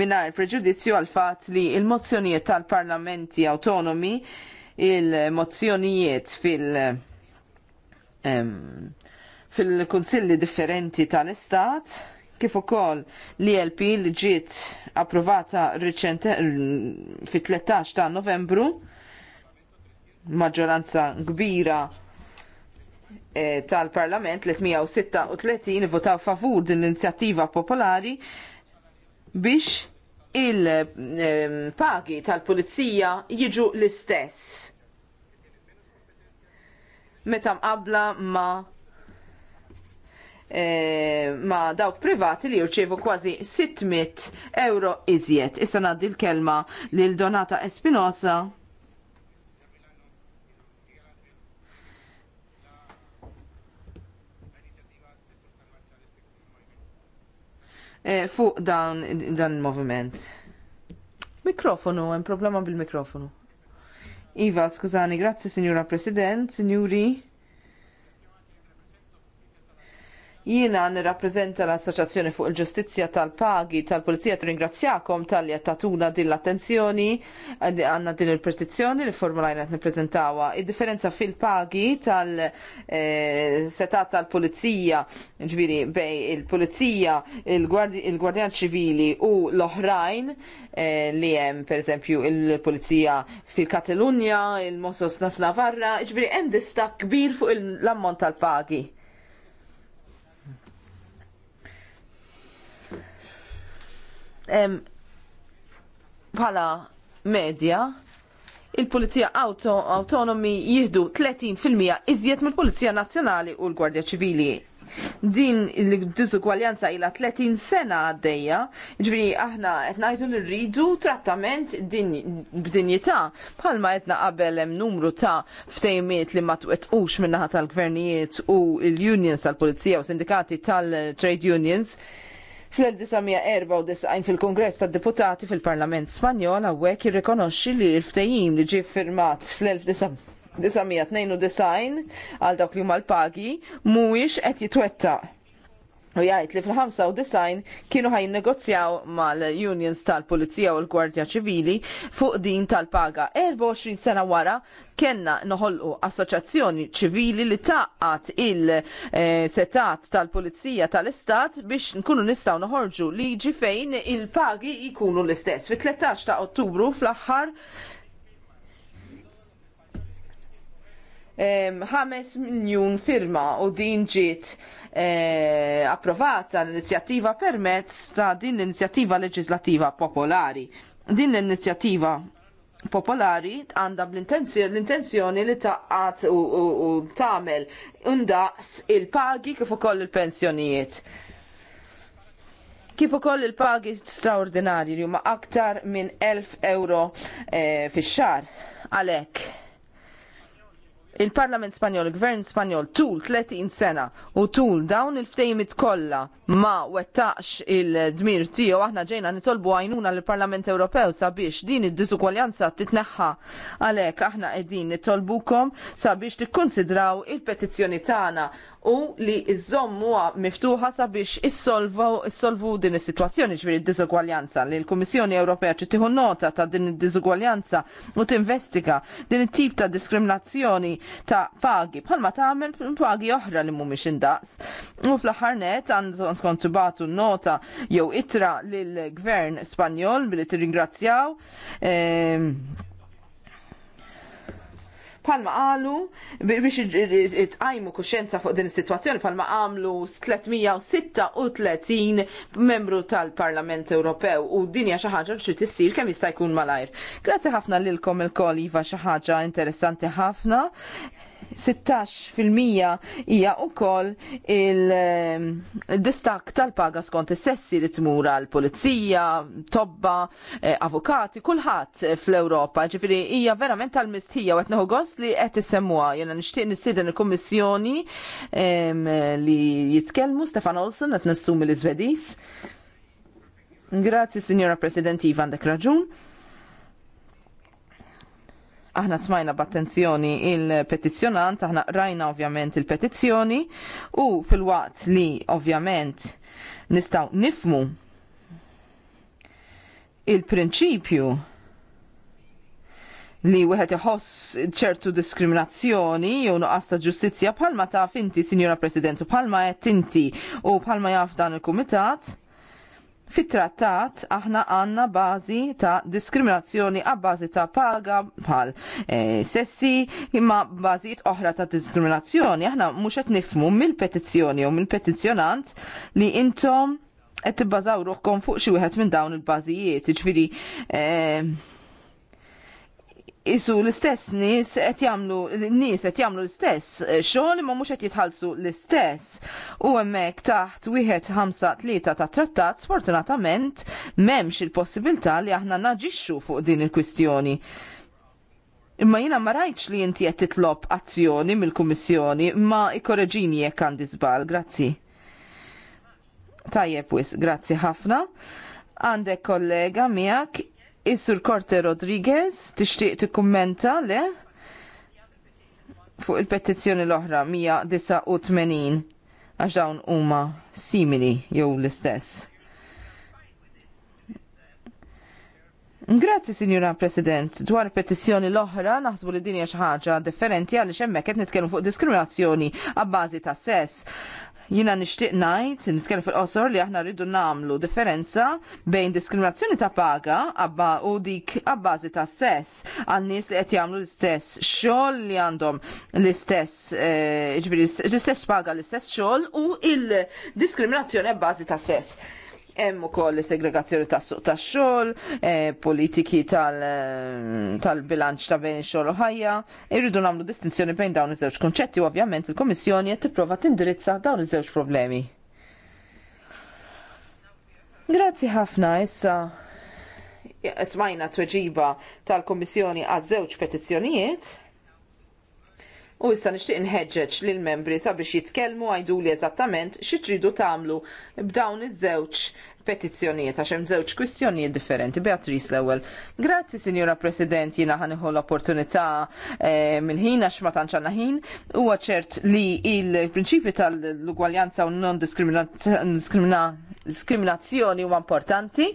mingħajr preġudizzju għal fatt li l mozzjonijiet tal-parlamenti autonomi il-mozzjonijiet fil- fil-kunsilli differenti tal-Istat kif ukoll l lp li ġiet approvata riċente fit-13 ta' Novembru maġġoranza kbira eh, tal-Parlament 336 votaw favur din l-inizjattiva popolari biex il-pagi ehm, tal-pulizija jiġu l-istess. Meta mqabla ma e, ma dawk privati li jirċevu kważi 600 euro iżjed. Issa naddi l-kelma lil Donata Espinosa Eh, fuq dan dan il-moviment. Mikrofonu, hemm problema bil-mikrofonu. Iva, skużani, grazzi, Signora President, Signori. Jiena nirrappreżenta l-Assoċjazzjoni fuq il-Ġustizzja tal-Pagi tal-Pulizija tirringrazzjakom tal-li tatuna din l-attenzjoni għandna din il-petizzjoni li formulajna qed nippreżentawha. Id-differenza fil-pagi tal-setat eh, tal-Pulizija ġviri bej il-Pulizija, il-Gwardjan ċivili u l-oħrajn eh, li hemm pereżempju il-Pulizija fil-Katalunja, il-Mossos Naf Navarra, ġviri hemm distak kbir fuq l-ammont tal-pagi bħala medja il-Pulizija auto Autonomi jihdu 30% iżjed mill-Pulizija Nazzjonali u l-Gwardja Ċivili. Din il-diżugwaljanza ila 30 sena għaddejja, ġviri aħna qed ngħidu li trattament b'dinjità bħalma etna qabel hemm numru ta' ftejmiet li ma twettqux min-naħa tal-gvernijiet u l-unions tal-pulizija u sindikati tal-trade unions. Tal Fl-1994 fil-Kongress tad Deputati fil-Parlament Spanjol għawek jirrikonoxxi li l-ftejim li ġie firmat fl-1992 għal dawk li huma l-pagi mhuwiex qed jitwettaq U jgħid li fil-95 kienu ħajn negozjaw mal-unions tal-Pulizija u l-Gwardja Ċivili fuq din tal-paga. 24 sena wara kena noħolqu assoċjazzjoni ċivili li taqqat il-setat tal-Pulizija tal-Istat biex nkunu nistaw noħorġu liġi fejn il-pagi jkunu l-istess. Fi 13 ta' Ottubru fl-aħħar 5 miljun firma u din ġiet eh, approvata l-inizjattiva permezz ta' din l-inizjattiva leġislativa popolari. Din l-inizjattiva popolari għanda l-intenzjoni li taqqat u, u, u tamel undaqs il-pagi kif ukoll il-pensjonijiet kif ukoll il-pagi straordinarji li huma aktar minn 1000 euro eh, fix-xar. Għalhekk il-Parlament Spanjol, il-Gvern Spanjol tul 30 sena u tul dawn il-ftejmit kollha ma wettaqx il-dmir tiegħu aħna ġejna nitolbu għajnuna l-Parlament Ewropew sabiex din id-disukwaljanza titneħħa. Għalhekk aħna qegħdin nitolbukom sabiex tikkonsidraw il-petizzjoni tagħna u li iżommuha miftuħa sabiex issolvu din is-sitwazzjoni ġviri id-disugwaljanza li l-Kummissjoni Ewropea trid nota ta' din id-diżugwaljanza u tinvestiga din it-tip ta' diskriminazzjoni ta' pagi bħalma tagħmel pagi oħra li mhumiex indaqs. U fl-aħħar net għandkom tibatu nota jew itra lill-Gvern Spanjol billi tirringrazzjaw. E, palma għalu biex itqajmu kuxenza fuq din is-sitwazzjoni palma għamlu 336 membru tal-Parlament Ewropew u din hija xi ħaġa tissir kemm jista' jkun malajr. Grazzi ħafna lilkom il-kol iva xi ħaġa interessanti ħafna. 16% hija wkoll il-distak ehm, tal-paga skont is-sessi li tmur għal pulizija, tobba, eh, avukati, kulħadd fl-Ewropa. Ġifieri hija verament tal-mistħija u qed neħu gost li qed issemmuha. Jiena nixtieq nistieden il-Kummissjoni ehm, li jitkellmu Stefan Olsen qed nassumi l-Iżvedis. Grazzi, Signora Ivan għandek raġun aħna smajna b'attenzjoni il-petizzjonant, aħna rajna ovvjament il-petizzjoni u fil-waqt li ovvjament nistaw nifmu il-prinċipju li wieħed iħoss ċertu diskriminazzjoni jew nuqqas ta' ġustizzja bħalma taf inti, Sinjora President, u bħalma qed inti u bħalma jaf dan il-kumitat, Fit-trattat aħna għanna bażi ta' diskriminazzjoni għab bażi ta' paga bħal e, sessi imma bażijiet oħra ta' diskriminazzjoni. Aħna mhux qed nifmu mill-petizzjoni u mill-petizzjonant li intom qed tibbażaw ruħkom fuq xi wieħed minn dawn il-bażijiet, ġifieri e, isu l-istess nis qed jagħmlu nies qed jagħmlu l-istess eh, xogħol imma mhux qed jitħallsu l-istess. U hemmhekk taħt wieħed ħamsa tlieta ta' trattat sfortunatament m'hemmx il-possibilità li aħna naġixxu fuq din il-kwistjoni. Imma jiena ma rajtx li inti qed titlob azzjoni mill-Kummissjoni, ma ikkoreġini jekk għandi żball, grazzi. Tajjeb wis, grazzi ħafna għandek kollega miegħek Is-Sur Corte Rodriguez tixtieq tikkummenta le fuq il-petizzjoni l-oħra 189 għax dawn huma simili jew l-istess. Grazzi, Signora President. Dwar petizzjoni l-oħra, naħsbu li dinja xi ħaġa differenti għaliex hemmhekk qed nitkellmu fuq diskriminazzjoni għabbażi ta' sess. Jina nixtieq ngħid, niskellem fil-qosor li aħna rridu nagħmlu differenza bejn diskriminazzjoni ta' paga abba u dik abbazi ta' sess għal nies li qed jagħmlu l-istess xogħol li għandhom l-istess eh, ġbiri l-istess paga l-istess xogħol u il-diskriminazzjoni bbażi ta' sess hemm ukoll segregazzjoni tas-suq tax-xogħol, eh, politiki eh, tal-bilanċ ta' bejn ix-xogħol u ħajja. Irridu nagħmlu distinzjoni bejn dawn iż-żewġ konċetti u ovvjament il-Kummissjoni qed tipprova tindirizza dawn iż-żewġ problemi. Grazzi ħafna issa smajna tweġiba tal-Kummissjoni għaż-żewġ petizzjonijiet. U issa nixtieq inħeġġeġ lill membri sabiex jitkellmu għajduli eżattament xi tridu tagħmlu b'dawn iż-żewġ petizzjonijiet għax hemm żewġ kwistjonijiet differenti. Beatriz l-ewwel. Grazzi Sinjura President jiena ħanieħu l-opportunità eh, mill-ħin għax ma tantx għandna ħin. Huwa ċert li il-prinċipju tal-ugwaljanza u non-diskriminazzjoni huwa importanti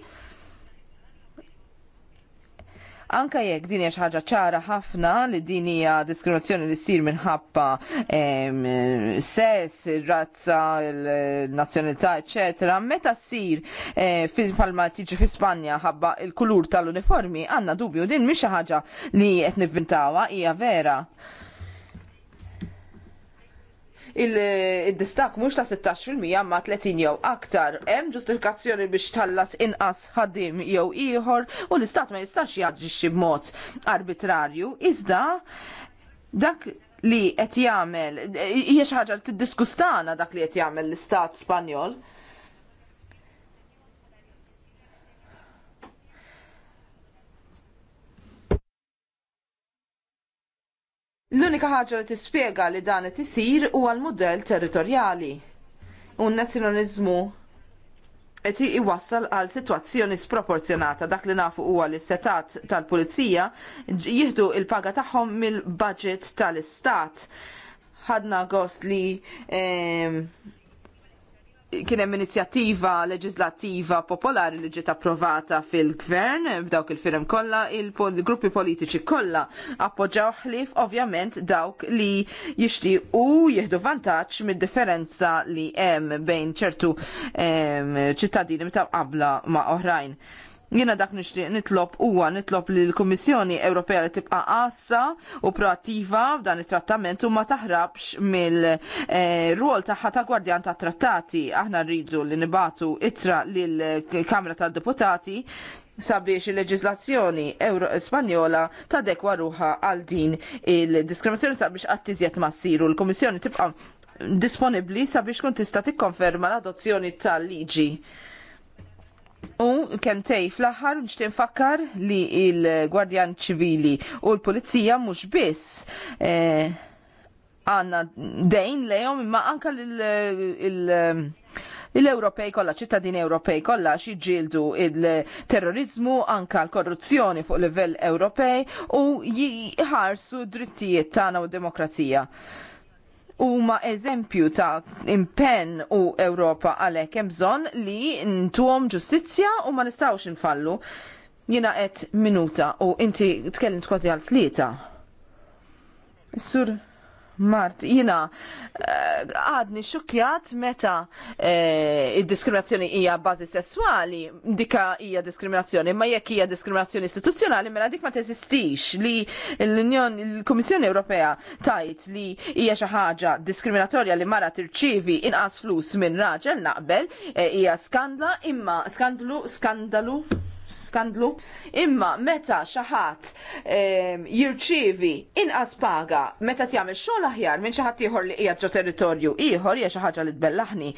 Anka jekk din hija xi ħaġa ċara ħafna li din hija diskriminazzjoni li ssir minħabba sess, razza, nazzjonalità, eċetera, meta ssir eh, palma tiġi fi Spanja ħabba il-kulur tal-uniformi għandna dubju din mhix xi ħaġa li qed nivvintawha hija vera il-distak mhux ta' 16% ma' 30 jew aktar. Hemm ġustifikazzjoni biex tallas inqas ħaddim jew ieħor u l-istat ma jistax jaġġixxi b'mod arbitrarju. Iżda dak li qed jagħmel hija xi ħaġa li tiddiskustana dak li qed jagħmel l-istat Spanjol. L-unika ħaġa li tispjega li dan qed isir huwa l-mudell territorjali. U n-nazzjonaliżmu qed iwassal għal sitwazzjoni sproporzjonata dak li nafu huwa li setat tal-pulizija jieħdu l paga tagħhom mill-budget tal-istat. Ħadna gost li eh, kien hemm inizjattiva leġislattiva popolari li ġiet approvata fil-gvern b'dawk il-firem kollha, il-gruppi politiċi kollha appoġġaw ħlief ovvjament dawk li jixtiequ jieħdu vantaġġ mid-differenza li hemm bejn ċertu ċittadini meta qabla ma' oħrajn. Jiena dak nixtieq nitlob huwa nitlob li l-Kummissjoni Ewropea li tibqa' qassa u proattiva f'dan it-trattament u ma taħrabx mill eh, tagħha ta' gwardjan tat trattati. Aħna rridu li nibatu itra lill-Kamra tad-Deputati sabiex il-leġislazzjoni Spanjola dekwa ruħa għal din il-diskriminazzjoni sabiex ma siru. L-Kummissjoni tibqa' disponibbli sabiex kun tista' tikkonferma l-adozzjoni tal-liġi. U kem tej fl-aħħar nixtieq fakkar li il-Gwardjan ċivili u l-Pulizija mhux biss eh, għandna dejn lejom imma anke l-Ewropej kollha, ċittadini Ewropej kolla jiġġieldu il-terrorizmu anke l-korruzzjoni fuq livell Ewropej u jħarsu drittijiet tagħna u d demokrazija huma eżempju ta' impenn u Ewropa għalhekk hemm bżonn li ntuhom ġustizzja u ma nistgħux infallu. Jiena qed minuta u inti tkellimt kważi għal tlieta. Sur Mart, jina, eh, għadni xukjat meta e, id-diskriminazzjoni hija bażi sessuali, dika hija diskriminazzjoni, ma jekk hija diskriminazzjoni istituzzjonali, mela dik ma teżistix li l-Unjon, l-Kummissjoni Ewropea tajt li hija xi ħaġa diskriminatorja li mara tirċivi inqas flus minn raġel naqbel, eh, hija skandla imma skandlu skandalu skandlu. Imma meta xi ħadd ehm, jirċievi inqas paga meta tjagħmel xogħol aħjar minn xi ħadd ieħor li qiegħed ġo territorju ieħor hija xi ħaġa li tbellaħni.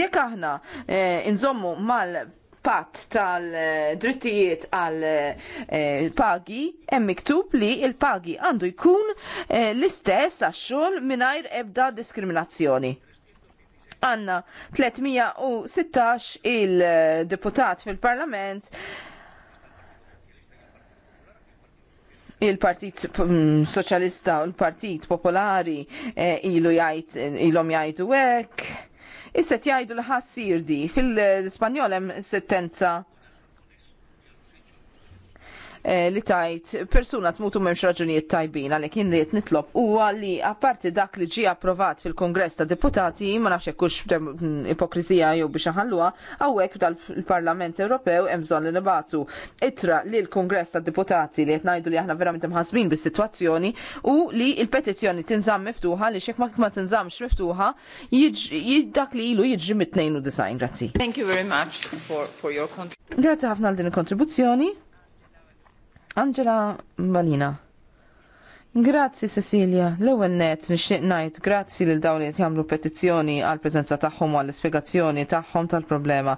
Jekk aħna nżommu eh, inżommu mal patt tal-drittijiet għal eh, pagi hemm miktub li il-pagi għandu jkun eh, l-istess għax-xogħol mingħajr ebda diskriminazzjoni. Għanna 316 il-deputat fil-parlament il-Partit mm, Soċjalista u l-Partit Popolari eh, ilu jgħid ilhom jgħidu hekk. Isset jgħidu l-ħassir di fil-Spanjol hemm sentenza Eh, li tajt persuna tmutu memx raġunijiet tajbin għalek jinn li nitlob u li apparti dak li ġi approvat fil-Kongress ta' Deputati ma nafx kux mm, ipokrizija jew biex ħallua għawek dal-Parlament Ewropew hemm bżonn li nabatu itra li l-Kongress ta' Deputati li qed ngħidu li aħna verament imħasbin bis-sitwazzjoni u li l-petizzjoni tinżamm miftuħa li xek ma tinżammx miftuħa dak li ilu jidġi mit-92. Grazzi. Thank you very much for, for your contribution. ħafna għal din il-kontribuzzjoni. Angela Malina. Grazzi Cecilia, l-ewwel net nixtieq ngħid grazzi lil dawn li qed jagħmlu petizzjoni għall preżenza tagħhom u għall ispjegazzjoni tagħhom tal-problema.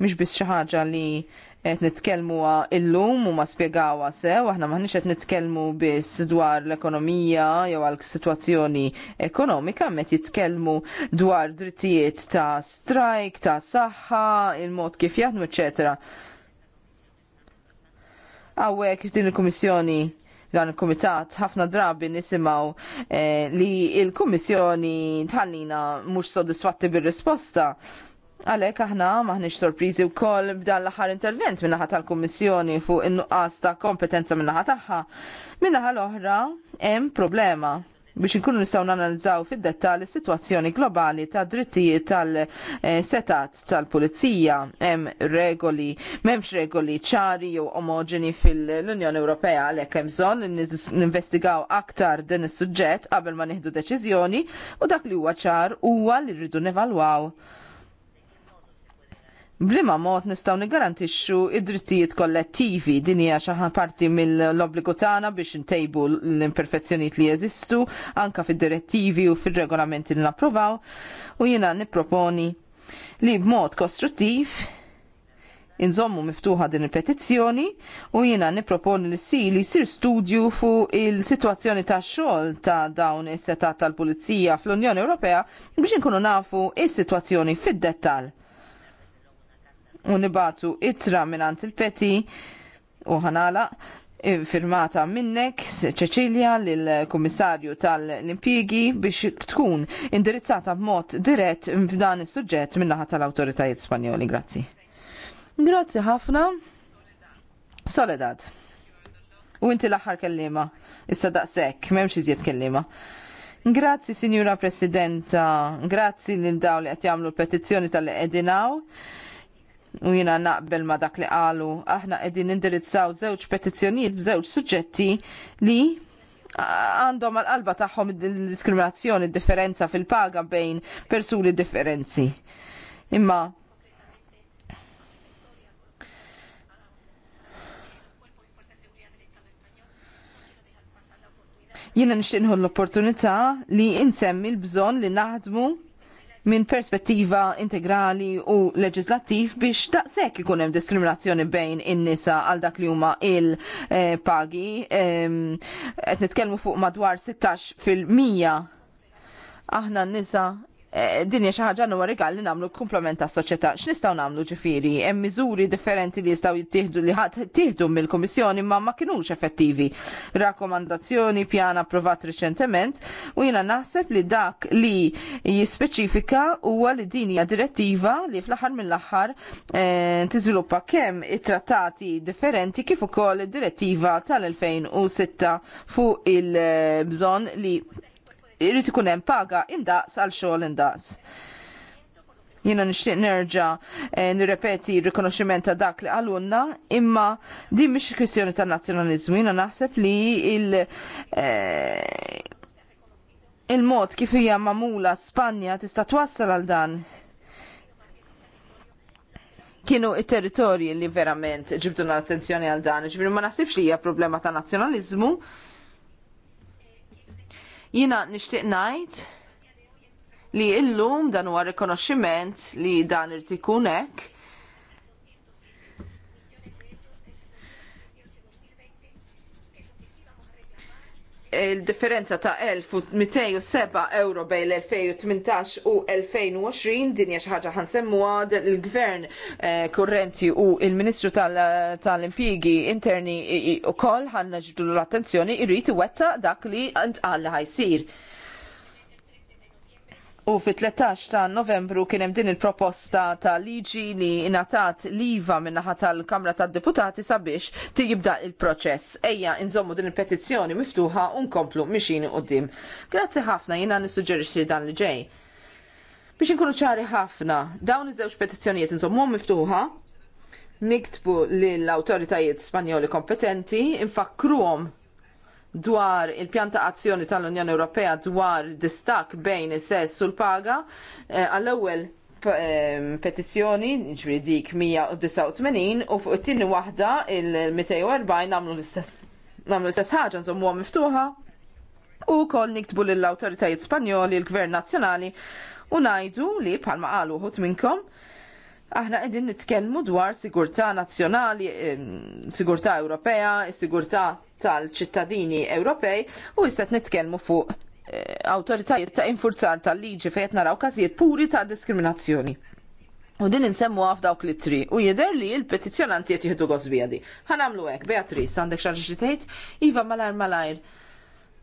Mhix biss xi ħaġa li qed nitkellmuha illum u ma spjegawha sew, aħna maħniex qed nitkellmu biss dwar l-ekonomija jew għal sitwazzjoni ekonomika, met jitkellmu dwar drittijiet ta' strajk, ta' saħħa, il-mod kif jaħdmu, eċetera. Għawek din il-Kummissjoni dan il-Kumitat ħafna drabi nisimaw eh, li il-Kummissjoni tħallina mhux sodisfatti bir-risposta Għalek aħna maħniċ sorprizi u koll b'dan l-ħar intervent minnaħat tal-Kommissjoni fuq in-nuqqas ta' kompetenza minnaħat taħħa. Minnaħat l-oħra hemm problema biex nkunu nistgħu nanalizzaw fid-dettall is-sitwazzjoni globali ta' drittijiet tal-setat tal-Pulizija hemm regoli, m'hemmx regoli ċari jew omogeni fil-Unjoni Ewropea għalhekk hemm bżonn ninvestigaw aktar din is-suġġett qabel ma nieħdu deċiżjoni u dak li huwa ċar huwa li rridu nevalwaw Blima mod nistaw nigarantixxu id-drittijiet kollettivi din hija xi parti mill-obbligu tagħna biex intejbu l-imperfezzjonijiet li jeżistu anke fid-direttivi u fir-regolamenti li napprovaw u jiena nipproponi li b'mod kostruttiv inżommu miftuħa din il-petizzjoni u jiena nipproponi li si li sir studju fu il-situazzjoni ta' xogħol ta' dawn is-setat tal-Pulizija fl-Unjoni Ewropea biex inkunu nafu is-situazzjoni fid dettall u nibatu itra minant il-peti u ħanala e, firmata minnek Ċeċilja lill-Kummissarju tal-Impjigi biex tkun indirizzata b'mod dirett f'dan is-suġġett min-naħa tal-awtoritajiet Spanjoli. Grazzi. Grazzi ħafna. Soledad. U inti l-aħħar kellima. Issa daqshekk, m'hemmx iżjed kellima. Grazzi, Sinjura Presidenta. Grazzi lil dawn li qed jagħmlu l-petizzjoni tal-qegħdinaw. U jina naqbel ma dak li qalu, aħna qegħdin indirizzaw żewġ petizzjonijiet b'żewġ suġġetti li għandhom għal-qalba tagħhom diskriminazzjoni, differenza fil-paga bejn persuni differenzi. Imma jiena nixtieq l-opportunità li insemmi l-bżonn li naħdmu minn perspettiva integrali u leġislattiv biex daqshekk ikun hemm diskriminazzjoni bejn in-nisa għal dak li huma il-pagi. Qed nitkellmu fuq madwar 16 fil-mija aħna n-nisa Eh, dinja xi ħaġa huwa li nagħmlu kumplament tas-soċjetà. X'nistgħu nagħmlu ġifieri? Hemm miżuri differenti li jistgħu jittieħdu li tieħdu mill-Kummissjoni ma ma kinux effettivi. Rakkomandazzjoni pjana approvat riċentement u jiena naħseb li dak li jispeċifika huwa li din hija direttiva li fl-aħħar mill-aħħar eh, tiżviluppa kemm it-trattati differenti kif ukoll id-direttiva tal-2006 fuq il-bżonn li irrid ikun hemm paga indaqs għal xogħol indaqs. Jiena nixtieq nerġa' eh, nirrepeti r-rikonoxximent ta' dak li għalunna, imma din mhix il-kwestjoni ta' nazzjonaliżmu, jiena naħseb li il- eh, il-mod kif hija magħmula Spanja tista' twassal għal dan kienu it territorji li verament ġibdu l-attenzjoni għal dan. Ġifiri ma naħsibx li hija problema ta' nazzjonaliżmu, Jina nixtieq ngħid li illum dan huwa rikonoxximent li dan irid ikun hekk il-differenza ta' 1207 euro bejn l-2018 u 2020 din hija xi ħaġa għad il-gvern eh, kurrenti u il-Ministru tal impigi interni wkoll ħanna ġibdu l-attenzjoni jrid iwettaq dak li għand għalla ħajsir. U fit-13 ta' novembru kien hemm din il-proposta ta' liġi li natat liva min-naħa tal-Kamra tad-Deputati sabiex ti jibda il-proċess. Ejja inżommu din il-petizzjoni miftuħa u nkomplu u qudiem. Grazzi ħafna jiena nissuġġerixxi dan li ġej. Biex inkunu ċari ħafna, dawn iż-żewġ petizzjonijiet inżommuhom miftuħa, niktbu lill awtoritajiet Spanjoli kompetenti, infakkruhom dwar il-pjanta azzjoni tal-Unjoni Ewropea dwar distak bejn is-sess u l-paga eh, għall-ewwel eh, petizzjoni, ġbiri dik 189, u fuq it-tieni waħda il-240 nagħmlu l-istess nagħmlu l-istess ħaġa nżommuha miftuħa u wkoll niktbu lill-awtoritajiet Spanjoli, l-Gvern Nazzjonali u ngħidu li bħalma qalu wħud minnkom aħna qegħdin nitkellmu dwar sigurtà nazzjonali, sigurtà Ewropea, sigurtà tal-ċittadini Ewropej u issa nitkellmu fuq eh, awtoritajiet ta' infurzar tal-liġi fejn naraw każijiet puri ta' diskriminazzjoni. U din insemmu għaf dawk li tri u jidher li l-petizzjonanti qed jieħdu gosbija Ħa nagħmlu hekk, Beatriz, għandek xi tgħid? Iva malajr malajr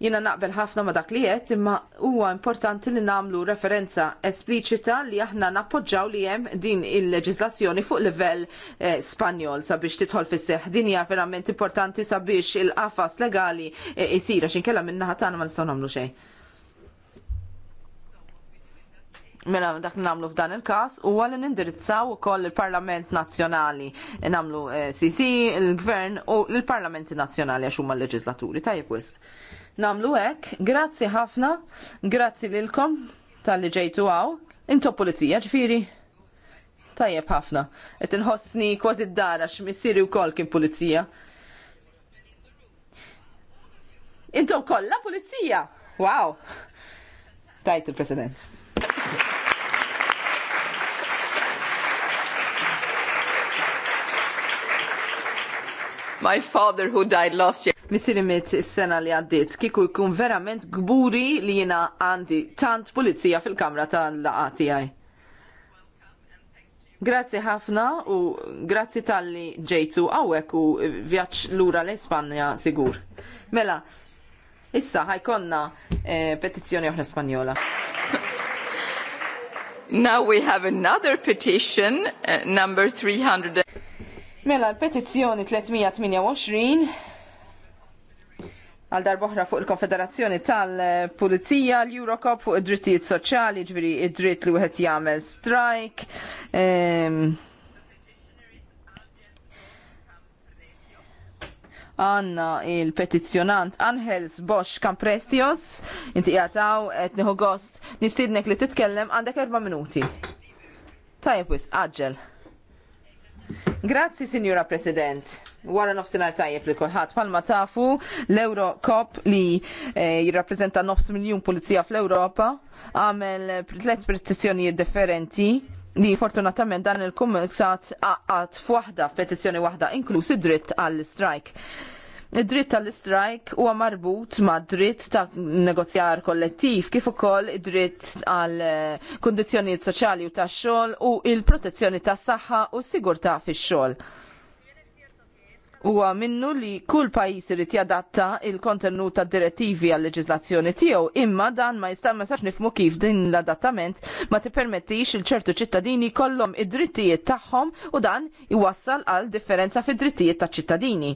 Jiena naqbel ħafna ma dak li jett imma huwa importanti li nagħmlu referenza espliċita li aħna nappoġġaw li hemm din il-leġislazzjoni fuq livell eh, Spanjol sabiex tidħol fis-seħħ. Din hija verament importanti sabiex il-qafas legali jisira eh, għax inkella min-naħa tagħna ma nistgħu nagħmlu xejn. Mela dak li namlu f'dan il-kas u għalli nindirizzaw ukoll il-Parlament Nazzjonali namlu CC, eh, il-Gvern u l-Parlamenti Nazzjonali għax huma l-leġislaturi. Tajjeb wisq namlu hekk. Grazzi ħafna, grazzi lilkom tal-li ġejtu għaw. Intu pulizija ġifiri. Tajjeb ħafna. Qed inħossni kważi d-dara u wkoll kien pulizija. Intu kollha pulizija. Wow. Tajt il-President. My father who died last year Missiri mit is-sena li għaddit, kieku jkun verament gburi li jiena għandi tant pulizija fil-kamra tal-laqati għaj. Grazzi ħafna u grazzi tal-li ġejtu għawek u vjaċ lura l espanja sigur. Mela, issa ħajkonna eh, petizzjoni oħra Spanjola. Now we have another petition, uh, number 300. Mela, l-petizzjoni 328 għal darboħra fuq il-Konfederazzjoni tal-Pulizija, l-Eurocop fuq id-drittijiet soċjali, ġviri id-dritt li wieħed jagħmel strajk. Ehm, Għanna il-petizjonant Anhels Bosch Camprestios, inti jgħataw etniħu gost, nistidnek li titkellem għandek erba' minuti. Tajab wis, għagġel. Grazzi, Signora President. Wara nofsinhar tajjeb li kulħadd palma tafu l eurocop li eh, jirrappreżenta nofs miljun pulizija fl-Ewropa għamel tliet petizzjonijiet differenti li fortunatament dan il-kummissat għaqqat f'waħda f'petizzjoni waħda inklusi dritt għall-strike. Id-dritt tal-istrajk huwa marbut ma' dritt ta' negozjar kollettiv kif ukoll id-dritt għal eh, kundizzjonijiet soċjali u tax-xogħol u il-protezzjoni tas-saħħa u s-sigurtà fix-xogħol. Huwa minnu li kull pajjiż irid jadatta il-kontenut tad-direttivi għal leġiżlazzjoni tiegħu, imma dan ma jista' ma sax nifmu kif din l-adattament ma tippermettix il ċertu ċittadini kollhom id-drittijiet tagħhom u dan iwassal għal differenza fid-drittijiet taċ-ċittadini.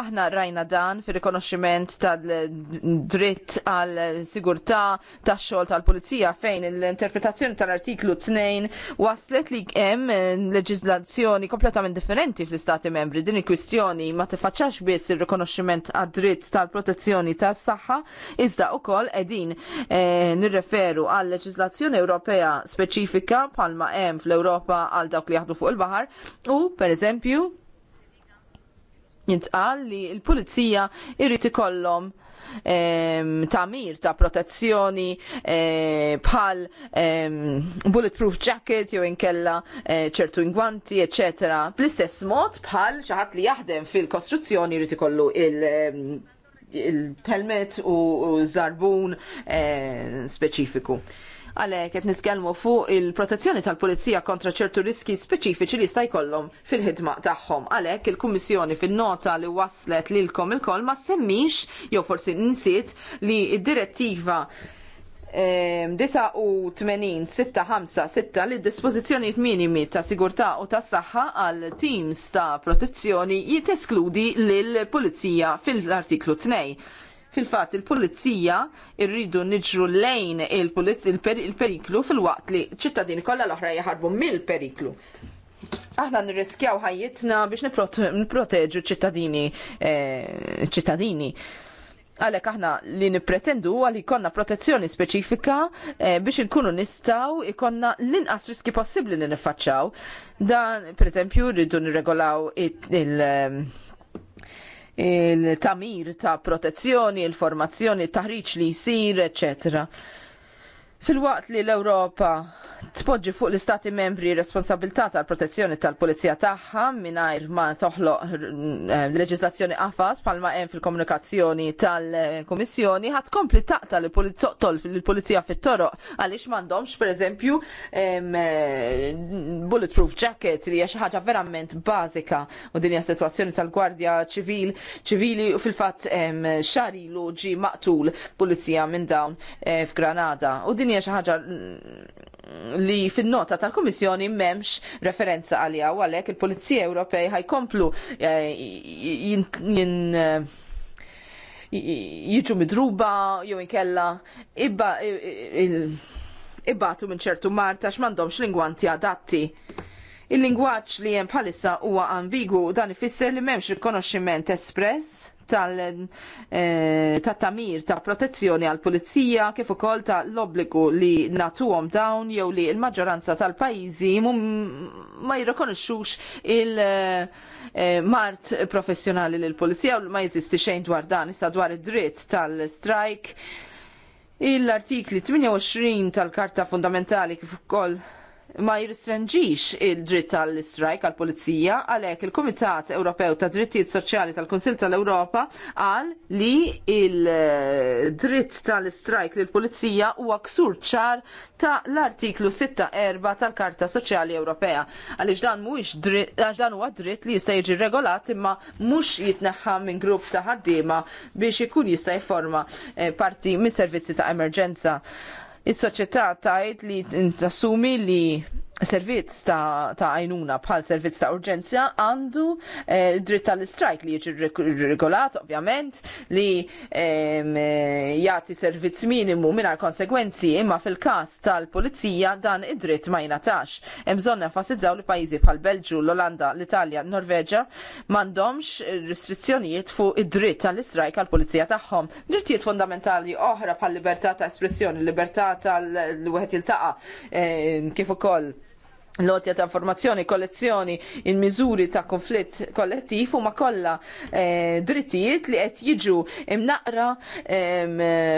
Aħna rajna dan fir rikonoxximent tal-dritt għal sigurtà tax-xogħol tal-pulizija fejn l-interpretazzjoni tal-artiklu 2 waslet li hemm leġiżlazzjoni kompletament differenti fl-istati membri. Din il-kwistjoni ma tifaċċax biss ir-rikonoxximent għad-dritt tal-protezzjoni tas-saħħa iżda wkoll qegħdin eh, nirreferu għal leġiżlazzjoni Ewropea speċifika bħalma hemm fl-Ewropa għal dawk li jaħdu fuq il-baħar u pereżempju jintqal li l-pulizija irrid ikollhom ta' ehm, tamir ta' protezzjoni eh, bħal ehm, bulletproof jacket jew inkella eh, ċertu ingwanti, ecc. Bl-istess mod bħal xi ħadd li jaħdem fil-kostruzzjoni jrid ikollu il- ehm, il u, u zarbun eh, speċifiku għalhekk qed nitkellmu fuq il-protezzjoni tal-Pulizija kontra ċertu riski speċifiċi li jista' jkollhom fil-ħidma tagħhom. Għalhekk il-Kummissjoni fin-nota li waslet lilkom il-koll ma semmix jew forsi nsiet li d-direttiva 89-65-6 ehm, li dispozizjoniet minimi ta' sigurtà u ta' saħħa għal teams ta' protezzjoni jiteskludi lill pulizija fil-artiklu 2. Fil-fatt il-pulizija irridu niġru lejn il-periklu fil-waqt li ċittadini kollha l-oħra jaħarbu mill-periklu. Aħna nirriskjaw ħajjitna biex niproteġu ċittadini eh, ċittadini għalek aħna li nipretendu għal ikonna protezzjoni speċifika eh, biex nkunu nistaw ikonna l-inqas riski possibli li nifacċaw. Dan, per eżempju, rridu nirregolaw il eh, il-tamir ta' protezzjoni, il-formazzjoni, il taħriġ li jsir, eccetera. Fil-waqt li l-Ewropa tpoġġi fuq l-Istati membri responsabilità tal-protezzjoni tal-Pulizija tagħha mingħajr ma toħloq eh, leġislazzjoni qafas bħalma hemm fil-komunikazzjoni tal-Kummissjoni ħadd kompli taqta li toqtol fil-Pulizija fit-toroq għaliex m'għandhomx pereżempju eh, bulletproof jacket li hija xi ħaġa verament bażika u din hija sitwazzjoni tal-Gwardja ċivil ċivili u fil-fatt xari ġie maqtul pulizija minn dawn eh, f'Granada. U din hija xi ħaġa mm, li fin-nota tal-Kummissjoni m'hemmx referenza għalija u għalhekk il-Pulizija Ewropej ħajkomplu eh, eh, jiġu midruba jew inkella ibba ibbatu minn ċertu marta x'm'għandhomx lingwanti adatti. Il-lingwaġġ li hemm bħalissa huwa ambigu dan ifisser li m'hemmx rikonoxximent espress tal-tamir eh, ta' protezzjoni għall pulizija kif ukoll ta' l-obbligu li nagħtuhom dawn jew li l-maġġoranza tal-pajjiżi ma jirrikonoxxux il-mart eh, professjonali lill pulizija u ma jeżisti xejn dwar dan issa dwar id-dritt tal strike l-artikli 28 tal-Karta Fundamentali kif ukoll ma jirrestrenġix il-dritt tal-istrajk għall pulizija għalhekk il-Kumitat Ewropew ta' Drittijiet Soċjali tal-Kunsil tal-Ewropa qal li il-dritt tal-istrajk lill pulizija huwa ksur ċar ta' l-artiklu 6-4 tal-Karta Soċjali Ewropea. Għaliex dan mhuwiex dritt għax dan huwa dritt li jista' jiġi regolat imma mhux jitneħħa minn grupp ta' ħaddiema biex ikun jista' jforma eh, parti mis-servizzi ta' emerġenza. Is-soċjetà tajt li tassumi li servizz ta' għajnuna bħal servizz ta' urġenza għandu eh, dritt tal-strajk li jiġi regolat, ovvjament, li eh, jati servizz minimu minna konsekwenzi imma fil-kas tal-polizija dan id-dritt ma jnatax. Mżonna nenfasizzaw li pajizi bħal Belġu, l-Olanda, l-Italja, Norveġa mandomx restrizzjonijiet fuq id-dritt tal-strajk għal-polizija tagħhom. Drittijiet fundamentali oħra bħal libertà ta' espressjoni, libertà tal-wieħed il-taqa' eh, kif ukoll lotja ta' informazzjoni, kollezzjoni, il-miżuri ta' konflitt kollettiv huma kollha e, drittijiet li qed jiġu imnaqra e,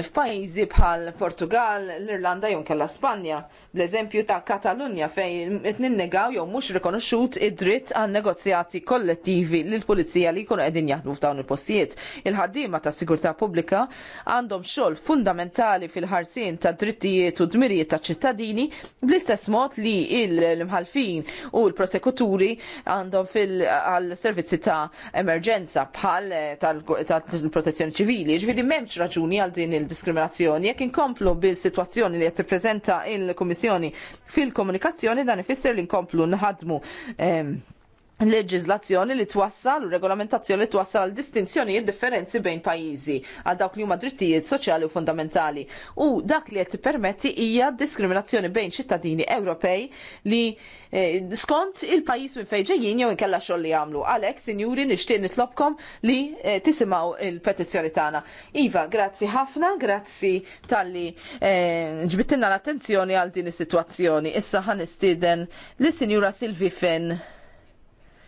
f'pajjiżi bħal Portugal, l-Irlanda jew kella Spanja. Bl-eżempju ta' Katalunja fejn qed ninnegaw jew mhux rikonoxxut id-dritt għal negozjati kollettivi l pulizija li jkunu qegħdin jaħdmu f'dawn il-postijiet. Il-ħaddiema ta' sigurtà pubblika għandhom xogħol fundamentali fil-ħarsien ta' drittijiet u dmirijiet ta' ċittadini bl-istess mod li il l u l-prosekuturi għandhom fil-servizzi ta' emerġenza bħal eh, tal-protezzjoni ċivili. Ġviri memx raġuni għal din il-diskriminazzjoni. Jek inkomplu bil-situazzjoni li jattiprezenta il-Komissjoni fil-komunikazzjoni dan ifisser li nkomplu nħadmu ehm, leġizlazzjoni li twassal u regolamentazzjoni li twassal għal distinzjonijiet differenzi bejn pajjiżi għal dawk li huma drittijiet soċjali u fundamentali. U dak li qed tippermetti hija diskriminazzjoni bejn ċittadini Ewropej li eh, skont il-pajjiż minn fejn ġejjin jew inkella xogħol li jagħmlu. Għalhekk, sinjuri, nixtieq nitlobkom li eh, tisimgħu il-petizzjoni tagħna. Iva, grazzi ħafna, grazzi talli eh, ġbittilna eh, l-attenzjoni għal din is-sitwazzjoni. Issa ħanistieden li Sinjura Silvi Fenn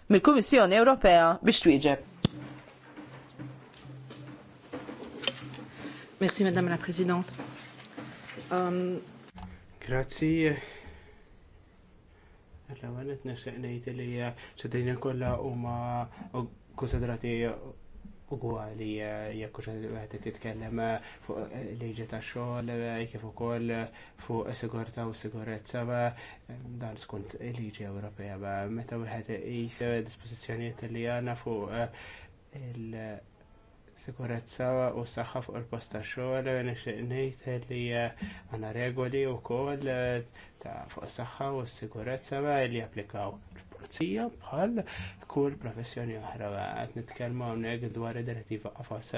mill-Kummissjoni Ewropea biex twieġeb. Merci, Madame la Présidente. Um... Grazzi. Għallawanet nerxaqnejt li ċedajna kolla u ma konsiderati uguali eh, jekk qed titkellem eh, fuq eh, liġi ta' xogħol kif ukoll fuq sigurta u sigurezza dan skont il-liġi Ewropea meta wieħed qis dispożizzjonijiet li għandna fuq il-sikurezza u s saxħa fuq il-post ta' xogħol nixtieq ngħid li għandna regoli wkoll ta' fuq is-saħħa u s-sigurezza li japplikaw pulizija bħal kull professjoni oħra qed nitkellmu hawnhekk dwar id-direttiva qafas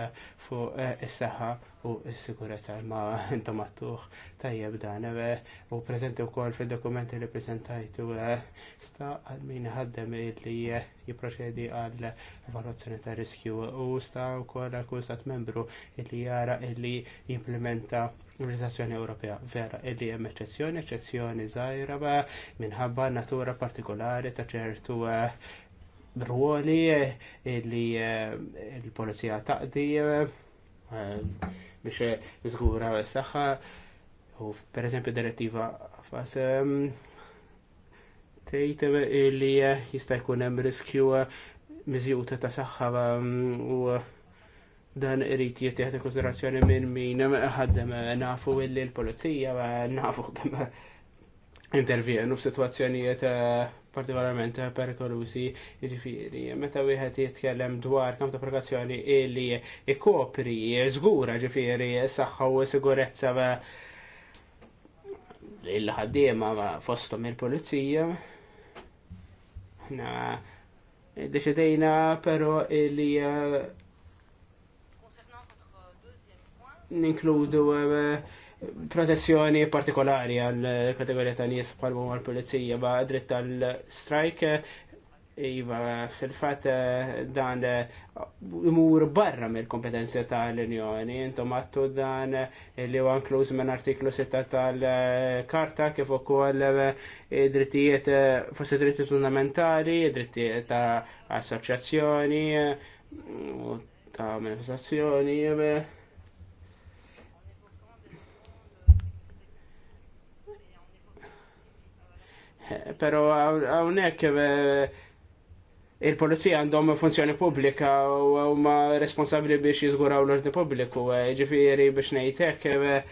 fuq eh, is-saħħa u s-sikurezza ma intom għattuh tajjeb dan eh, u preżenti wkoll fil-dokumenti li preżentajtu eh, sta għal min ħaddem li jipproċedi għal valutazzjoni ta' riskju u sta wkoll għal kull stat membru li jara li jimplementa l-Organizzazzjoni Ewropea vera illi e hemm eċċezzjoni, eċċezzjoni żgħira minħabba natura partikolari ta' ċertu eh, ruoli eh, illi eh, l-polizija taqdi biex żgura s-saħħa u pereżempju direttiva fas ehm, tgħid illi jista' jkun hemm riskju miżjuta ta' saħħa ehm, u dan irrit jittieħed konsiderazzjoni minn min ħaddem nafu illi l-polizija nafu kemm intervjenu f'sitwazzjonijiet eh, partikolarment perikolusi, ġifiri, Meta wieħed jitkellem dwar kam ta' applikazzjoni illi ikopri zgura ġifiri, saħħa u sigurezza il-ħaddiema eh, fostom il polizija Na, deċidejna però li ninkludu eh, protezzjoni partikolari għal kategorija ta' nies bħal għal polizija pulizija ba' dritt tal strike iva fil-fatt eh, dan eh, imur barra mill-kompetenzi tal-Unjoni, intom għattu dan li għan inkluż minn artiklu 6 tal-Karta kif ukoll drittijiet forsi drittijiet fundamentali, drittijiet ta' assoċjazzjoni, ta' manifestazzjoni, Pero hawnhekk eh, il-polizija għandhom funzjoni pubblika u ma responsabli biex jizguraw l-ordni pubbliku, eh, ġifiri biex nejtek, eh,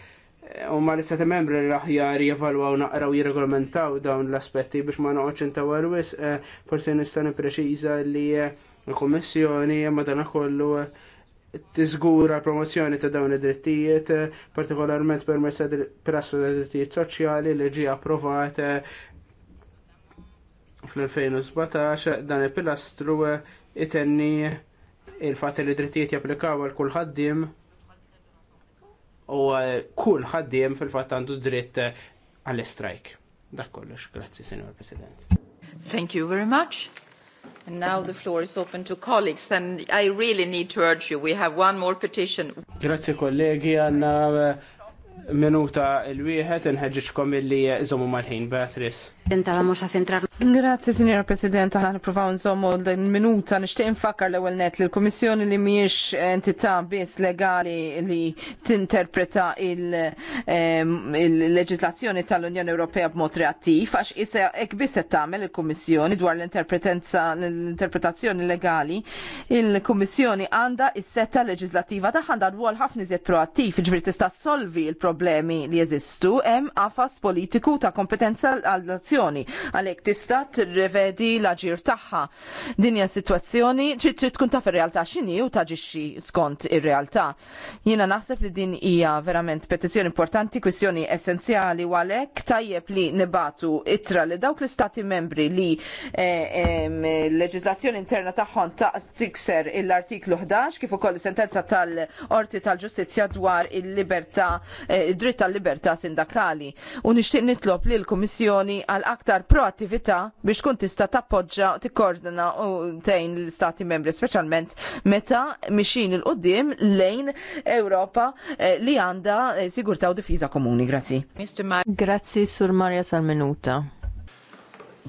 u ma l-istati membri l-aħjar jevalwaw naqraw jirregolmentaw dawn l-aspetti biex ma noqgħodx intawar wisq forsi nistani nippreċiża li l-Kommissjoni madanakollu tiżgura promozzjoni ta' dawn id-drittijiet, partikolarment permezz ta' prassu ta' drittijiet soċjali li ġie approvat U fl-2017 dan il-pilastru eh, itenni il-fat li drittijiet japplikaw għal kull ħaddim u kull ħaddim fil-fat għandu dritt eh, għall-strajk. Dak kollox, grazzi, Senor President. Thank you very much. And now the floor is open to colleagues and I really need to urge you, we have one more petition. Grazie kollegi, għanna eh, minuta il-wieħed inħeġġkom illi żommu mal-ħin, Beatrice. Grazie, Signora President, aħna nippruvaw nżommu l-minuta nixtieq infakkar l-ewwel net li l-Kummissjoni li mhijiex entità biss legali li tinterpreta il-leġislazzjoni tal-Unjoni Ewropea b'mod reattiv għax issa hekk biss qed tagħmel il-Kummissjoni dwar l-interpretenza l-interpretazzjoni legali, il-Kummissjoni għandha is-setta leġislattiva tagħha għandha ħafna iżjed proattiv, ġifieri tista' solvi il problemi li jeżistu hemm afas politiku ta' kompetenza għall-azzjoni għalhekk tista' tirrivedi l-aġir tagħha. Din hija sitwazzjoni trid trid tkun taf ir-realtà x'inhi u taġixxi skont ir-realtà. Jiena naħseb li din hija verament petizzjoni importanti, kwistjoni essenzjali u għalhekk tajjeb li nibatu ittra li dawk l-istati membri li l-leġislazzjoni eh, interna tagħhom ta' tikser l-artiklu 11 kif ukoll sentenza tal-Qorti tal-Ġustizzja dwar il-libertà eh, dritt tal-libertà sindakali u nixtieq nitlob lill kummissjoni għal aktar proattività biex tkun tista' tappoġġa tikkoordina u tgħin l istati membri speċjalment meta mixin il qudiem lejn Ewropa eh, li għandha eh, sigurtà u difiża komuni. Grazzi. Grazzi Sur Marja Salmenuta.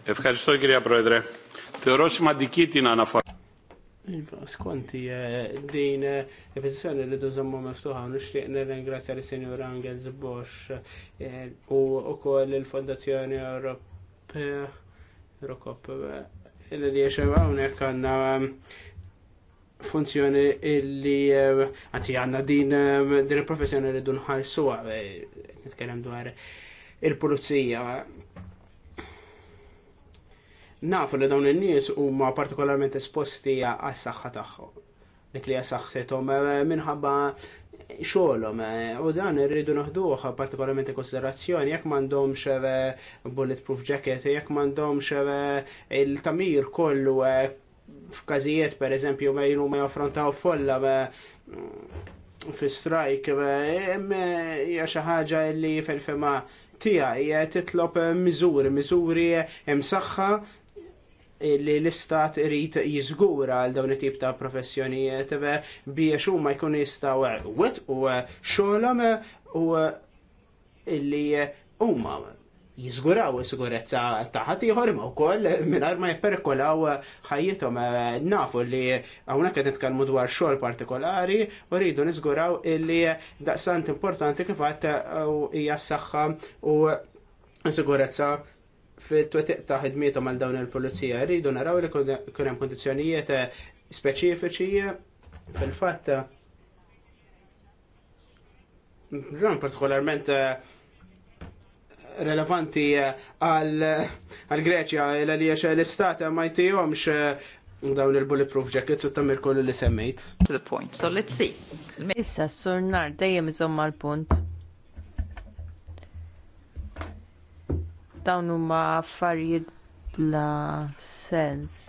Ευχαριστώ κυρία Πρόεδρε. Θεωρώ σημαντική την αναφορά. Iva, skonti, eh, din eh, il-pozizjoni li dużommu meftuħa, nishtiq nir-ringrazzja li Senjur Angels Bosch eh, u u koll il-Fondazzjoni Europea, Rokop, il-li jiexema unek għanna funzjoni illi, għanzi għanna din din il-professjoni li dunħal suwa, nitkellem dwar il-pulizija, nafu li dawn in-nies huma partikolarment esposti għas-saħħa tagħhom. Dik li saħħithom eh, minħabba xogħolhom eh, u dan irridu naħduh partikolarment konsiderazzjoni jekk m'għandhomx eh, bulletproof jacket, jekk m'għandhomx il-tamir kollu f'każijiet pereżempju ma jinu ma jaffrontaw folla fi strajk, hija xi ħaġa li fil-fema tiegħi titlob miżuri, miżuri hemm saħħa li l-istat irid jiżgura għal dawn it-tip ta' professjonijiet biex huma jkun jistgħu għet u eh, xogħolhom eh, u eh, illi huma jiżguraw is-sigurezza ta' ma u wkoll mingħajr ma jipperkolaw ħajjithom nafu li hawnhekk qed nitkellmu dwar xogħol partikolari u rridu niżguraw illi daqsant importanti kif u hija u sigurezza fil-twetiq ta' ħidmietom għal dawn il-polizija rridu naraw li kunem hemm eh, speċifiċi fil-fatt eh, dan partikolarment eh, relevanti għal Greċja l għaliex l-istat ma jtijomx dawn il-bulletproof jacket u tammir kollu li semmejt. To the point, so let's see. Issa, s-surnar, dejjem iżomma l-punt. dawn huma affarijiet bla sens.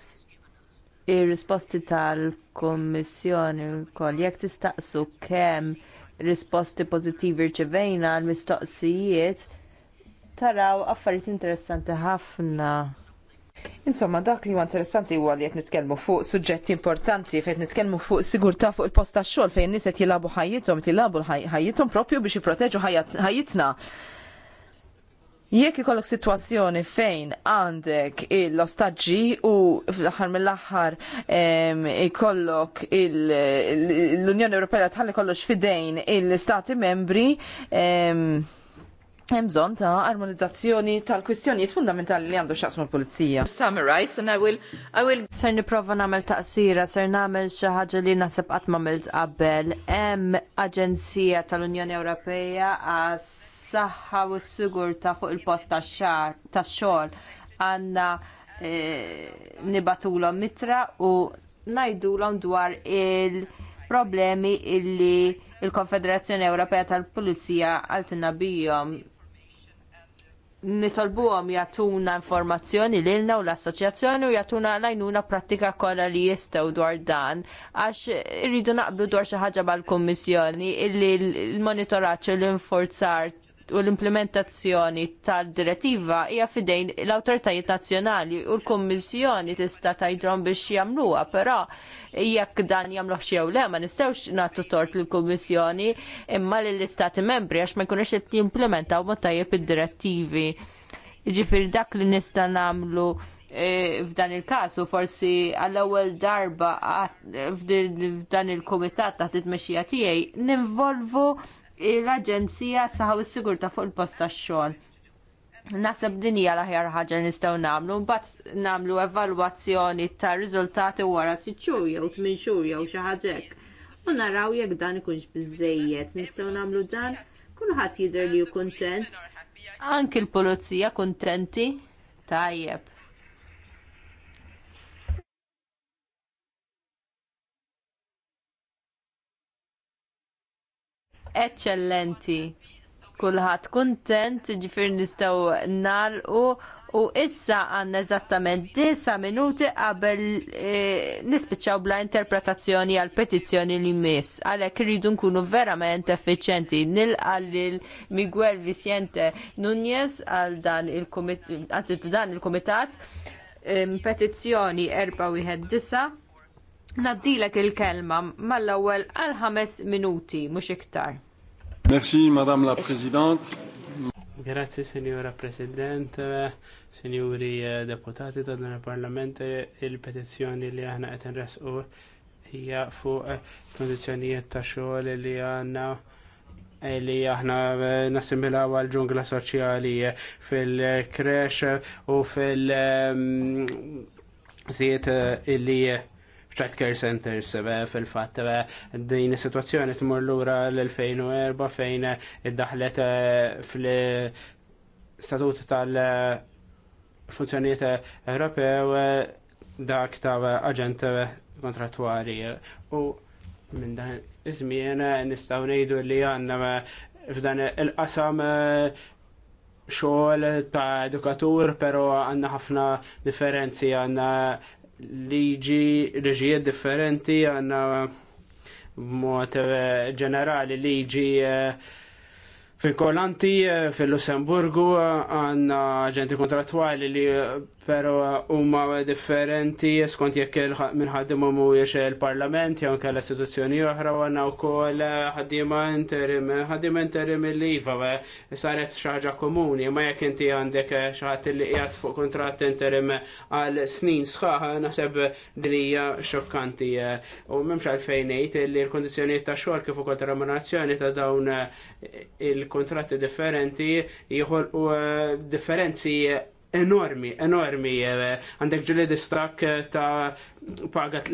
Ir-risposti tal-Kommissjoni wkoll jekk tistaqsu kemm risposti pożittivi rċevejna għall mistoqsijiet taraw affarijiet interessanti ħafna. Insomma, dak li huwa interessanti huwa li qed nitkellmu fuq suġġetti importanti fejn qed nitkellmu fuq sigurtà fuq il-post tax-xogħol fejn nies qed jilagħbu ħajjithom, jilagħbu ħajjithom proprju biex jipproteġu ħajjitna. Jekk ikollok situazzjoni fejn għandek l-ostaġġi u fl-aħħar mill-aħħar ikollok l-Unjoni Ewropea tħalli kollox fidejn il-Stati membri hemm bżonn ta' armonizzazzjoni tal-kwistjonijiet fundamentali li għandu x'aqsmu l-pulizija. Summarize and I will I will ser nipprova nagħmel taqsira, ser nagħmel xi ħaġa li naħseb qatt m'għamilt qabel. Hemm Aġenzija tal-Unjoni Ewropea għas s-saħħa u s-sigurta fuq il-post tax-xogħol għandna e, eh, nibatulhom mitra u ngħidulhom dwar il-problemi illi il-Konfederazzjoni Ewropea tal-Pulizija għaltina bijom nitolbuhom jagħtuna informazzjoni lilna u l-assoċjazzjoni u jagħtuna lajnuna prattika kollha li jistgħu dwar dan għax irridu naqblu dwar xi ħaġa mal-Kummissjoni illi l-monitoraġġ u l-infurzar u l-implementazzjoni tal-direttiva hija fidejn l-awtoritajiet nazzjonali u l-Kummissjoni tista' tgħidhom biex jagħmluha, però jekk dan jagħmluh jew le ma nistgħux nagħtu tort lill-Kummissjoni imma lill-Istati membri għax ma jkunux qed jimplementaw mod tajjeb id-direttivi. Jiġifieri dak li nista' nagħmlu e, f'dan il u forsi għall-ewwel darba f'dan il-kumitat taħt it-tmexxija tiegħi ninvolvu l-Aġenzija saħaw is-sigurta fuq il-post tax-xogħol. din dinija l-aħjar ħaġa nistgħu nagħmlu, mbagħad nagħmlu evalwazzjoni ta' riżultati wara sitt xhur jew tmien xhur jew xi ħaġa U naraw jekk dan ikunx biżejjed, nistgħu nagħmlu dan, kulħadd jidher li hu kuntent. Anki l-pulizija kuntenti tajjeb. eċċellenti. Kulħadd kuntent, ġifir nistgħu nalqu u issa għandna eżattament 9 minuti qabel e, nispiċċaw bla interpretazzjoni għal petizzjoni li mis. Għalhekk rridu nkunu verament effiċenti. Nilqa lil Miguel Vicente Nunez għal dan il-kumitat, il-kumitat, petizzjoni 419 Naddilek il-kelma mal-ewwel għal ħames minuti mhux iktar. Merci Madame la Présidente. Grazie Signora President, Signori eh, Deputati ta' dan il-Parlament, il-petizzjoni li aħna qed nresqu hija fuq eh, kondizzjonijiet ta' xogħol li għandna eh, li aħna nassimilaw għal ġungla soċjali fil-kresh u fil- mm, sijiet illi Child Care Center sebe fil-fat din situazzjoni tmur lura l-2004 fejn id-daħlet eh, fil-statut tal-funzjoniet Ewropew eh, dak ta' aġent kontratwari u minn dan iż-żmien eh, nistgħu ngħidu li għandna f'dan il-qasam xogħol ta' edukatur, pero għanna ħafna differenzi għanna liġi, reġijiet differenti għanna mod eh, ġenerali liġi eh, fil-Kolanti, eh, fil-Lussemburgu, għanna ġenti kontratwali li pero uh, huma differenti skont jekk minħaddim mhuwiex il-Parlament jew anke l-istituzzjoni oħra u għandna wkoll uh, ħaddiema interim, ħaddiema interim il-liva uh, saret xi ħaġa komuni, ma jekk inti għandek xi ħadd li qiegħed fuq kuntratt interim għal snin sħaħ naħseb din hija xokkanti u m'hemmx għalfejn ngħid li l-kondizzjonijiet ta' xogħol kif ukoll remunerazzjoni ta' dawn il-kontratti differenti jħolqu differenzi enormi, enormi. Eh, għandek ġili distak eh, ta' pagat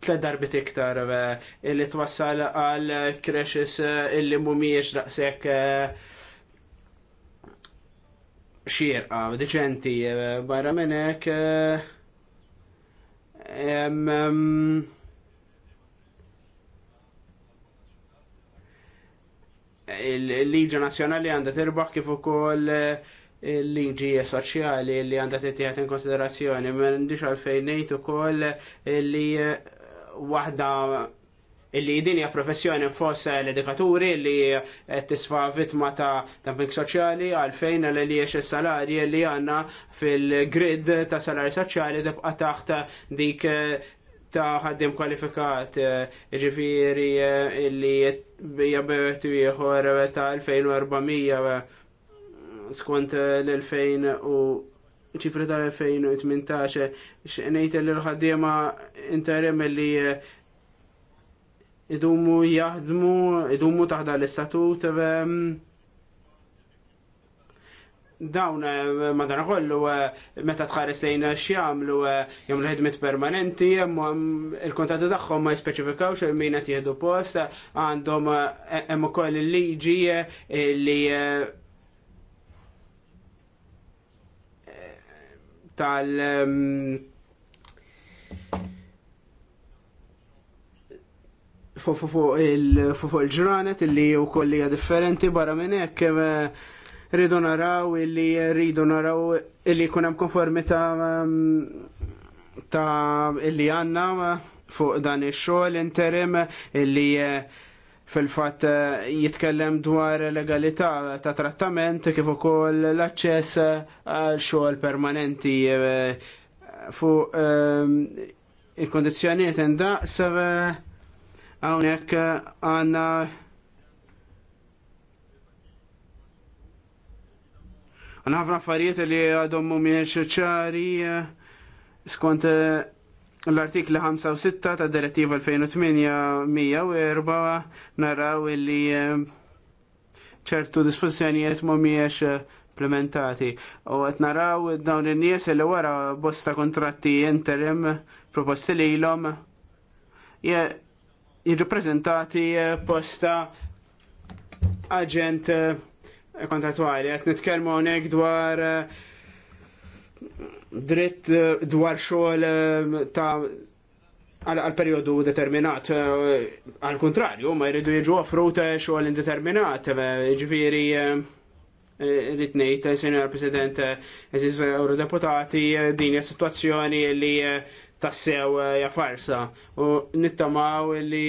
tled darbit iktar eh, illi twassal għal crashes illi mumiex raqsek xirqa, deċenti, barra minnek il-Liġa Nazjonali għandha tirbaħ kif ukoll liġi soċjali li għandha tittieħed in konsiderazzjoni, ma għandix għalfejn ngħid ukoll li waħda illi din hija professjoni fost l-edikaturi li qed tisfa' vittma ta' dumping soċjali għalfejn għal li jiex is-salarji li għandna fil-grid ta' salarji soċjali tibqa' taħt dik ta' ħaddim kwalifikat ġifiri illi jabbew ieħor ta' 2400 skont eh, l-2000 u ċifri tal-2018 eh, xenejt l-ħaddiema interim li eh, idumu jaħdmu, idumu taħda l-istatut dawn madana kollu meta tħares lejna x'jagħmlu jagħmlu ħidmit permanenti, il-kontatti tagħhom ma jispeċifikawx il min qed jieħdu post, għandhom hemm ukoll il-liġi li tal fuq il-ġranet illi u kollija differenti barra minn hekk rridu naraw illi rridu naraw illi jkun hemm konformità ta' illi għandna fuq dan ix-xogħol interim illi eh, fil-fatt eh, jitkellem dwar legalità ta' trattament kif ukoll l-aċċess eh, għal xogħol permanenti eh, fuq il-kondizzjonijiet indaqs hawnhekk għandna għanna ħafna affarijiet li għadhom mhumiex ċari skont l-artikli 56 ta' direttiva 2008-104 naraw li eh, ċertu disposizjonijiet mumiex eh, implementati. U għet naraw dawn in-nies li wara bosta kontratti interim proposti li ilom jirriprezentati eh, posta agent kontratwali. Għet nitkelmu għonek dwar uh, dritt eh, dwar xogħol eh, ta' għal periodu determinat. Eh, għal kontrarju, ma jridu jiġu offruta xogħol indeterminat, ġifiri ritnejt, senjor President, eżiz eurodeputati, din situazzjoni li tassew ja farsa u nittamaw li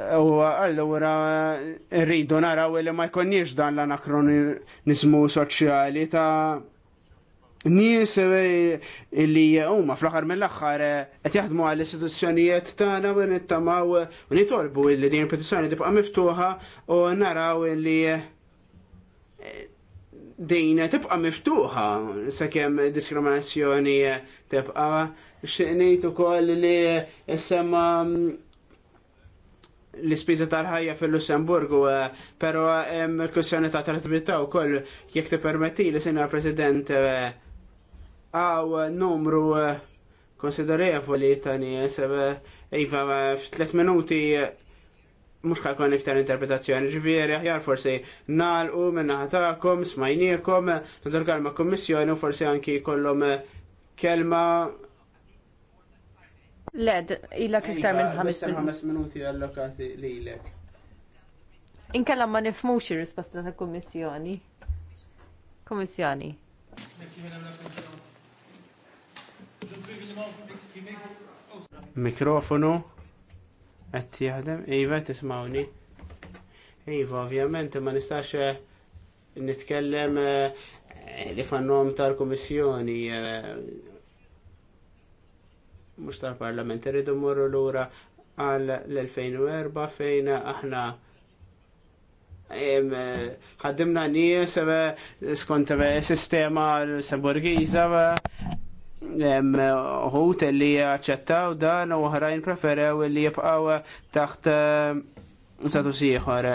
U allura rridu naraw li ma jkunniex dan l-anakronizmu soċjali ta' nies li huma fl-aħħar mill-aħħar qed jaħdmu għall istituzzjonijiet tagħna u nittamaw u nitolbu li din il-petizzjoni tibqa' miftuħa u naraw li din tibqa' miftuħa sakemm diskriminazzjoni tibqa' x'ngħid ukoll li semma' l-ispiża tal-ħajja fil-Lussemburgu, eh, pero hemm Kussjoni ta' trattività wkoll jekk permetti li sena President eh, għaw numru eh, konsiderevoli ta' nies iva f'tliet minuti mux kalkon iktar interpretazzjoni ġifieri aħjar forsi nalqu minna ħatakom, smajniekom, nadurkar ma' kommissjoni u forsi anki kollom kelma Led, ilak iva, iktar minn ħames minuti. ħames allokati li lek. Inkella ma nifmux ir-risposta ta' kummissjoni. Komissjoni. Mikrofonu qed jaħdem, iva tismawni. Iva, ovvjament ma nistax eh, nitkellem eh, li fannom tal kommissjoni eh, mux tal-parlament, rridu morru l-ura għal l-2004 fejn aħna ħaddimna nies skont sistema l-Saburgiza ħut li aċċettaw dan u ħrajn preferew li jibqaw taħt satu sieħor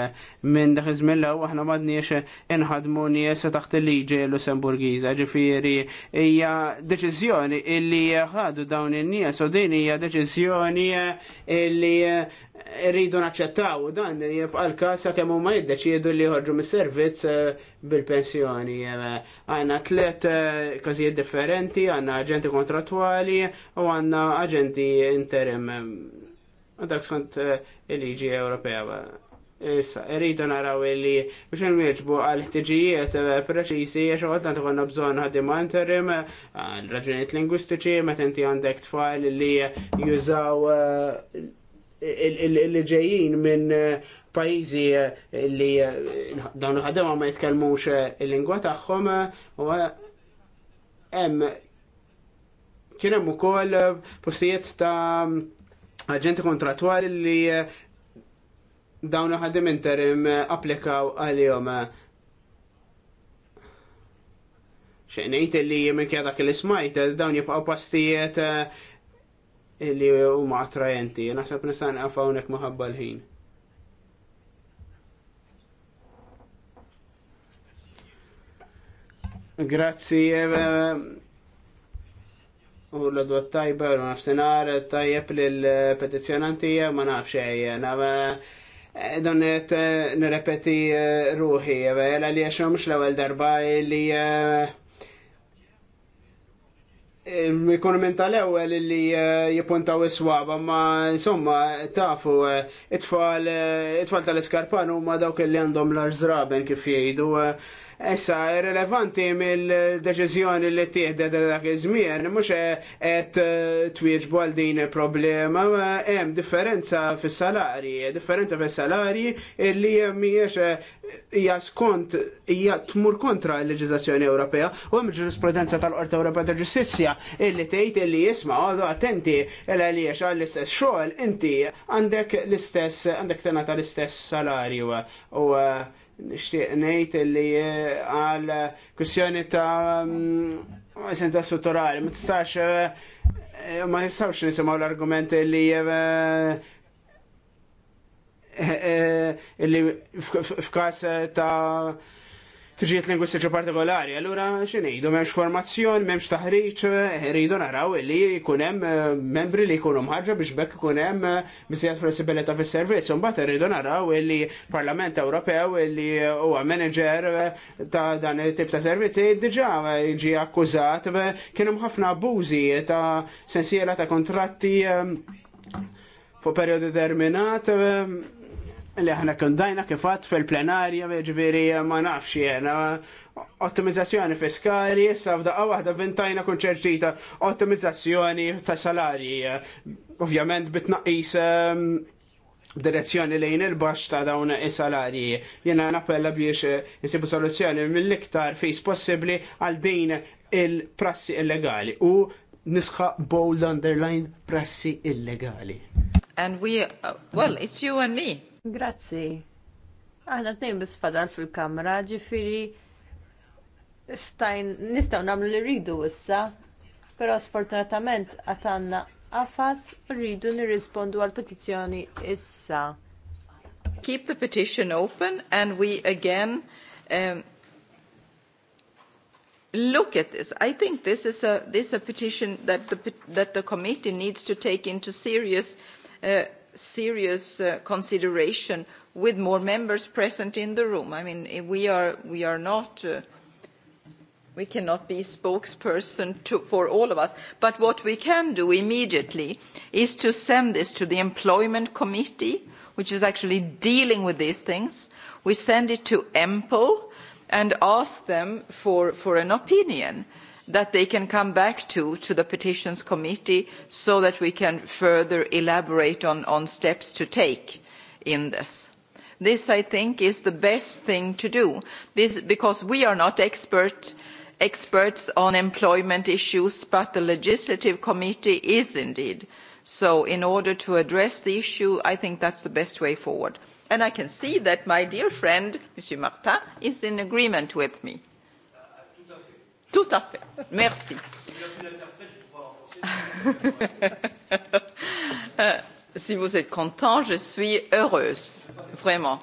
minn dak iż-żmien l aħna m'għadniex inħadmu nies taħt il-liġi l-Lussemburgiza, ġifieri hija deċiżjoni illi ħadu dawn in-nies u din hija deċiżjoni illi rridu naċċettaw dan jibqa' l-każ sakemm huma jiddeċiedu li jħorġu mis-servizz bil-pensjoni. Għanna tliet każijiet differenti, għandna aġenti kontrattwali u għandna aġenti interim Għandak skont eh, il-liġi Ewropea. Issa, rridu naraw li biex nmieġbu għal ħtiġijiet eh, preċisi għax għadna tħonna bżon ħaddim interim għal raġunijiet lingwistiċi meta inti għandek tfal li jużaw eh, li ġejjin minn pajizi li dawn ħaddima ma jitkellmux il-lingwa tagħhom u hemm kien hemm ukoll postijiet ta' aġenti kontratwali li eh, dawn ħaddim interim eh, applikaw għal-jom. Xenejt li minn kja dak ismajt eh, dawn jibqaw pastijiet li huma attrajenti. Nasab nisan għafawnek maħabba l-ħin. Grazie u l-għadwa tajba u nafsenar tajjeb l-petizjonanti ma nafxej. Eh, Donnet eh, nirrepeti eh, ruħi, għela li għaxom l ewwel darba li Mikun minn tal-ewel li jipuntaw iswaba, ma insomma tafu, it-tfal tal-iskarpan u ma dawk li għandhom l-arżraben kif jgħidu. Issa, relevanti mill-deċizjoni li tieħdet dak iż-żmien, mhux qed eh, twieġbu għal din il-problema, hemm differenza fis-salarji, differenza fis-salarji li mhijiex eh, hija skont hija tmur kontra l-leġiżlazzjoni Ewropea u hemm ġurisprudenza tal-Qorti Ewropea ta' Ġustizzja illi tgħid illi jisma' għadu attenti għaliex għall-istess xogħol inti għandek l-istess għandek tenata l-istess salarju u eh, nishtiq nejt li eh, għal kwestjoni ta' mm, senta sutturali, ma tistax eh, ma nistawx nisimaw l-argument li li f'kas ta' triġiet lingwistiċi partikolari, allura xinejdu, memx formazzjon, memx taħriċ, eh, rridu naraw li kunem eh, membri li jkunu mħarġa biex bekk kunem misijat eh, flessibilita fis servizz un rridu naraw li Parlament Ewropew li huwa manager ta' dan il-tip ta' servizzi diġa ġi akkużat kienu ħafna abbużi ta' sensiela ta' kontratti fuq periodu determinat li aħna kondajna kifat fil-plenarja, ġviri ma nafx jena, ottimizzazzjoni fiskali, issa f'daqqa waħda vintajna kunċerċita ottimizzazzjoni ta' salarji, ovvjament bitnaqis ehm, direzzjoni lejn il-baxx ta' dawn is-salarji. Jena nappella biex jisibu eh, soluzzjoni mill-iktar fejs possibbli għal din il-prassi illegali u nisħa bold underline prassi illegali. And we, uh, well, it's you and me. Grazzi. Aħna tnejn bis fadal fil-kamra, ġifiri stajn nistaw namlu li rridu issa, pero sfortunatament għatanna għafas rridu nirrispondu għal petizjoni issa. Keep the petition open and we again um, look at this. I think this is a, this is a petition that the, that the committee needs to take into serious uh, serious uh, consideration with more members present in the room. I mean, eh, we are, we are not, uh, we cannot be spokesperson to, for all of us. But what we can do immediately is to send this to the Employment Committee, which is actually dealing with these things. We send it to EMPL and ask them for, for an opinion. Uh, that they can come back to, to the Petitions Committee so that we can further elaborate on, on steps to take in this. This, I think, is the best thing to do because we are not expert, experts on employment issues, but the Legislative Committee is indeed. So in order to address the issue, I think that is the best way forward. And I can see that my dear friend, Monsieur Martin, is in agreement with me. Tout à fait. Merci. Euh, si vous êtes content, je suis heureuse, vraiment.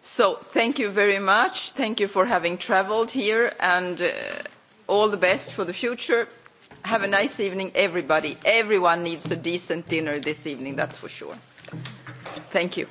So, thank you very much. Thank you for having traveled here and uh, all the best for the future. Have a nice evening, everybody. Everyone needs a decent dinner this evening, that's for sure. Thank you.